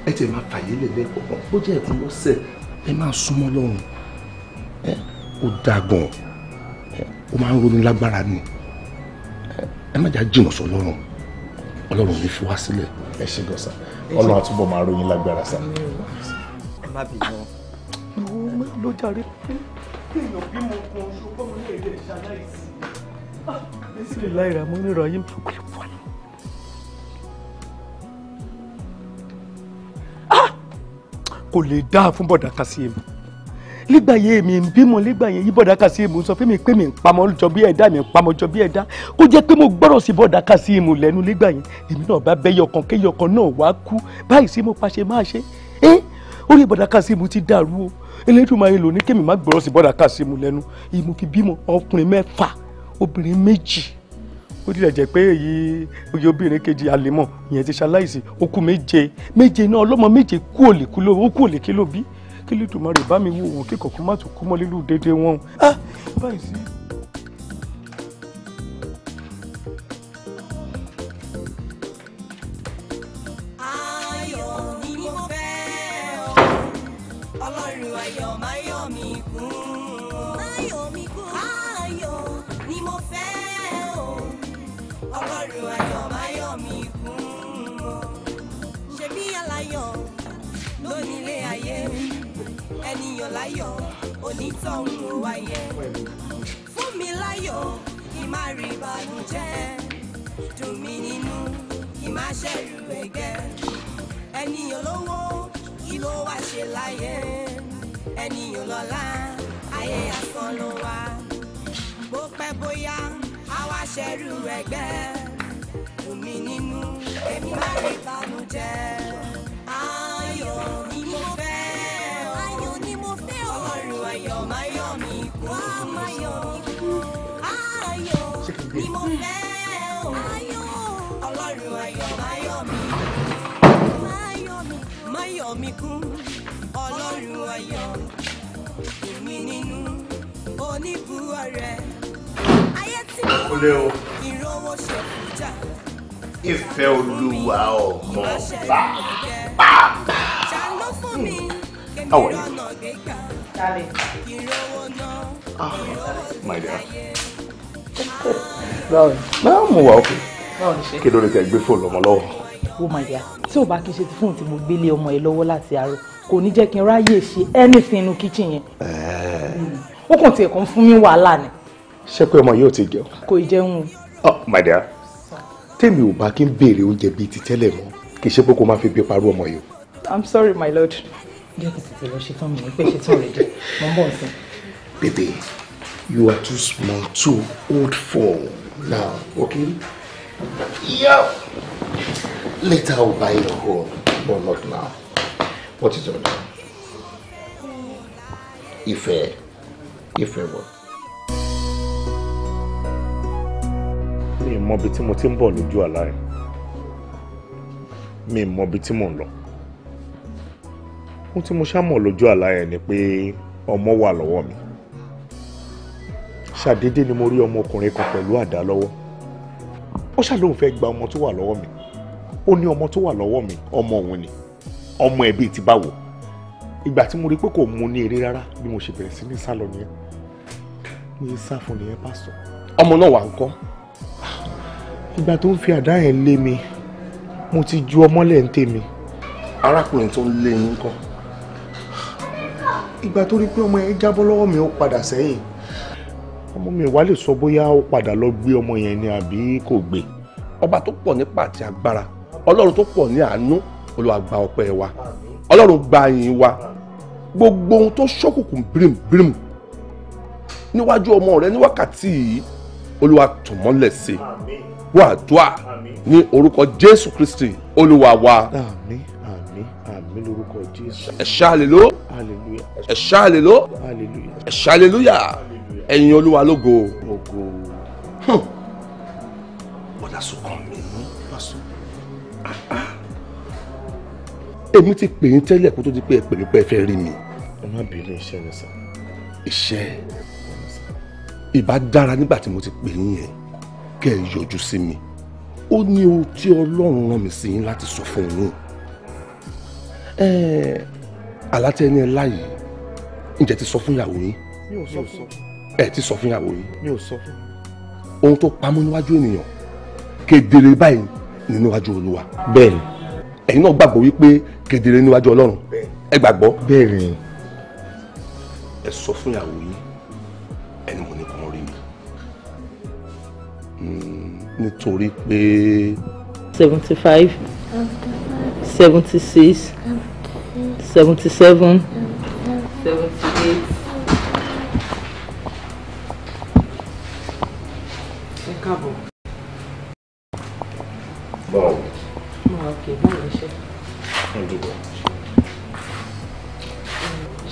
ẹ tẹ̀ máa fàyè lẹ̀lẹ́ kọ̀ọ̀kan bó jẹ́ ẹ̀kan lọ́sẹ̀ ẹ máa súnmọ́ lọ́rùn ó dáa ó máa ń ronú lágbára ni ẹ má jà jìnnà sọ lọ́rùn ọlọ́run ní fi wá sílẹ̀. ẹ ṣe gọ́sà ọlọ́run àtúbọ̀ máa ròyìn lágbára sá. ẹ má bì lọ. ìwọ ló jàre èèyàn bí mo kọ oṣù kọ́ mi ní èdè ìṣaláìsì. bísí láìra mo ní ìrọ̀yìn mi kò lè wà ní. kò lè dáa fún bọ̀dà kan nígbà yẹn mi ń bímọ nígbà yẹn yí bọ̀dá Kasimu sọ fún mi pé mi ń pamọ́ jọ bí ẹ̀dá mi ń pamọ́ jọ bí ẹ̀dá kó jẹ́ pé mo gbọ́rọ̀ sí bọ̀dá Kasimu lẹ́nu nígbà yẹn èmi náà bá bẹ́ yọkan ké yọkan náà wá kú báyìí sí mo paṣẹ máa ṣe é orí bọ̀dá Kasimu ti dàrú o Elédùmarè ló ní kémi má gbọ́rọ̀ sí bọ̀dá Kasimu lẹ́nu ìmú fi bímọ ọkùnrin mẹ́fà obìnrin méjì ó tilẹ̀ jẹ́ pé èyí oyè obìnrin kejì àlèmọ̀ ìyẹn ti ṣaláìsí ó kú méje méje náà ọlọ́mọ méje kú òlè kú ló bí kí lèdùmarè bá mi wò wọ́n kí kọ̀ọ̀kan má tún kú mọ́ lílù dédé wọn. Ah, báyìí sí. Ọlọ́run ayọ̀ máa. láyọ̀ láyọ̀ onítọ̀hún wáyé fún mi láyọ̀ kí má rí ìbànújẹ́ dùn mí nínú kí má ṣẹ̀rù ẹ̀gẹ́ ènìyàn lówó kí ló wá ṣe láyé ènìyàn lọ́lá ayé asán ló wá bó pẹ́ bóyá a wá ṣẹ̀rù ẹ̀gẹ́ dùn mí nínú èmi má rí ìbànújẹ́. ayọ̀ mi kún ọlọ́run ayọ̀ èmi nínú oníbùúrọ̀ rẹ̀ ayé tí mo wà ìrówó ṣe fújà. ìfẹ́ olúwa ọ̀gbọ́n bá bá bá. ṣàlọ́ fún mi hmm. kèmí lọ́nà gbéga ìrówó náà ah, ìrówó sí ayé. báwo ni báwo mo wà ó kí ló lè tẹ gbé fóònù ọmọ lọ́wọ́ wo my dear tí ò bá kí n ṣe ti fóònù tí mo gbé lé ọmọ ẹ lọ́wọ́ láti àárọ̀ kò ní jẹ́ kí n ráyè ṣe anything inú kitchen yẹn eh. ó kàn tiẹ̀ kàn fún mi wàhálà ni. ṣé pé ọmọ yóò ti jẹun. kò jẹun o. oh my dear tèmi ò bá kí n béèrè oúnjẹ bíi ti tẹ́lẹ̀ mọ́ kì í ṣe pé kó má fi bí parú ọmọ yìí. i'm sorry my lord. jẹ́ kí tètè lọ ṣe tán mi pé ṣe tán rẹ̀ dé mo bọ̀ nsìn. baby you are too small too old for now okay. Yeah. Later I'll buy your home, but not now. What is your name? Ife. Ife what? Mi mọ ibi tí mo ti ń bọ̀ Me àlá ẹ̀. Mi mọ ibi tí mò ń lọ. Ohun mo ṣàmọ̀ lójú àlá ẹ̀ ni pé ọmọ wà lọ́wọ́ mi. Ṣàdédé ni mo rí ọmọkùnrin kan pẹ̀lú àdá lọ́wọ́. Ó ṣàlóhùn fẹ́ gba ọmọ tó wà lọ́wọ́ mi ó ní ọmọ tó wà lọ́wọ́ mi ọmọ òun ni ọmọ ẹ̀ bíi ti báwo ìgbà tí mo rí pé kò mú ní eré rárá bí mo ṣe bẹ̀rẹ̀ sí ní sálọ nìyẹn ní sá fún nìyẹn pásítọ̀. ọmọ náà wà ń kọ́. ìgbà tó ń fi àdá yẹn lé mi mo ti ju ọmọlẹ̀ ń tèmi. arákùnrin tó ń lé yín kọ́. ìgbà tó rí pé ọmọ yẹn jábọ́ lọ́wọ́ mi ó padà sẹ́yìn ọmọ mi wá lè sọ bóyá ó padà lọ gbé ọmọ yẹn ni àbí kò gbé. ọba tó pọ̀ nípa àti agbára ọlọ́run tó pọ̀ ní àánú olúwa gba ọpẹ́ wa ọlọ́run gba ìyìn wa gbogbo ohun tó ṣókùnkùn bírímù níwájú ọmọ rẹ ní wákàtí yìí olúwa tù mọ́lẹ̀ sí wàdúà ní orúkọ jésù kristi olúwa wa. àmín àmín ẹ ṣàléló ẹ ṣàléló ẹ ṣàlélúyà ẹ̀yin olúwa lógo. lógo. èmi ti pè yín tẹ́lẹ̀ kó tó di pé ẹ pè mí pé ẹ fẹ́ rí mi. ẹ má bínú iṣẹ́ mi sá. iṣẹ́ ìbá dára nígbà tí mo ti pè yín yẹn kẹ́ ẹ yọjú sí mi ó ní ohun tí ọlọ́run rán mi sí yín láti sọ fún yín. alátẹ́ni ẹ láàyè ǹjẹ́ ti sọ fún ìyàwó yín. mi ò sọ fún. ẹ ti sọ fún ìyàwó yín. ohun tó pamọ́ níwájú ènìyàn kedere báyìí nínú iwájú olúwa. bẹ́ẹ̀ni ẹ̀yin náà gbàgbọ́ wípé kedere níwájú ọlọ́run ẹ gbàgbọ́. bẹ́ẹ̀ ẹ sọ fún ìyàwó yín ẹni mo ní kàn rí mi hmm, nítorí pé. seventy five seventy six seventy seven seventy eight. ẹ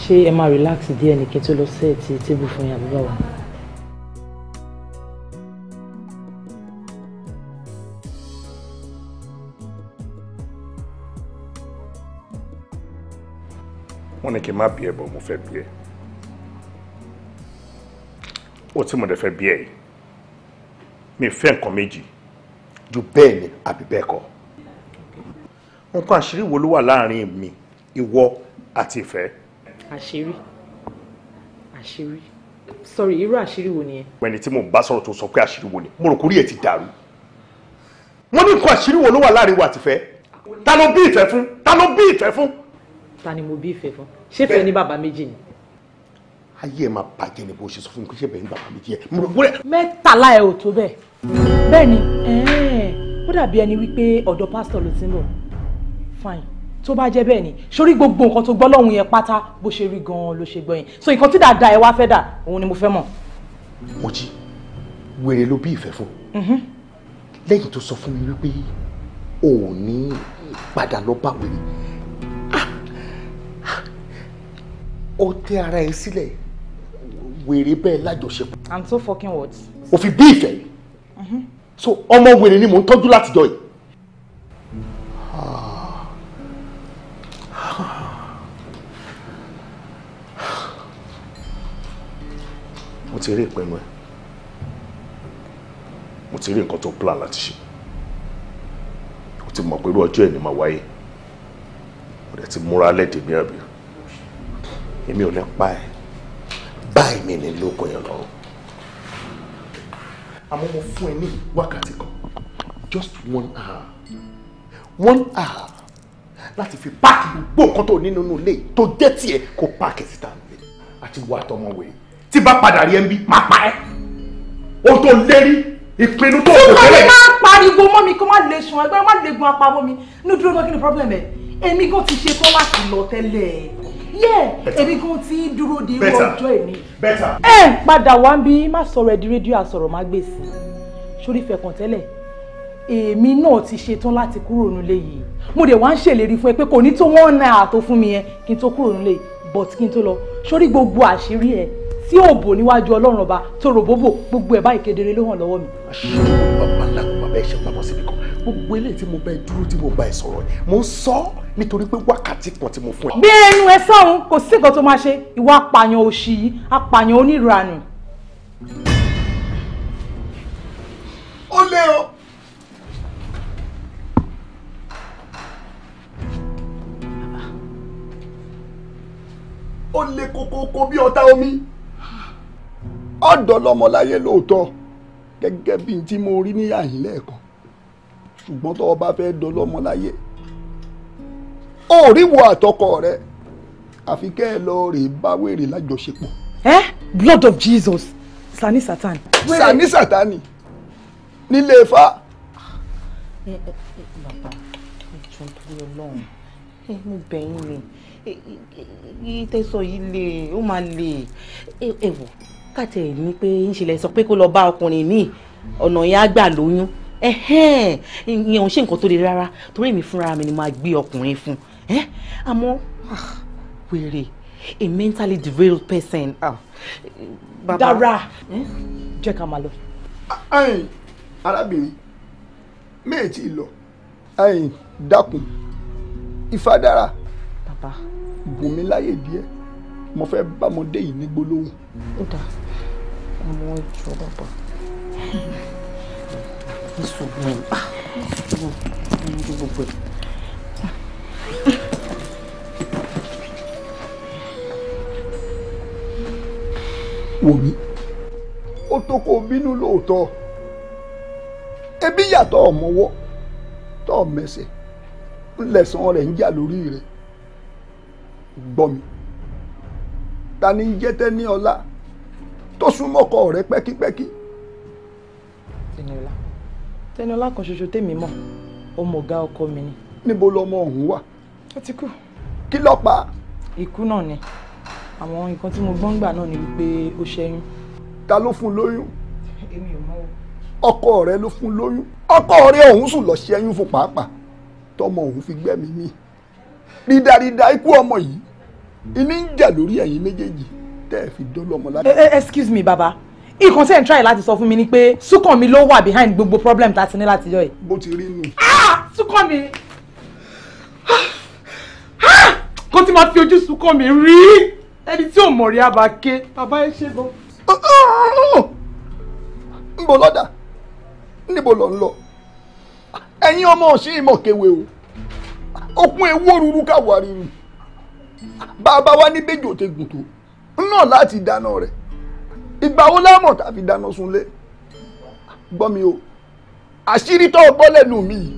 ṣé ẹ máa relax díẹ̀ ní kí n tó lọ sí ẹ̀tì tébù fún yín àbúrò wa. wọ́n ní kí n má bí ẹ bọ̀ mo fẹ́ bí ẹ ó tí mo dẹ̀ fẹ́ bí ẹ yìí mi fẹ́ nǹkan méjì ju bẹ́ẹ̀ ni àbí bẹ́ẹ̀ kọ́ nǹkan àṣírí wo ló wà láàrin mi ìwọ àti ìfẹ́ àṣírí àṣírí sorry irú àṣírí wo nìyẹn. ẹni tí mò ń bá sọ̀rọ̀ tó sọ pé àṣírí wo ni mo rò kórìí ẹ̀ ti dàrú wọ́n ní nǹkan àṣírí wo ló wà láàrin wa àtìfẹ́ ta ló bí ìfẹ́ fún ta ló bí ìfẹ́ fún. ta ni mo bí ìfẹ́ fún ṣé fẹ́ ní bàbá méjì ni. ayé ẹ máa bàjẹ́ ni bó ṣe sọ fún mi kí ṣe bẹ̀rẹ̀ ní bàbá méjì ẹ. mẹ́tàlá ẹ ò tó bẹ́ẹ̀ bẹ́ẹ̀ ni ó dàbí ẹni wípé ọ̀dọ̀ pásítọ̀ ló ti ń bọ̀ fine tó bá jẹ́ bẹ́ẹ̀ ni sórí gbogbo nǹkan tó gbọ́ lọ́hùn yẹn pátá bó ṣe rí gan ló ṣe gbọ́ so nǹkan tí dàda ẹ wá fẹ́ dà òun ni mo fẹ́ mọ̀. mo jí wèrè ló bí ìfẹ́ fún mm-hmm. lẹ́yìn tó sọ fún mi wípé o ò ní padà lọ bá wèrè ah! ó tẹ ara ẹ sílẹ̀ wèrè bẹ́ẹ̀ lájọṣepọ̀. and so fucking what. òfin bí ìfẹ́ mm-hmm. so ọmọ wèrè ni mò ń tọ́jú látijọ́ yìí mo ti rí ìpinnu ẹ mo ti rí nǹkan tó plan láti ṣe mo ti mọ̀ pé irú ọjọ́ ẹ̀ máa wáyé mo dẹ̀ ti múra lẹ́dẹ̀ mi àbí èmi ò ní pa ẹ̀ báyìí mi ní lóògùn yẹn lọ́rùn àmọ́ mo fún ẹ ní wákàtí kan just one hour one hour láti fi páàkì gbogbo nǹkan tó ní nínú ilé tó jẹ́ tiẹ̀ kó páàkì síta nílé àti wàá tọmọ wèé tí bá padà rí ẹ ń bí máa pa ẹ́ o tó lérí ìpinnu tó kò tẹ́lẹ̀. túbọ̀ ni máa pariwo mọ́ mi kó má lè sun ẹgbẹ́ má lè gun apamọ́ mi inú dúró náà kí ni problem ẹ̀ èmi gan ti ṣe tán láti lọ tẹ́lẹ̀ yẹ èmi gan ti dúró de irú ọjọ́ èmi. ẹ padà wá ń bí má sọ̀rọ̀ ẹ̀ di rédíò àsọ̀rọ̀ má gbèsè sórí fẹ̀kàn tẹ́lẹ̀ èmi náà ti ṣe láti kúrò nílé yìí mo dẹ̀ wá ń ṣèlérí fún ẹ pé kò ní tó wọ́n náà àtó fún mi yẹn kí n tó kúrò nílé but kí n tó lọ sórí gbogbo àṣírí ẹ̀ tí ò bò níwájú ọlọ́run ọba tó ròbóbò gbogbo ẹ̀ báyìí kedere ló hàn lọ́wọ́ mi. bàbá làkùn bàbá ẹ̀ ṣe pamọ́ síbi kan gbogbo eléyìí tí mo bá ẹ dúró tí mo bá ẹ sọ̀rọ̀ yìí mo ń sọ nítorí pé wákàtí kan tí mo fún ẹ. gbé ẹnu ẹ sọ̀rùn kò sí nǹkan tó máa ṣe ìwà apààyàn òṣì yìí apààyàn oníranù. ó lé o. ó lé kókó kó bí ọta omi ọ̀dọ́ lọmọláyé lóòótọ́ gẹ́gẹ́ bí tí mo rí ní àyín lẹ́ẹ̀kan ṣùgbọ́n tó bá fẹ́ dọ́ lọmọláyé ó rí wo àtọkọ rẹ àfi kẹ́ ẹ lọ rè bá wèrè lájọṣepọ̀. ẹ eh? blood of Jesus sani satan. sani satani nílé ifá. Eh, eh, bàbá ìjọ torí Ọlọ́run mo bẹ̀yìn ni ìtẹ̀sọ̀ yìí lè ó máa lè ẹ̀wọ̀ kàtẹ́ ní pé ńṣẹlẹ̀ sọ pé kó lọ bá ọkùnrin míì ọ̀nà yẹn á gbà lóyún ìyẹn ò ń ṣe nǹkan tó le rárá torí èmi fúnra mi ni máa gbé ọkùnrin fún àmọ́ ah, wèrè a mentally developed person. Ah, dára jẹ́ ká máa lọ. arábìnrin méè tí ì lọ dákun ifá dára bùnmi láyè díẹ̀ mo fẹ́ bámọdé yìí ní gbólóhùn ọmọ ìjọ bàbá ìṣù ọmọ ìjọ gbogbo ẹ̀. wò mí ó tó kó bínú lóòótọ́ ebi yàtọ̀ ọ̀mọ́wọ́ tọ́ mẹsẹ̀ ńlẹ̀sán rẹ̀ ń jà lórí rẹ̀ gbọ́ mi ta ni ń jẹ́ tẹ́ ní ọlá tó súnmọ́ ọkọ rẹ pẹ́kípẹ́kí. Tẹniọlá Tẹniọlá kan ṣoṣo tèmi mọ̀ ọmọ ọ̀gá ọkọ mi ni. níbo lọmọ ọ̀hún wà. ó ti kú. kí ló pa. ikú náà ni àwọn nǹkan tí mo gbọ́n gbà náà ni wípé ó ṣẹ́yún. ta ló fún lóyún. èmi ò mọ̀ o. ọkọ rẹ ló fún lóyún ọkọ rẹ ọ̀hún sùn lọ ṣẹ́yún fún pàápàá tọmọ òun fi gbẹ́mìí mi rídarída ikú ọmọ yìí ìní ń jà lórí ẹ̀yin méjèèjì tẹ́ ẹ fi dọ́lọ́mọ láti. Eh, eh, excuse me baba nǹkan tẹ́ ẹ̀ try láti sọ fún mi ni pé Súnkànmí ló wà behind gbogbo problem tá a ti ní láti yọ ẹ̀. bó ti rí nù. Ah, Súnkànmí ah! Ah! kó tí máa fi ojú Súnkànmí rí ẹni tí ò mọ̀ rí abàké bàbá ẹ ṣe gan. níbo lọ́dà níbo lọ ń lọ ẹ̀yin ọmọ ọ̀sìn ìmọ̀kẹ́wé o okun ewu òrùrù káwọ́ àrírù bàbá wa ní bẹ́jọ́ tẹ gùn tó náà láti dáná rẹ̀ ìgbà wo lámọ̀ tá a fi dáná sunlé gbọ́ mi o àṣírí tó gbọ́ lẹ́nu mi yìí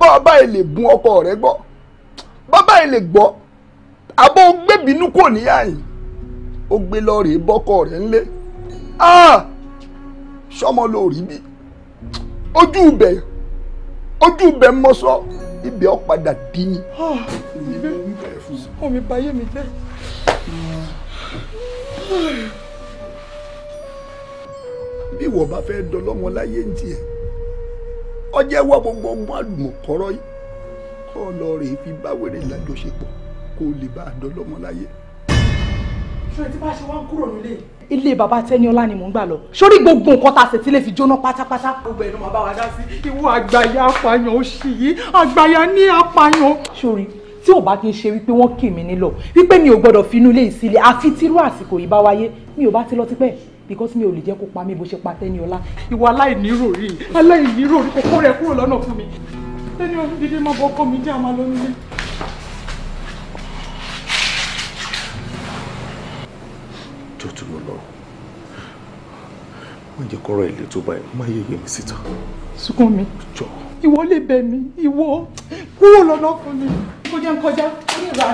bàbá ẹ lè bun ọkọ rẹ gbọ́ bàbá ẹ lè gbọ́ àbọ̀ gbẹ̀bínú kò ní àyìn ó gbé lọ rèé bọ́kọ rẹ̀ ńlé sọmọ ló rí bí ojú ibẹ̀ ojú ibẹ̀ mọ́ sọ ibẹ̀ ó padà dín ah! ní. ọmọ mi báyé mi jẹ́ bí ìwọ bá fẹ́ dọlọ́mọ láyé ń tiẹ̀ ọjẹ́ gbogbo ọgbọ́n àlùmọ̀kọ́rọ́ yìí kọ́ lọ rèé fi báwèrè lájọṣepọ̀ kó lè bá a láyé. ṣé tí bá ṣe wá ń kúrò nílé. ilé bàbá tẹniọlá ni mò ń gbà lọ sórí gbogbo nǹkan tá a ṣètì lè fi jóná pátápátá. gbogbo ẹnu máa bá wa dá sí ìwọ àgbàyà apààyàn òṣì yìí àgbàyà ní apààyàn. sórí tí ò bá kí n ṣe wípé wọ́n kì mí nílọ wípé mi ò gbọ́dọ̀ finú ilé ìsílẹ̀ àfi tírú àsìkò yìí bá wáyé mi ò bá ti lọ tipẹ́ because mi ò lè jẹ́ kó pa mí bó ṣe pa Tẹ́niọlá. ìwà aláìníròrí aláìníròrí kókó rẹ kúrò lọ́nà fún mi Tẹ́niọlá dídé má bọ́ ọkọ mi jẹ́ àmà lónìí. tó tún lọ wọ́n jẹ́ kọ́rọ̀ ilé tó báyìí má yẹ̀yẹ́ mi síta. sùkún mi ìwọ lè bẹ̀ mí ìwọ kúrò lọ́nà fún mi kó kọjá ó lè ra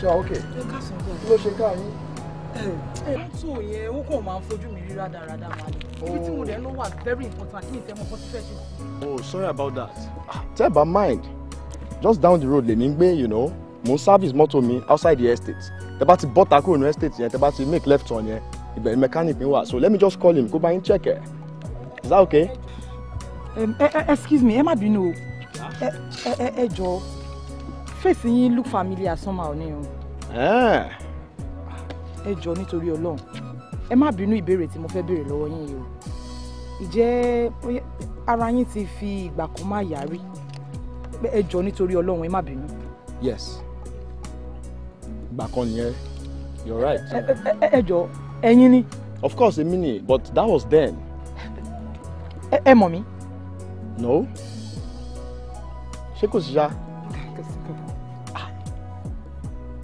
ṣá ok kí ló ṣe káà yín. mọ́tò yẹn ó kàn máa ń fojú mi rí rádaràda máa ní ibi tí mo dẹ̀ ń lọ wà very important kí n tẹ́ mọ́ kó fẹ́ ṣe oh sorry about that. Ah, Tell ẹ mind just down the road lèmi ń gbé you know mo ń service mọ́tò mi outside the estate tẹ́ bá ti bọ́ta kúrò ní estate yẹn tẹ́ bá ti make left turn yẹn ìbẹ̀rẹ̀ mechanic mi wà so let me just call him kó bá yín check ẹ̀ is that okay. Um, eh, eh, excuse me ẹ má bínú o ẹ jọ̀ọ́ face yín look familiar somehow ni o. Eh. ẹ jọ nítorí Ọlọ́run ẹ má bínú ìbéèrè tí mo fẹ́ béèrè lọ́wọ́ yín yìí o ìjẹ́ ara yín ti fi ìgbà kan má yá rí ẹ jọ nítorí Ọlọ́run ẹ má bínú. yes ìgbà kan nìyẹn you're right. ẹ jọ ẹ̀yin ni. of course èmi ni but that was then. ẹ mọ̀ mi. no ṣé kò sí ṣá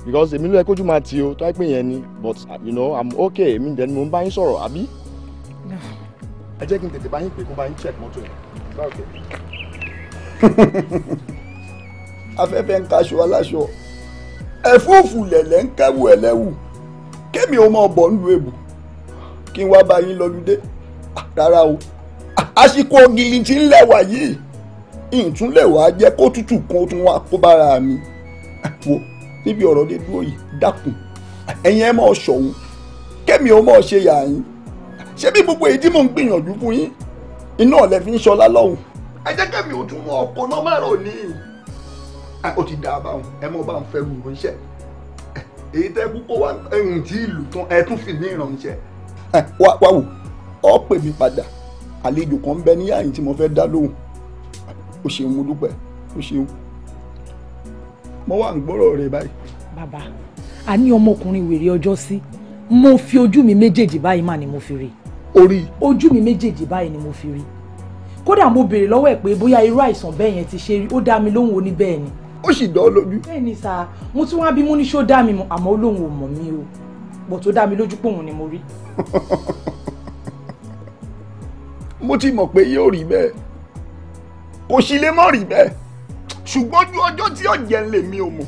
because èmi ló yẹ kójú máa ti o tó á pè yẹn ni but you know i'm okay èmi dẹni mo ń bá yín sọ̀rọ̀ àbí. ẹ jẹ́ kí n tètè bá yín pè kó bá yín check mọ́tò ẹ̀ báwo kẹ́. afẹ́fẹ́ ń kaṣọ aláṣọ ẹ̀fúùfù lẹ̀lẹ̀ ń kẹ́wù ẹlẹ́wù kémi ò máa bọ̀ nílùú èbù kí n wá bá yín lọ lùdé ah, rárá o ah, àsìkò gidi tí ń lẹ̀wà yìí ìtúnlẹ̀wà jẹ́ kó tútù kan tún wá kó bára mi ah, wò níbi ọ̀rọ̀ dé dúró yìí dákun ẹ̀yin ẹ máa ṣọ̀hún kẹ́mi ò máa ṣe yà yín ṣé bí gbogbo èyí tí mò ń gbìyànjú fún yín iná ọ̀lẹ́ fi ń ṣọlá lọ́hùn. ẹ jẹ́ kẹ́mi ò tún mọ ọkọ̀ náà má rò ní. ó ti dà bá wọn ẹ mọ bá ń fẹ́ lu ránṣẹ́ èyí tẹ́ kú kó wá ẹ̀hún tí ìlú tán ẹ tún fi mí ránṣẹ́. wá wá wò ọ pè mí padà àlejò kan ń bẹ níyàyín tí mo fẹ́ dá lóhùn ó ṣeun mo dúpẹ́ ó ṣeun mo wà ń gbọ́rọ̀ rẹ báyìí. bàbá a ní ọmọkùnrin wèrè ọjọ́ sí mo fi ojú mi méjèèjì báyìí mà ni mo fi rí. orí. ojú mi méjèèjì báyìí ni mo fi rí. kódà mo béèrè lọ́wọ́ ẹ̀ pé bóyá irú àìsàn bẹ́ẹ̀ yẹn ti ṣe rí ó dá mi lóhùn ó ní bẹ́ẹ̀ ni. ó sì dán lójú. bẹ́ẹ̀ ni sà mo tún wá bí mo ní ṣó dá mi mọ̀ àmọ́ olóhùn ò mọ̀ mí o bọ̀ tó dá mi lójú pòun ni mo rí. mo ti mọ̀ pé yóò rí bẹ́ẹ̀ kò sì lè mọ̀ rí bẹ́ẹ̀ ṣùgbọ́n ojú ọjọ́ tí ọ̀jẹ̀ ń lè mi ò mọ̀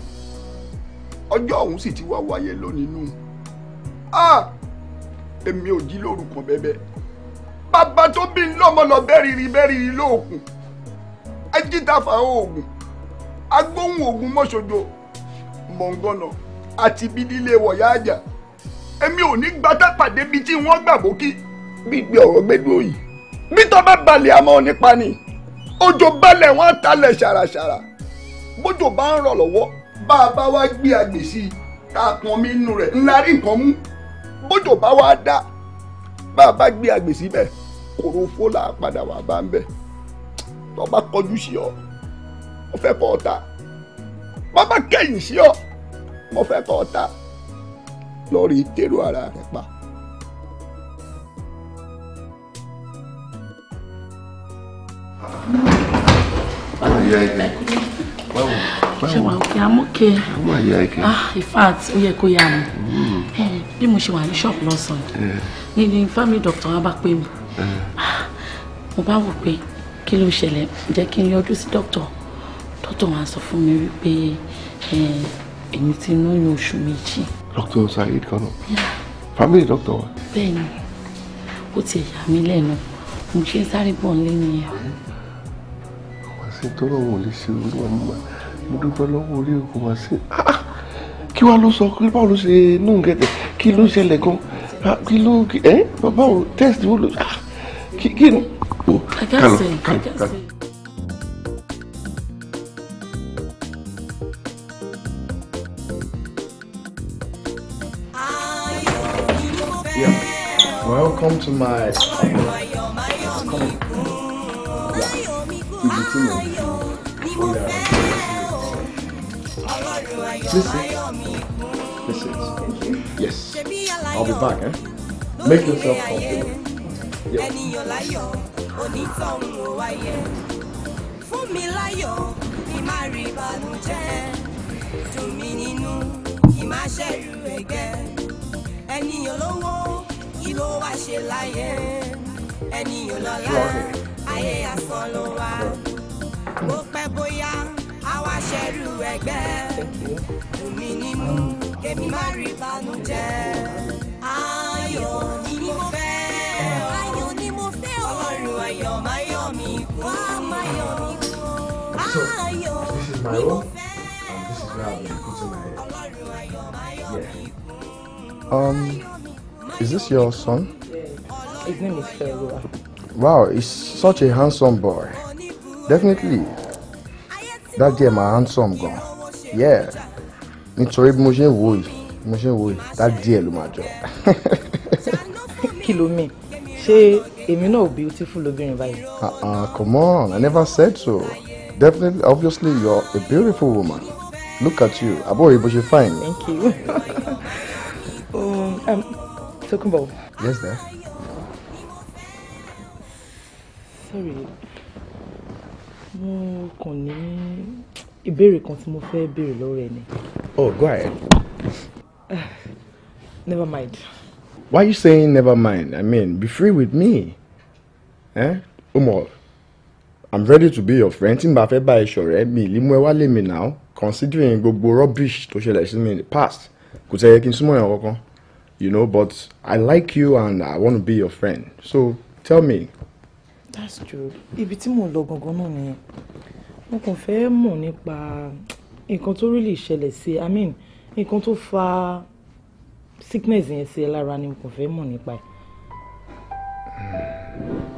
ọjọ́ ọ̀hún sì ti wá wáyé lónìí nù èmi ò jí lórúkọ bẹ́bẹ́ bàbá tó bí ń lọ́mọ lọ bẹ́rìrì bẹ́rìrì lóògùn ajítafa oògùn agbóhùn oògùn mọ́ṣojo mọ̀ngànà àti bídílé wọ̀yá àjà èmi ò ní gbàtà pàdé bíi tí wọ́n gbàgbó kí gbígbé ọ̀rọ̀ gbẹ́dúró yìí bí tọ́ bá balẹ̀ àmọ́ nípa ni. Pa Ojo balẹ̀ wọ́n talẹ̀ ṣàràṣàrà bójò bá ń rọ̀ lọ́wọ́ bá a bá wá gbé agbè sí i tá a pọn omi inú rẹ̀ ńlá rí nǹkan mú bójò bá wá dá bá a bá gbé agbè síbẹ̀ kòròfó là á padà wà bá ń bẹ̀ tó bá kọjú sí ọ mo fẹ́ kọ́ ọ ta bá bá kẹ́yìn sí ọ mo fẹ́ kọ́ ọ ta lórí tẹ́lu ara rẹ̀ pa. How are you again? Well, well, well. Ah, in fact, ó yẹ kó yá mi. Hmm. Eh, bí mo ṣe wà ní ṣọ́ọ̀bù lọ́sàn-án. Ní eh. ní family doctor wa bá pè mí. Eh. Ah, mo bá wò pé kí ló ṣẹlẹ̀ jẹ́ kí n yọjú sí doctor. Doctor wa sọ fún mi wípé èmi ti lóyún oṣù méjì. Dr. Saheed kan náà. Family doctor wa. Bẹ́ẹ̀ni, ó ti yà mí lẹ́nu mo ṣe ń sáré bọ̀ ń lé nìyẹn. wá sí tọrọ òun ò lè ṣe olúwa mo dúpẹ́ lọ́wọ́ orí ògùn wá sí kí wàá ló sọ pé báwo ló ṣe nù ń gẹ̀tẹ̀ kí ló ṣẹlẹ̀ gan ah, kí ló ẹ bàbá òun tẹ́sítì wò ló ah, kí kí ni. kálọ kálọ kálọ. Welcome to my This is. This is. Yes. I'll be back, eh? Make yourself comfortable. Yep. fún mi láyọ̀ kí má rí ìbànújẹ́ dùn mí nínú kí má ṣẹ̀rù ẹ̀gẹ́ ènìyàn lówó kí ló ṣerú ẹgbẹ́ omi ni mú kémi má rí ìbànújẹ́ ayọ̀ ni mo fẹ́ ayọ̀ ni mo fẹ́ o ọlọ́run ayọ̀ má yọ̀ mí kú wá um, ayọ̀ ni mo fẹ́ ọlọ́run ayọ̀ má yọ̀ mí kú. Um, is this your son? His name is Ferua. Wow, he's such a handsome boy. Definitely, dáàdì ẹ̀ máa handsome gan yeah nítorí bí mo ṣe ń wò yìí mo ṣe ń wò yìí dáàdì ẹ̀ ló máa jọ. kí ló ṣé èmi náà ò beautiful lóbìnrin báyìí. ah ah come on i never said so definitely obviously you're a beautiful woman look at you àbọ̀ òye bó ṣe fine. thank you um, um, about. yes dear. sorry mo kàn ní ìbéèrè kan tí mo fẹ́ béèrè lọ́wọ́ ẹ ni. oh go ahead. never mind. why you saying never mind i mean be free with me. Eh? Umar, i'm ready to be your friend tí n bá fẹ́ bá ẹ ṣọ̀rẹ́ mi ìlú ẹ wá lé mi now considering gbogbo rubbish tó ṣẹlẹ̀ sí mi in the past kò tẹ́ yẹ kí n súnmọ́ ẹ̀ kankan you know but i like you and i want to be your friend so tell me that's true ibi tí mò ń lọ gangan náà nìyẹn mo kàn fẹ́ mọ̀ nípa nǹkan tó really ṣẹlẹ̀ sí i mean nǹkan tó fa sickness yẹn sí ẹ lára ni mo kàn fẹ́ mọ̀ nípa ẹ̀. Hmm.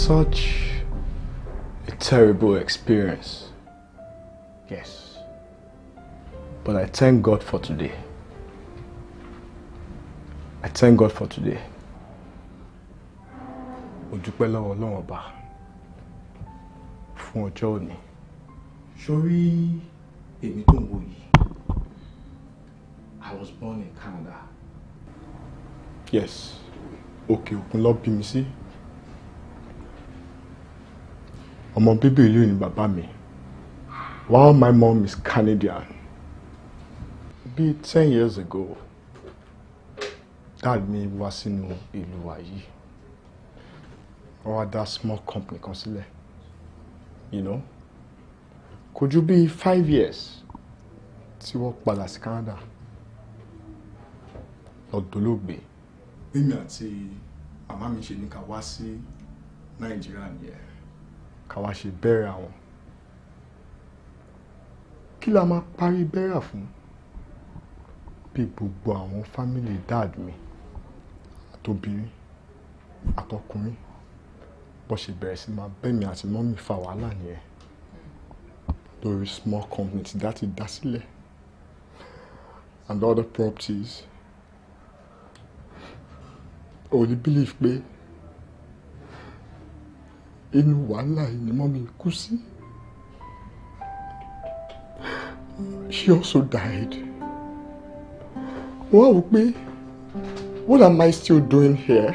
such a terrible experience. Yes. But I thank God for today. I thank God for today. Mo dúpẹ́ lọ́wọ́ Ọlọ́run Ọba fún ọjọ́ òní. Sórí èmi tó ń I was born in Canada. Yes, Okay. òkun ló bí mi Si. ọmọ bíbí ìlú ni bàbá mi while my mom is Canadian bíi ten years ago dad mi wá sínú ìlú wa yìí wọ́n wá dá small company kan sílẹ̀ you know kò ju bíi five years tí wọ́n padà sí Canada lọ́dọ̀lógbè. mímí àti màmá mi ṣe ní ká wá sí nàìjíríà nìyẹn káwa ṣe bẹ́ẹ̀rẹ̀ àwọn kí la máa parí bẹ́ẹ̀rẹ̀ fún bí gbogbo àwọn fámìlì dad mi àtobìnrin àtọkùnrin bó ṣe bẹ̀rẹ̀ sí máa bẹ́mi àti mọ́mì fa wàhálà nìyẹn lórí small company tí dá ti dá sílẹ̀ and other properties. Ó ní believe pé inú wàhálà yìí ni mọ́mí kú sí. She also died. Wọ́n wò pé what am I still doing here?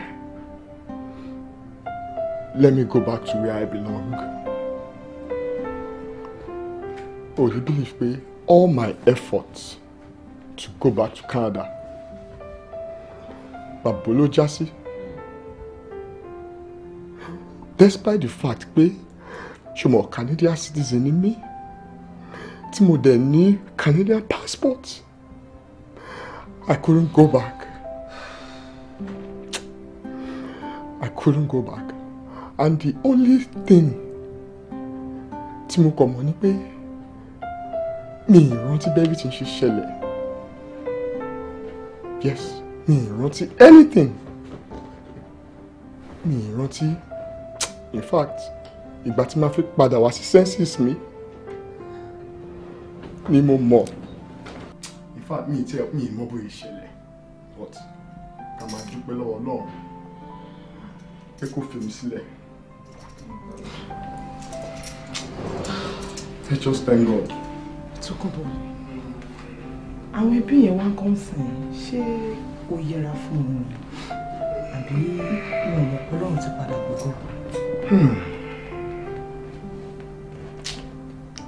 Let me go back to where I belong. Oh, you believe me? All my efforts to go back to Canada. Bàbá ló já despite the fact pé ṣùgbọ́n Canadian citizen ni mí tí mo dẹ̀ ní Canadian passport I couldn't go back I couldn't go back and the only thing tí mo kọ̀ mọ̀ ni pé mi ì rántí bẹ́ẹ̀bí tí ń ṣe ṣẹlẹ̀ yes mi ì rántí anything mi ì rántí in fact ìgbà tí ma fi padà wá sí senses mi ni mo mọ̀ in fact mi tẹ mi mọ̀ bóyá ìṣẹ̀lẹ̀ but ká máa dúpẹ́ lọ́wọ́ náà pé kó fi mi sílẹ̀. I just thank God. Tókùnbọ̀, àwọn ẹbí yẹn wá ń kọ́ sìn ṣé o yẹra fún un àbí mi ò mọ̀ pé Ọlọ́run ti padà gbogbo. Hmm.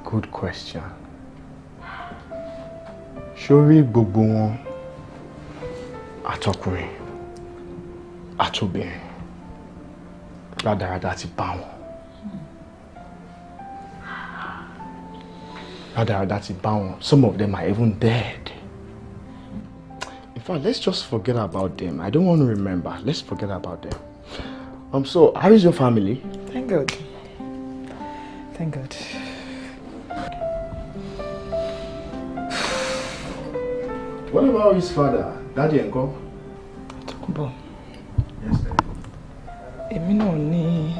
Good question. Ṣorí gbogbo wọn àtọkùnrin àtobìnrin rádaràda ti bá wọn. Rádaràda ti bá wọn. Some of them are even dead. In fact, let's just forget about them. I don't want to remember. Let's forget about them. Um, so, how is your family? Thank God. Thank God. What about his father, Daddy and God? Tokunbo. Yes, sir. Èmi ni, ni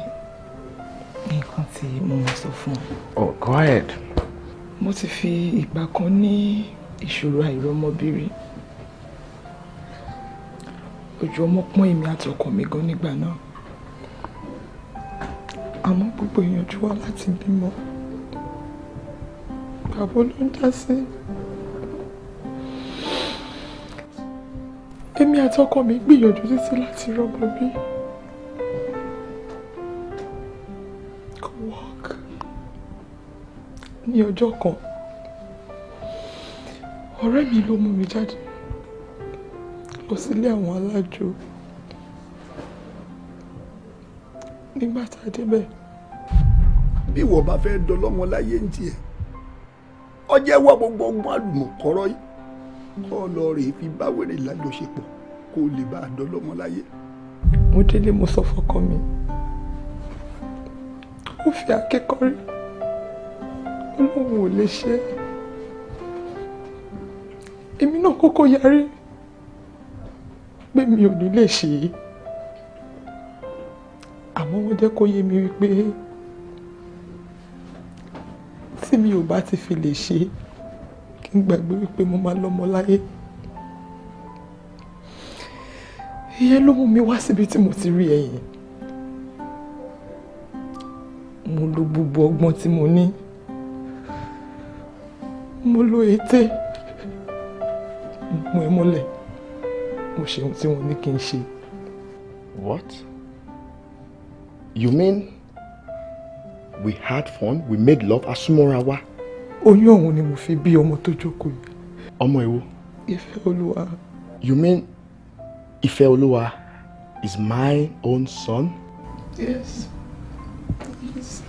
nǹkan tí mo máa sọ Oh, go ahead. Mo ti fi ìgbà kan ní ìṣòro àìrọ́mọbírí. Ojú ọmọ pọ́n èmi àtọkọ mi gan nígbà náà àmọ́ gbogbo ìyànjú wa láti bímọ bàbá ló ń dá sí èmi àtọkọ mi gbìyànjú títí láti rọ́bọ bí kò work ní ọjọ́ kan ọ̀rẹ́ mi ló mú mi jáde lọ sílé àwọn alájò nígbà tá a débẹ̀ bí ìwọ bá fẹ́ dọlọ́mọ láyé ń tiẹ̀ ọjẹ́ wá gbogbo ogun àlùmọ̀kọ́rọ́ yìí kọ́ lọ rè fi báwèrè lájọṣepọ̀ kó lè bá a dọlọ́mọ láyé. mo délé mo sọ fọkọ mi ó fi akẹ́kọ̀ọ́ rí olóhùn ò lè ṣe é èmi náà kọ́kọ́ yarí pé mi ò ní lè ṣe é àmọ́ wọ́n jẹ́ kó yé mi wípé. bá ti fi lè ṣe kí n gbàgbé wípé mo máa lọ́mọ láyé ìyẹn ló mú mi wá síbi tí mo ti rí ẹ̀yin mo lo gbogbo ọgbọ́n tí mo ní mo lo ète mo ẹ mọ́lẹ̀ mo ṣe ohun tí wọ́n ní kí n ṣe. What? You mean we had fun, we made love, asumora wa oyún ọ̀hún ni mo fi bí ọmọ tó jókòó yìí. ọmọ èwo. ìfẹ́ olúwa. you mean ìfẹ́ olúwa is my own son. yes. yes.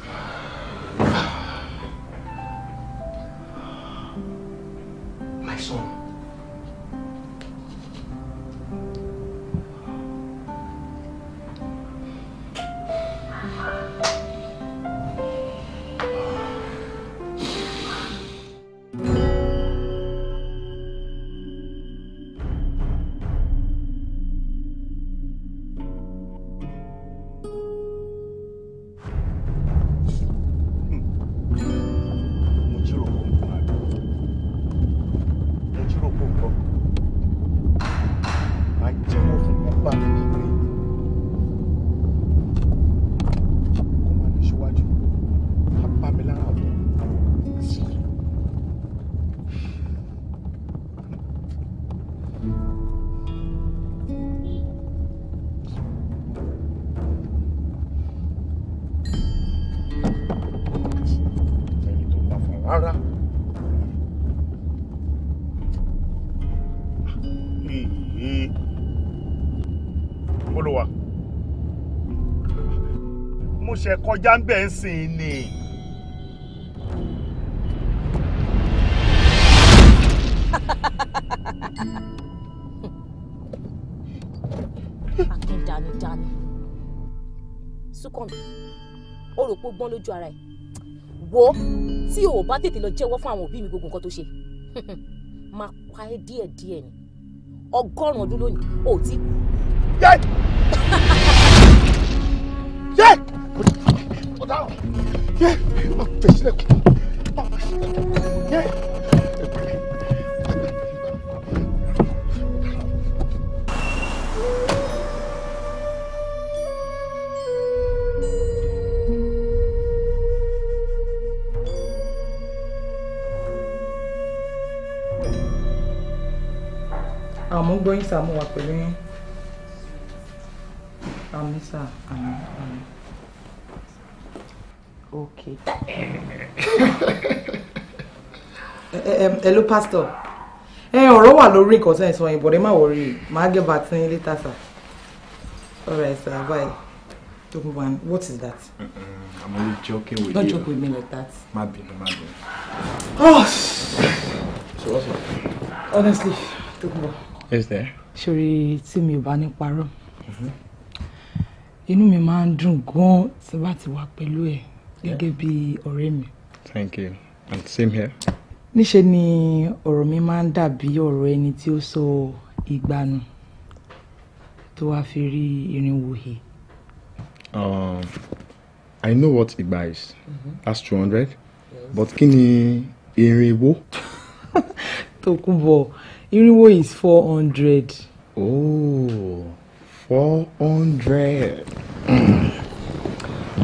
ṣẹ̀ṣẹ̀ kọjá ń bẹ̀ ń sìn ni. akin dánidáni o ó rò pé ó gbọ́n lójú ara ẹ̀ wo tí o ò bá tètè lọ jẹ́wọ́ fún àwọn òbí mi gbogbo nǹkan tó ṣe máa pa ẹ́ díẹ̀díẹ̀ ni ọgọ́rùn-ún ọdún lónìí ò tí kú. down. Yeah, my face look. My face look. Yeah. àmọ́ gbóyún sàmúwà pẹ̀lú yín àmì sà okay. Eh, eh, eh, hello pastor ẹ ọ̀rọ̀ wà lórí nǹkan tí ẹ̀ sọ yìí bọ̀dẹ́ má wọrí màá gé bá later sir all right sir bye tókùn bá what is that. I'm only joking with you. Don't joke with me like that. Má bínú, má bínú. Oh! So what's up? Honestly, tókùn bá. Yes, there. Ṣorí tí mi ò bá ní parọ́. Mm-hmm. Inú mi máa ń dùn gan-an tí bá ti wà pẹ̀lú ẹ̀ gẹ́gẹ́ bí ọ̀rẹ́ mi. thank you and same here. níṣe ni ọ̀rọ̀ mi máa ń dàbí ọ̀rọ̀ ẹni tí ó sọ igba nù tó wáá fi rí irinwó he. Um, I know what igba is mm-hmm. that's two hundred yes. but kí ni irinwó. Tòkunbọ̀ irinwó is four hundred. oh four hundred.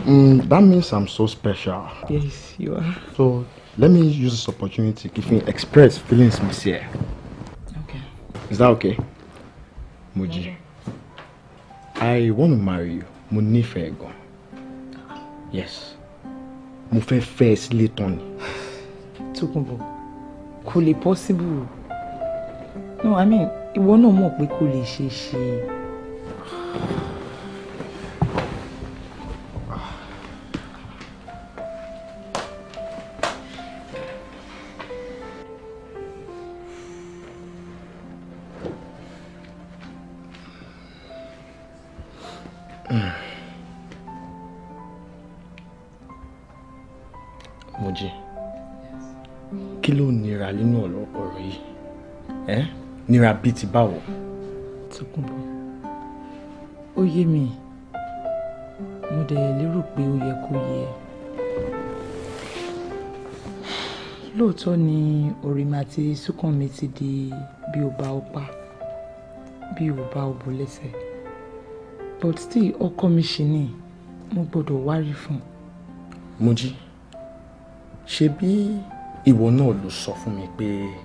Mm, that means I'm so special. Yes, you are. So let me use this opportunity to give me express feelings, Miss Okay. Is that okay? Muji? Okay. I want to marry you. Mo nífẹ̀ẹ́ Yes. Mo first fẹ́ ẹ sílé tán ni. Tókunbọ̀, possible. No, I mean, it won't mọ̀ pé kò lè ṣeé nira bíi ti báwo. Tòkunbọ̀ ó yé mi mo dẹ̀ lérò pé ó yẹ kó yé lóòótọ́ ni orima àti Súnkànmí ti di bí ó bá ó pa bí ó bá ó bò lẹ́sẹ̀ but still ọkọ mi ṣì ni mo gbọ́dọ̀ wárí fún un. Mojí ṣebí ìwọ náà ló sọ fún mi pé. Pe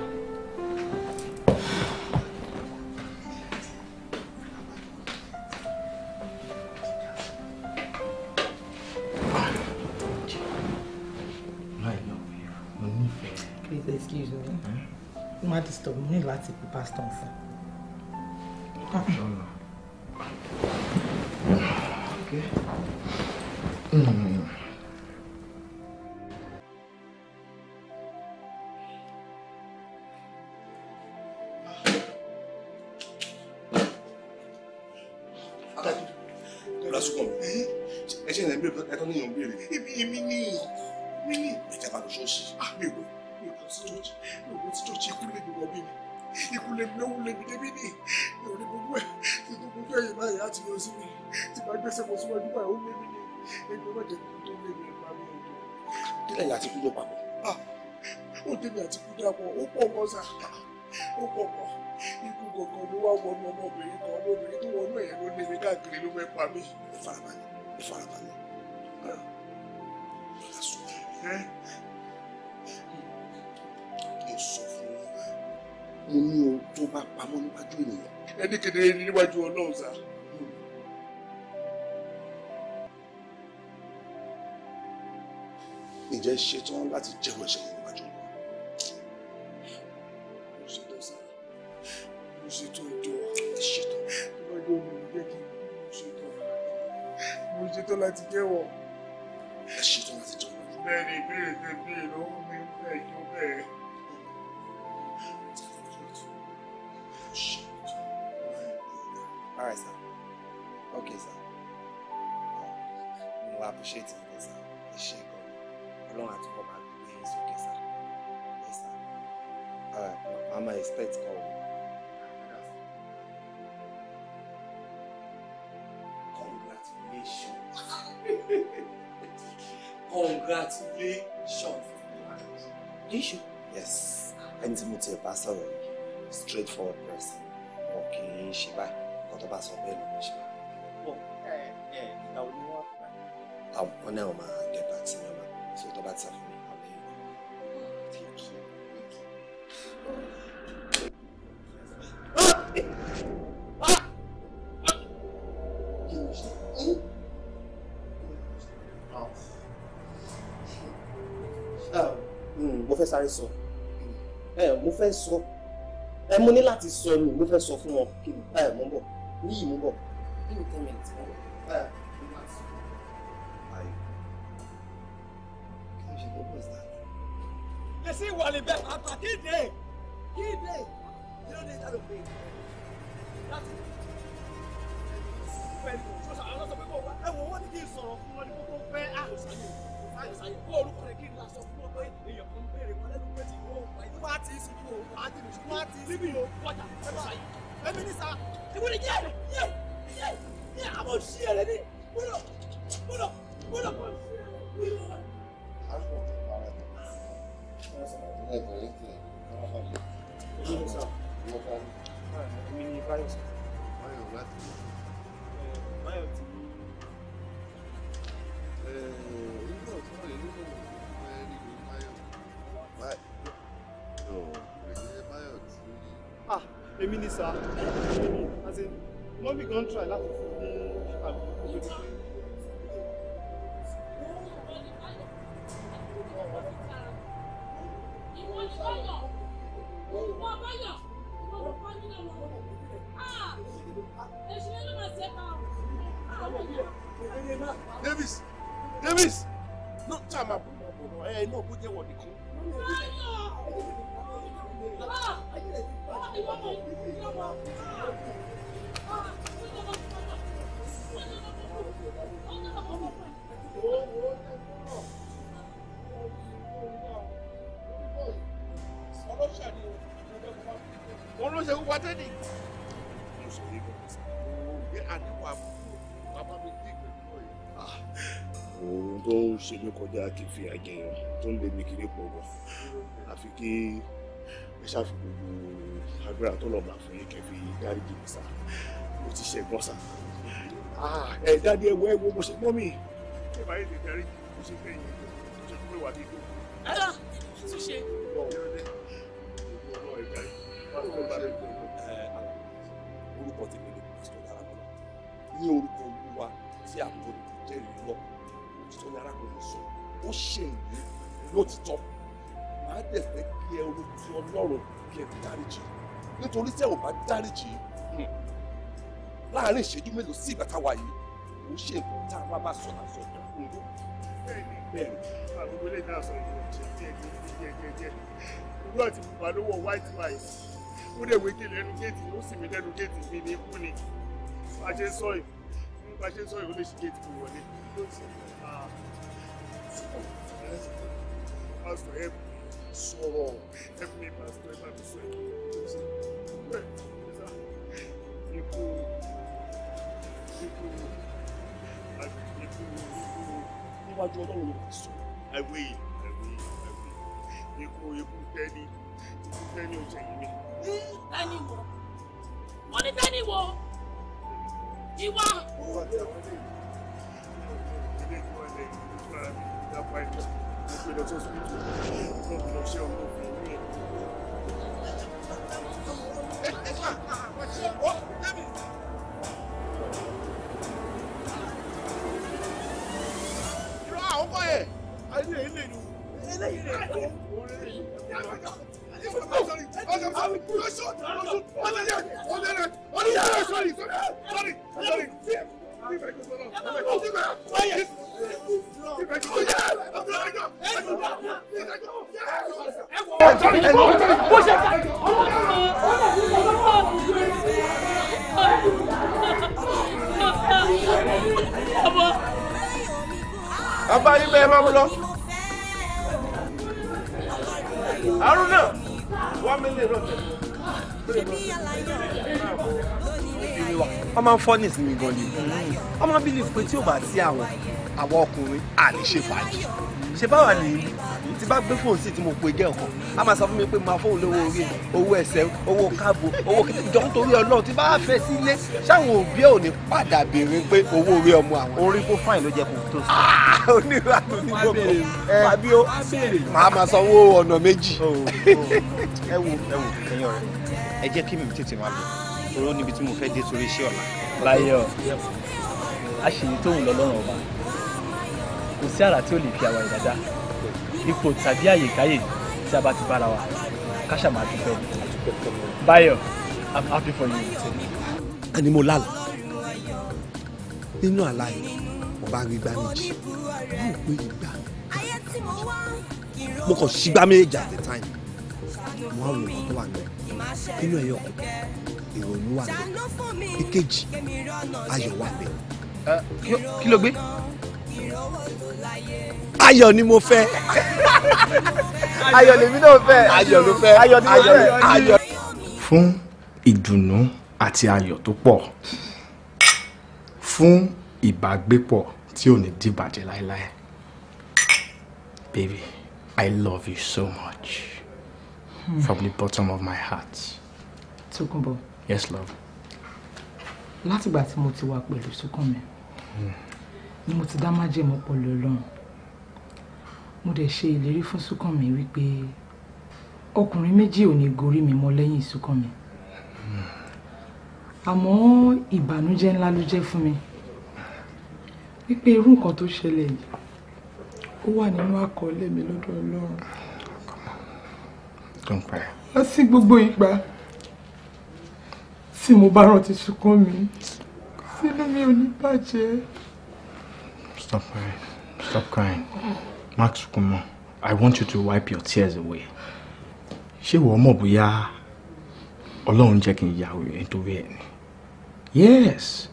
disturb mi ni láti pè pastor fún. gbẹ́sẹ̀ kó síwájú bá ó lé mi ní ẹni ọmọ jẹ tó lé mi pa mi ọdún. kílẹ̀ yà ti kú lọ papọ̀. ó débi àti kú ní ah, àpọ̀ ó pọ̀ mọ́ sà ó pọ̀ mọ́ ikú kankan ló wá wọnú ọmọbìnrin kan ọmọbìnrin tó wọnú ẹ̀yẹ ló lé mi káàkiri ló fẹ́ pa mi. ìfarabalẹ̀ ìfarabalẹ̀ ah. sọ fún mo ní ohun tó bá pamọ́ níwájú ènìyàn. ẹnikẹ́ni níwájú ọlọ́run sáà. ǹjẹ́ ṣetán láti jẹ́wọ́ ẹ̀ṣẹ̀ níwájú wọn. mo ṣetán sáà mo ṣetán ìjọ ṣetán níwájú ọmọ mi jẹ́ kí mo ṣetán mo ṣetán láti jẹ́wọ́. ẹ ṣetán láti jẹ́wọ́. bẹ́ẹ̀ ni ìbéèrè tẹ bí ìnáwó mi ń bẹ̀ jó bẹ́ẹ̀. All right, sir. Okay, sir. We'll appreciate it, sir. Appreciate it ọlọ́run àti ọba gbé yín sókè sá mama expect kọ o. Congratulations. Congratulations. Are you Yes. Ẹni tí mo ti bá sọ̀rọ̀ yìí, straightforward person, wọn kì í ṣe báyìí, kò tó bá sọ bẹ́ẹ̀ ló ń ṣe eh, eh, báyìí. Bọ̀ ẹ náà máa láti àfihàn ìhàlẹ́ mo ní láti sọ ẹnu mo fẹ́ sọ fún wọn ẹ mo bọ̀ níyì mo bọ̀. give me ten minutes mo bọ̀. sí ìwà lè bẹ pàápàá kí ìdè kí ìdè kí ló dé ìta ló pè é láti pẹ̀lú ṣọṣọ àwọn ọlọ́sọ pé kò wá ẹ̀wọ̀n wọ́n ní kí n sọ̀rọ̀ fún wọn ní kókó pẹ́ àlùsáyè àlùsáyè kó orúkọ rẹ̀ kí n la sọ fún wọn pé èèyàn kan béèrè wọn lẹ́nu pé ti wọ́n wà yìí wọ́n á ti sùn kúrò wọ́n á ti sùn wọ́n á ti sùn kúrò wọ́jà àlùsáyè ẹ̀mí ní sa ìwúrí yẹ́ yẹ́ yẹ́ àmọ́ ṣí ẹ̀rẹ́ ní. don't try láti gbé kọjá kì í fi àjẹyàn tó ń lé mi kiri pọ̀ gan àfi kí ẹ ṣàfi gbogbo agbára tó lọ́ọ́ bá fún yín kẹfì dáríjì mi sá mo ti ṣe gbọ́n sá ah, ẹ dáadé ẹwọ ẹwọ mo ṣe gbọ́n mi ẹ bá yẹ lè dáríjì mo ṣe fẹ́ yẹn mo ṣe fún ìwà mi dùn. ara ti ṣe. orúkọ tèmi ni pásítọ̀ dára bọ́lá ní orúkọ olúwa tí àbúrò jẹ́rìí lọ́wọ́ ni arákùnrin sọ ó ṣe èyí lótìtọ́ màá dẹ̀ fẹ́ kí ẹ orí ti ọlọ́run kí ẹ dáríjì nítorí tẹ́ ò bá dáríjì hmm, láàárín ìṣẹ́jú mélòó sí ìgbà táwa yìí kò ṣe nǹkan tá a bá bá sọ àṣọ ìjà fún un. bẹ́ẹ̀ni bẹ́ẹ̀ni àgbègbè lè dá aṣọ ìwọ ṣe díẹ̀ díẹ̀ díẹ̀ díẹ̀ òwúrọ̀ ti bùbá lọ́wọ́ white rice ó dẹ̀ wéke lẹ́nu géètì ó sì mí lẹ́nu géètì mi ní kú ni bá ṣe sọ yìí bá ṣe sọ yìí ó lè ṣe géètì kò wọlé. Pastor, help me. Sọ̀rọ̀. Help me, Pastor. Help me, sir. Ikú. Ikú. Ikú. Níwájú ọlọ́run ló máa sọ. I will. I will. I will. Ikú ikú tẹ́ni. Ikú tẹ́ni ò jẹ́ yìí mi. Ní tẹ́ni wo? Wọ́n ní tẹ́ni wo? Ìwọ. Ìwọ àti àwọn ilé ìwé. Ilé ìwé ilé ìwé ìwé ara mi dápá ẹ̀jẹ̀ mo gbé lọ sọ́sibítù mo gbé lọ ṣe ọmọ òfin ní ẹ̀. irọ́ àwọn kọ́ ẹ̀ ayé èyí lè lu eléyìí lè kó orí èyí. Sorry, sorry, sorry, sorry. Bàbá yín bẹ́ẹ̀ máa mú lọ. Haruna, wọ́n mi lè rọ̀ tẹ̀lé. Wọ́n máa ń fọ́ nísìnyí gan-an ni. Wọ́n máa ń bí lè pé tí ò bá sí àwọn àwọn ọkùnrin à ní ṣe fàájì ṣe báwa lè rí tí bá gbé fóònù sí tí mo pe gẹ́ẹ̀ a máa sọ fún mi pé máa fóònù lówó orí owó ẹsẹ̀ owó káàbò owó kìtì jọ nítorí ọlọ́run tí bá fẹ́ sílé ṣáwọn òbí ò ní padà béèrè pé owó orí ọmọ àwọn. orí kó fáìn ló jẹ kó tó sí. Ah, onírànú ní gbogbo àbí ó máa máa sanwó ọ̀nà méjì. Oh, oh. ẹ wo ẹ wo ẹ̀yin ọ̀rẹ́ ẹ jẹ́ kí mi tètè máa lọ toró níbi tí mo fẹ́ dé torí iṣẹ́ ọ̀la. láyé ọ àṣírí tóun lọ kò sí àrà tí ò lè fi àwa ìdàdá ipò tàbí àyèkáyè tí a bá ti bára wa ká ṣàmà dúpẹ́ Báyọ̀ i'm happy for you. ẹni mo lálà nínú àlá yìí mo bá rí igbá méjì mo pé igbá mo kàn ṣígbá méjì at the time mo á wò ó tó wà ní inú ẹ̀yọ̀ ìrònú wà ní ìkejì ayọ̀ wà ní. kí ló gbé ayọ̀ ni mo fẹ́ ayọ̀ lèmi náà fẹ́ ayọ̀ ló fẹ́ ayọ̀ ni mo fẹ́ ayọ̀. fún ìdùnnú àti ayọ̀ tó pọ̀ fún ìbágbépọ̀ tí ò ní dìbàjẹ́ láéláé baby I love you so much hmm. from the bottom of my heart. Tòkunbọ̀. yes love. látìgbà tí mo ti wà pẹ̀lú Sùkànmí. Hmm ni mo ti dá májèmọ́ pọ̀lú ọlọ́run mo dẹ̀ ṣe ìlérí fún Súnkànmí wípé ọkùnrin méjì ò ní gorí mi mọ́ lẹ́yìn Súnkànmí àmọ́ ìbànújẹ́ ńlá ló jẹ́ fún mi wípé irú nǹkan tó ṣẹlẹ̀ yìí ó wà nínú àkọọ́lẹ̀ mi lọ́dọ̀ ọlọ́run wá sí gbogbo ìgbà tí mo bá rántí Súnkànmí sínú mi ò ní bàjẹ́. Stop crying. Stop crying. Max Kumo, I want you to wipe your tears away. She will mọ̀ bóyá Ọlọ́run jẹ́ kí n ya òye Yes.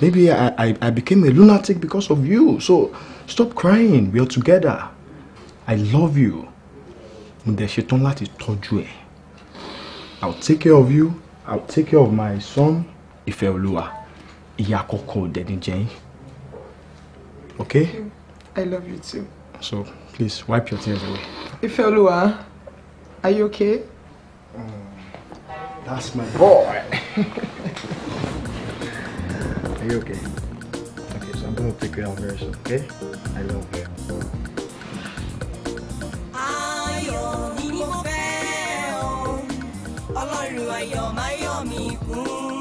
Maybe I, I, I became a lunatic because of you. So stop crying. We are together. I love you. Mo dẹ̀ ṣetán I'll take care of you. I'll take care of my son. Ìfẹ́ Olúwa. Ìyá àkọ́kọ́ ò dẹ́ni okay? Mm. I love you too. So please wipe your tears away. Ifeoluwa, are you okay? Um, that's my boy. are you okay? Okay, so I'm gonna take you up very soon, okay? I love you. Ayọ̀ ni mo fẹ́ o, Ọlọ́run ayọ̀ máa yọ̀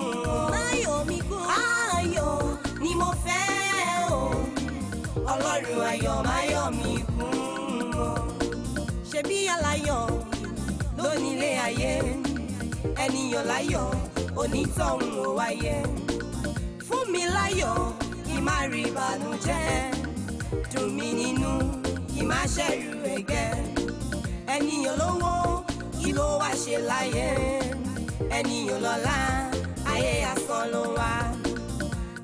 ọlọ́run ayọ̀ máyọ̀ mi kún mọ́ ṣebí aláyọ̀ lónílé ayé ènìyàn láyọ̀ onítọ̀hún ò wáyé fún mi láyọ̀ kí má rí ìbànújẹ́ dùn mí nínú kí má ṣẹ̀rù ẹ̀gẹ́ ènìyàn lówó kí ló wá ṣe láyé ènìyàn lọ́lá ayé asán ló wá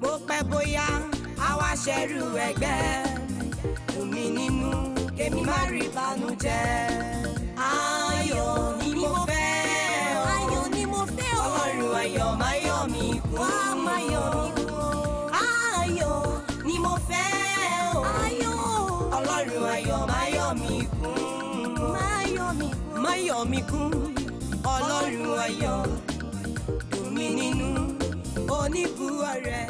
mo pẹ́ bóyá ṣẹrú ẹgbẹ́ omi nínú kémi má rí ìbànújẹ́ ayọ̀ ni mo fẹ́ ayọ̀ ni mo fẹ́ o ọlọ́run ayọ̀ má yọ̀ mí kú ayọ̀ ni mo fẹ́ o ayọ̀ ọlọ́run ayọ̀ má yọ̀ mí kú má yọ̀ mí kú má ọlọ́run ayọ̀ omi nínú oníbùú ọ̀rẹ́.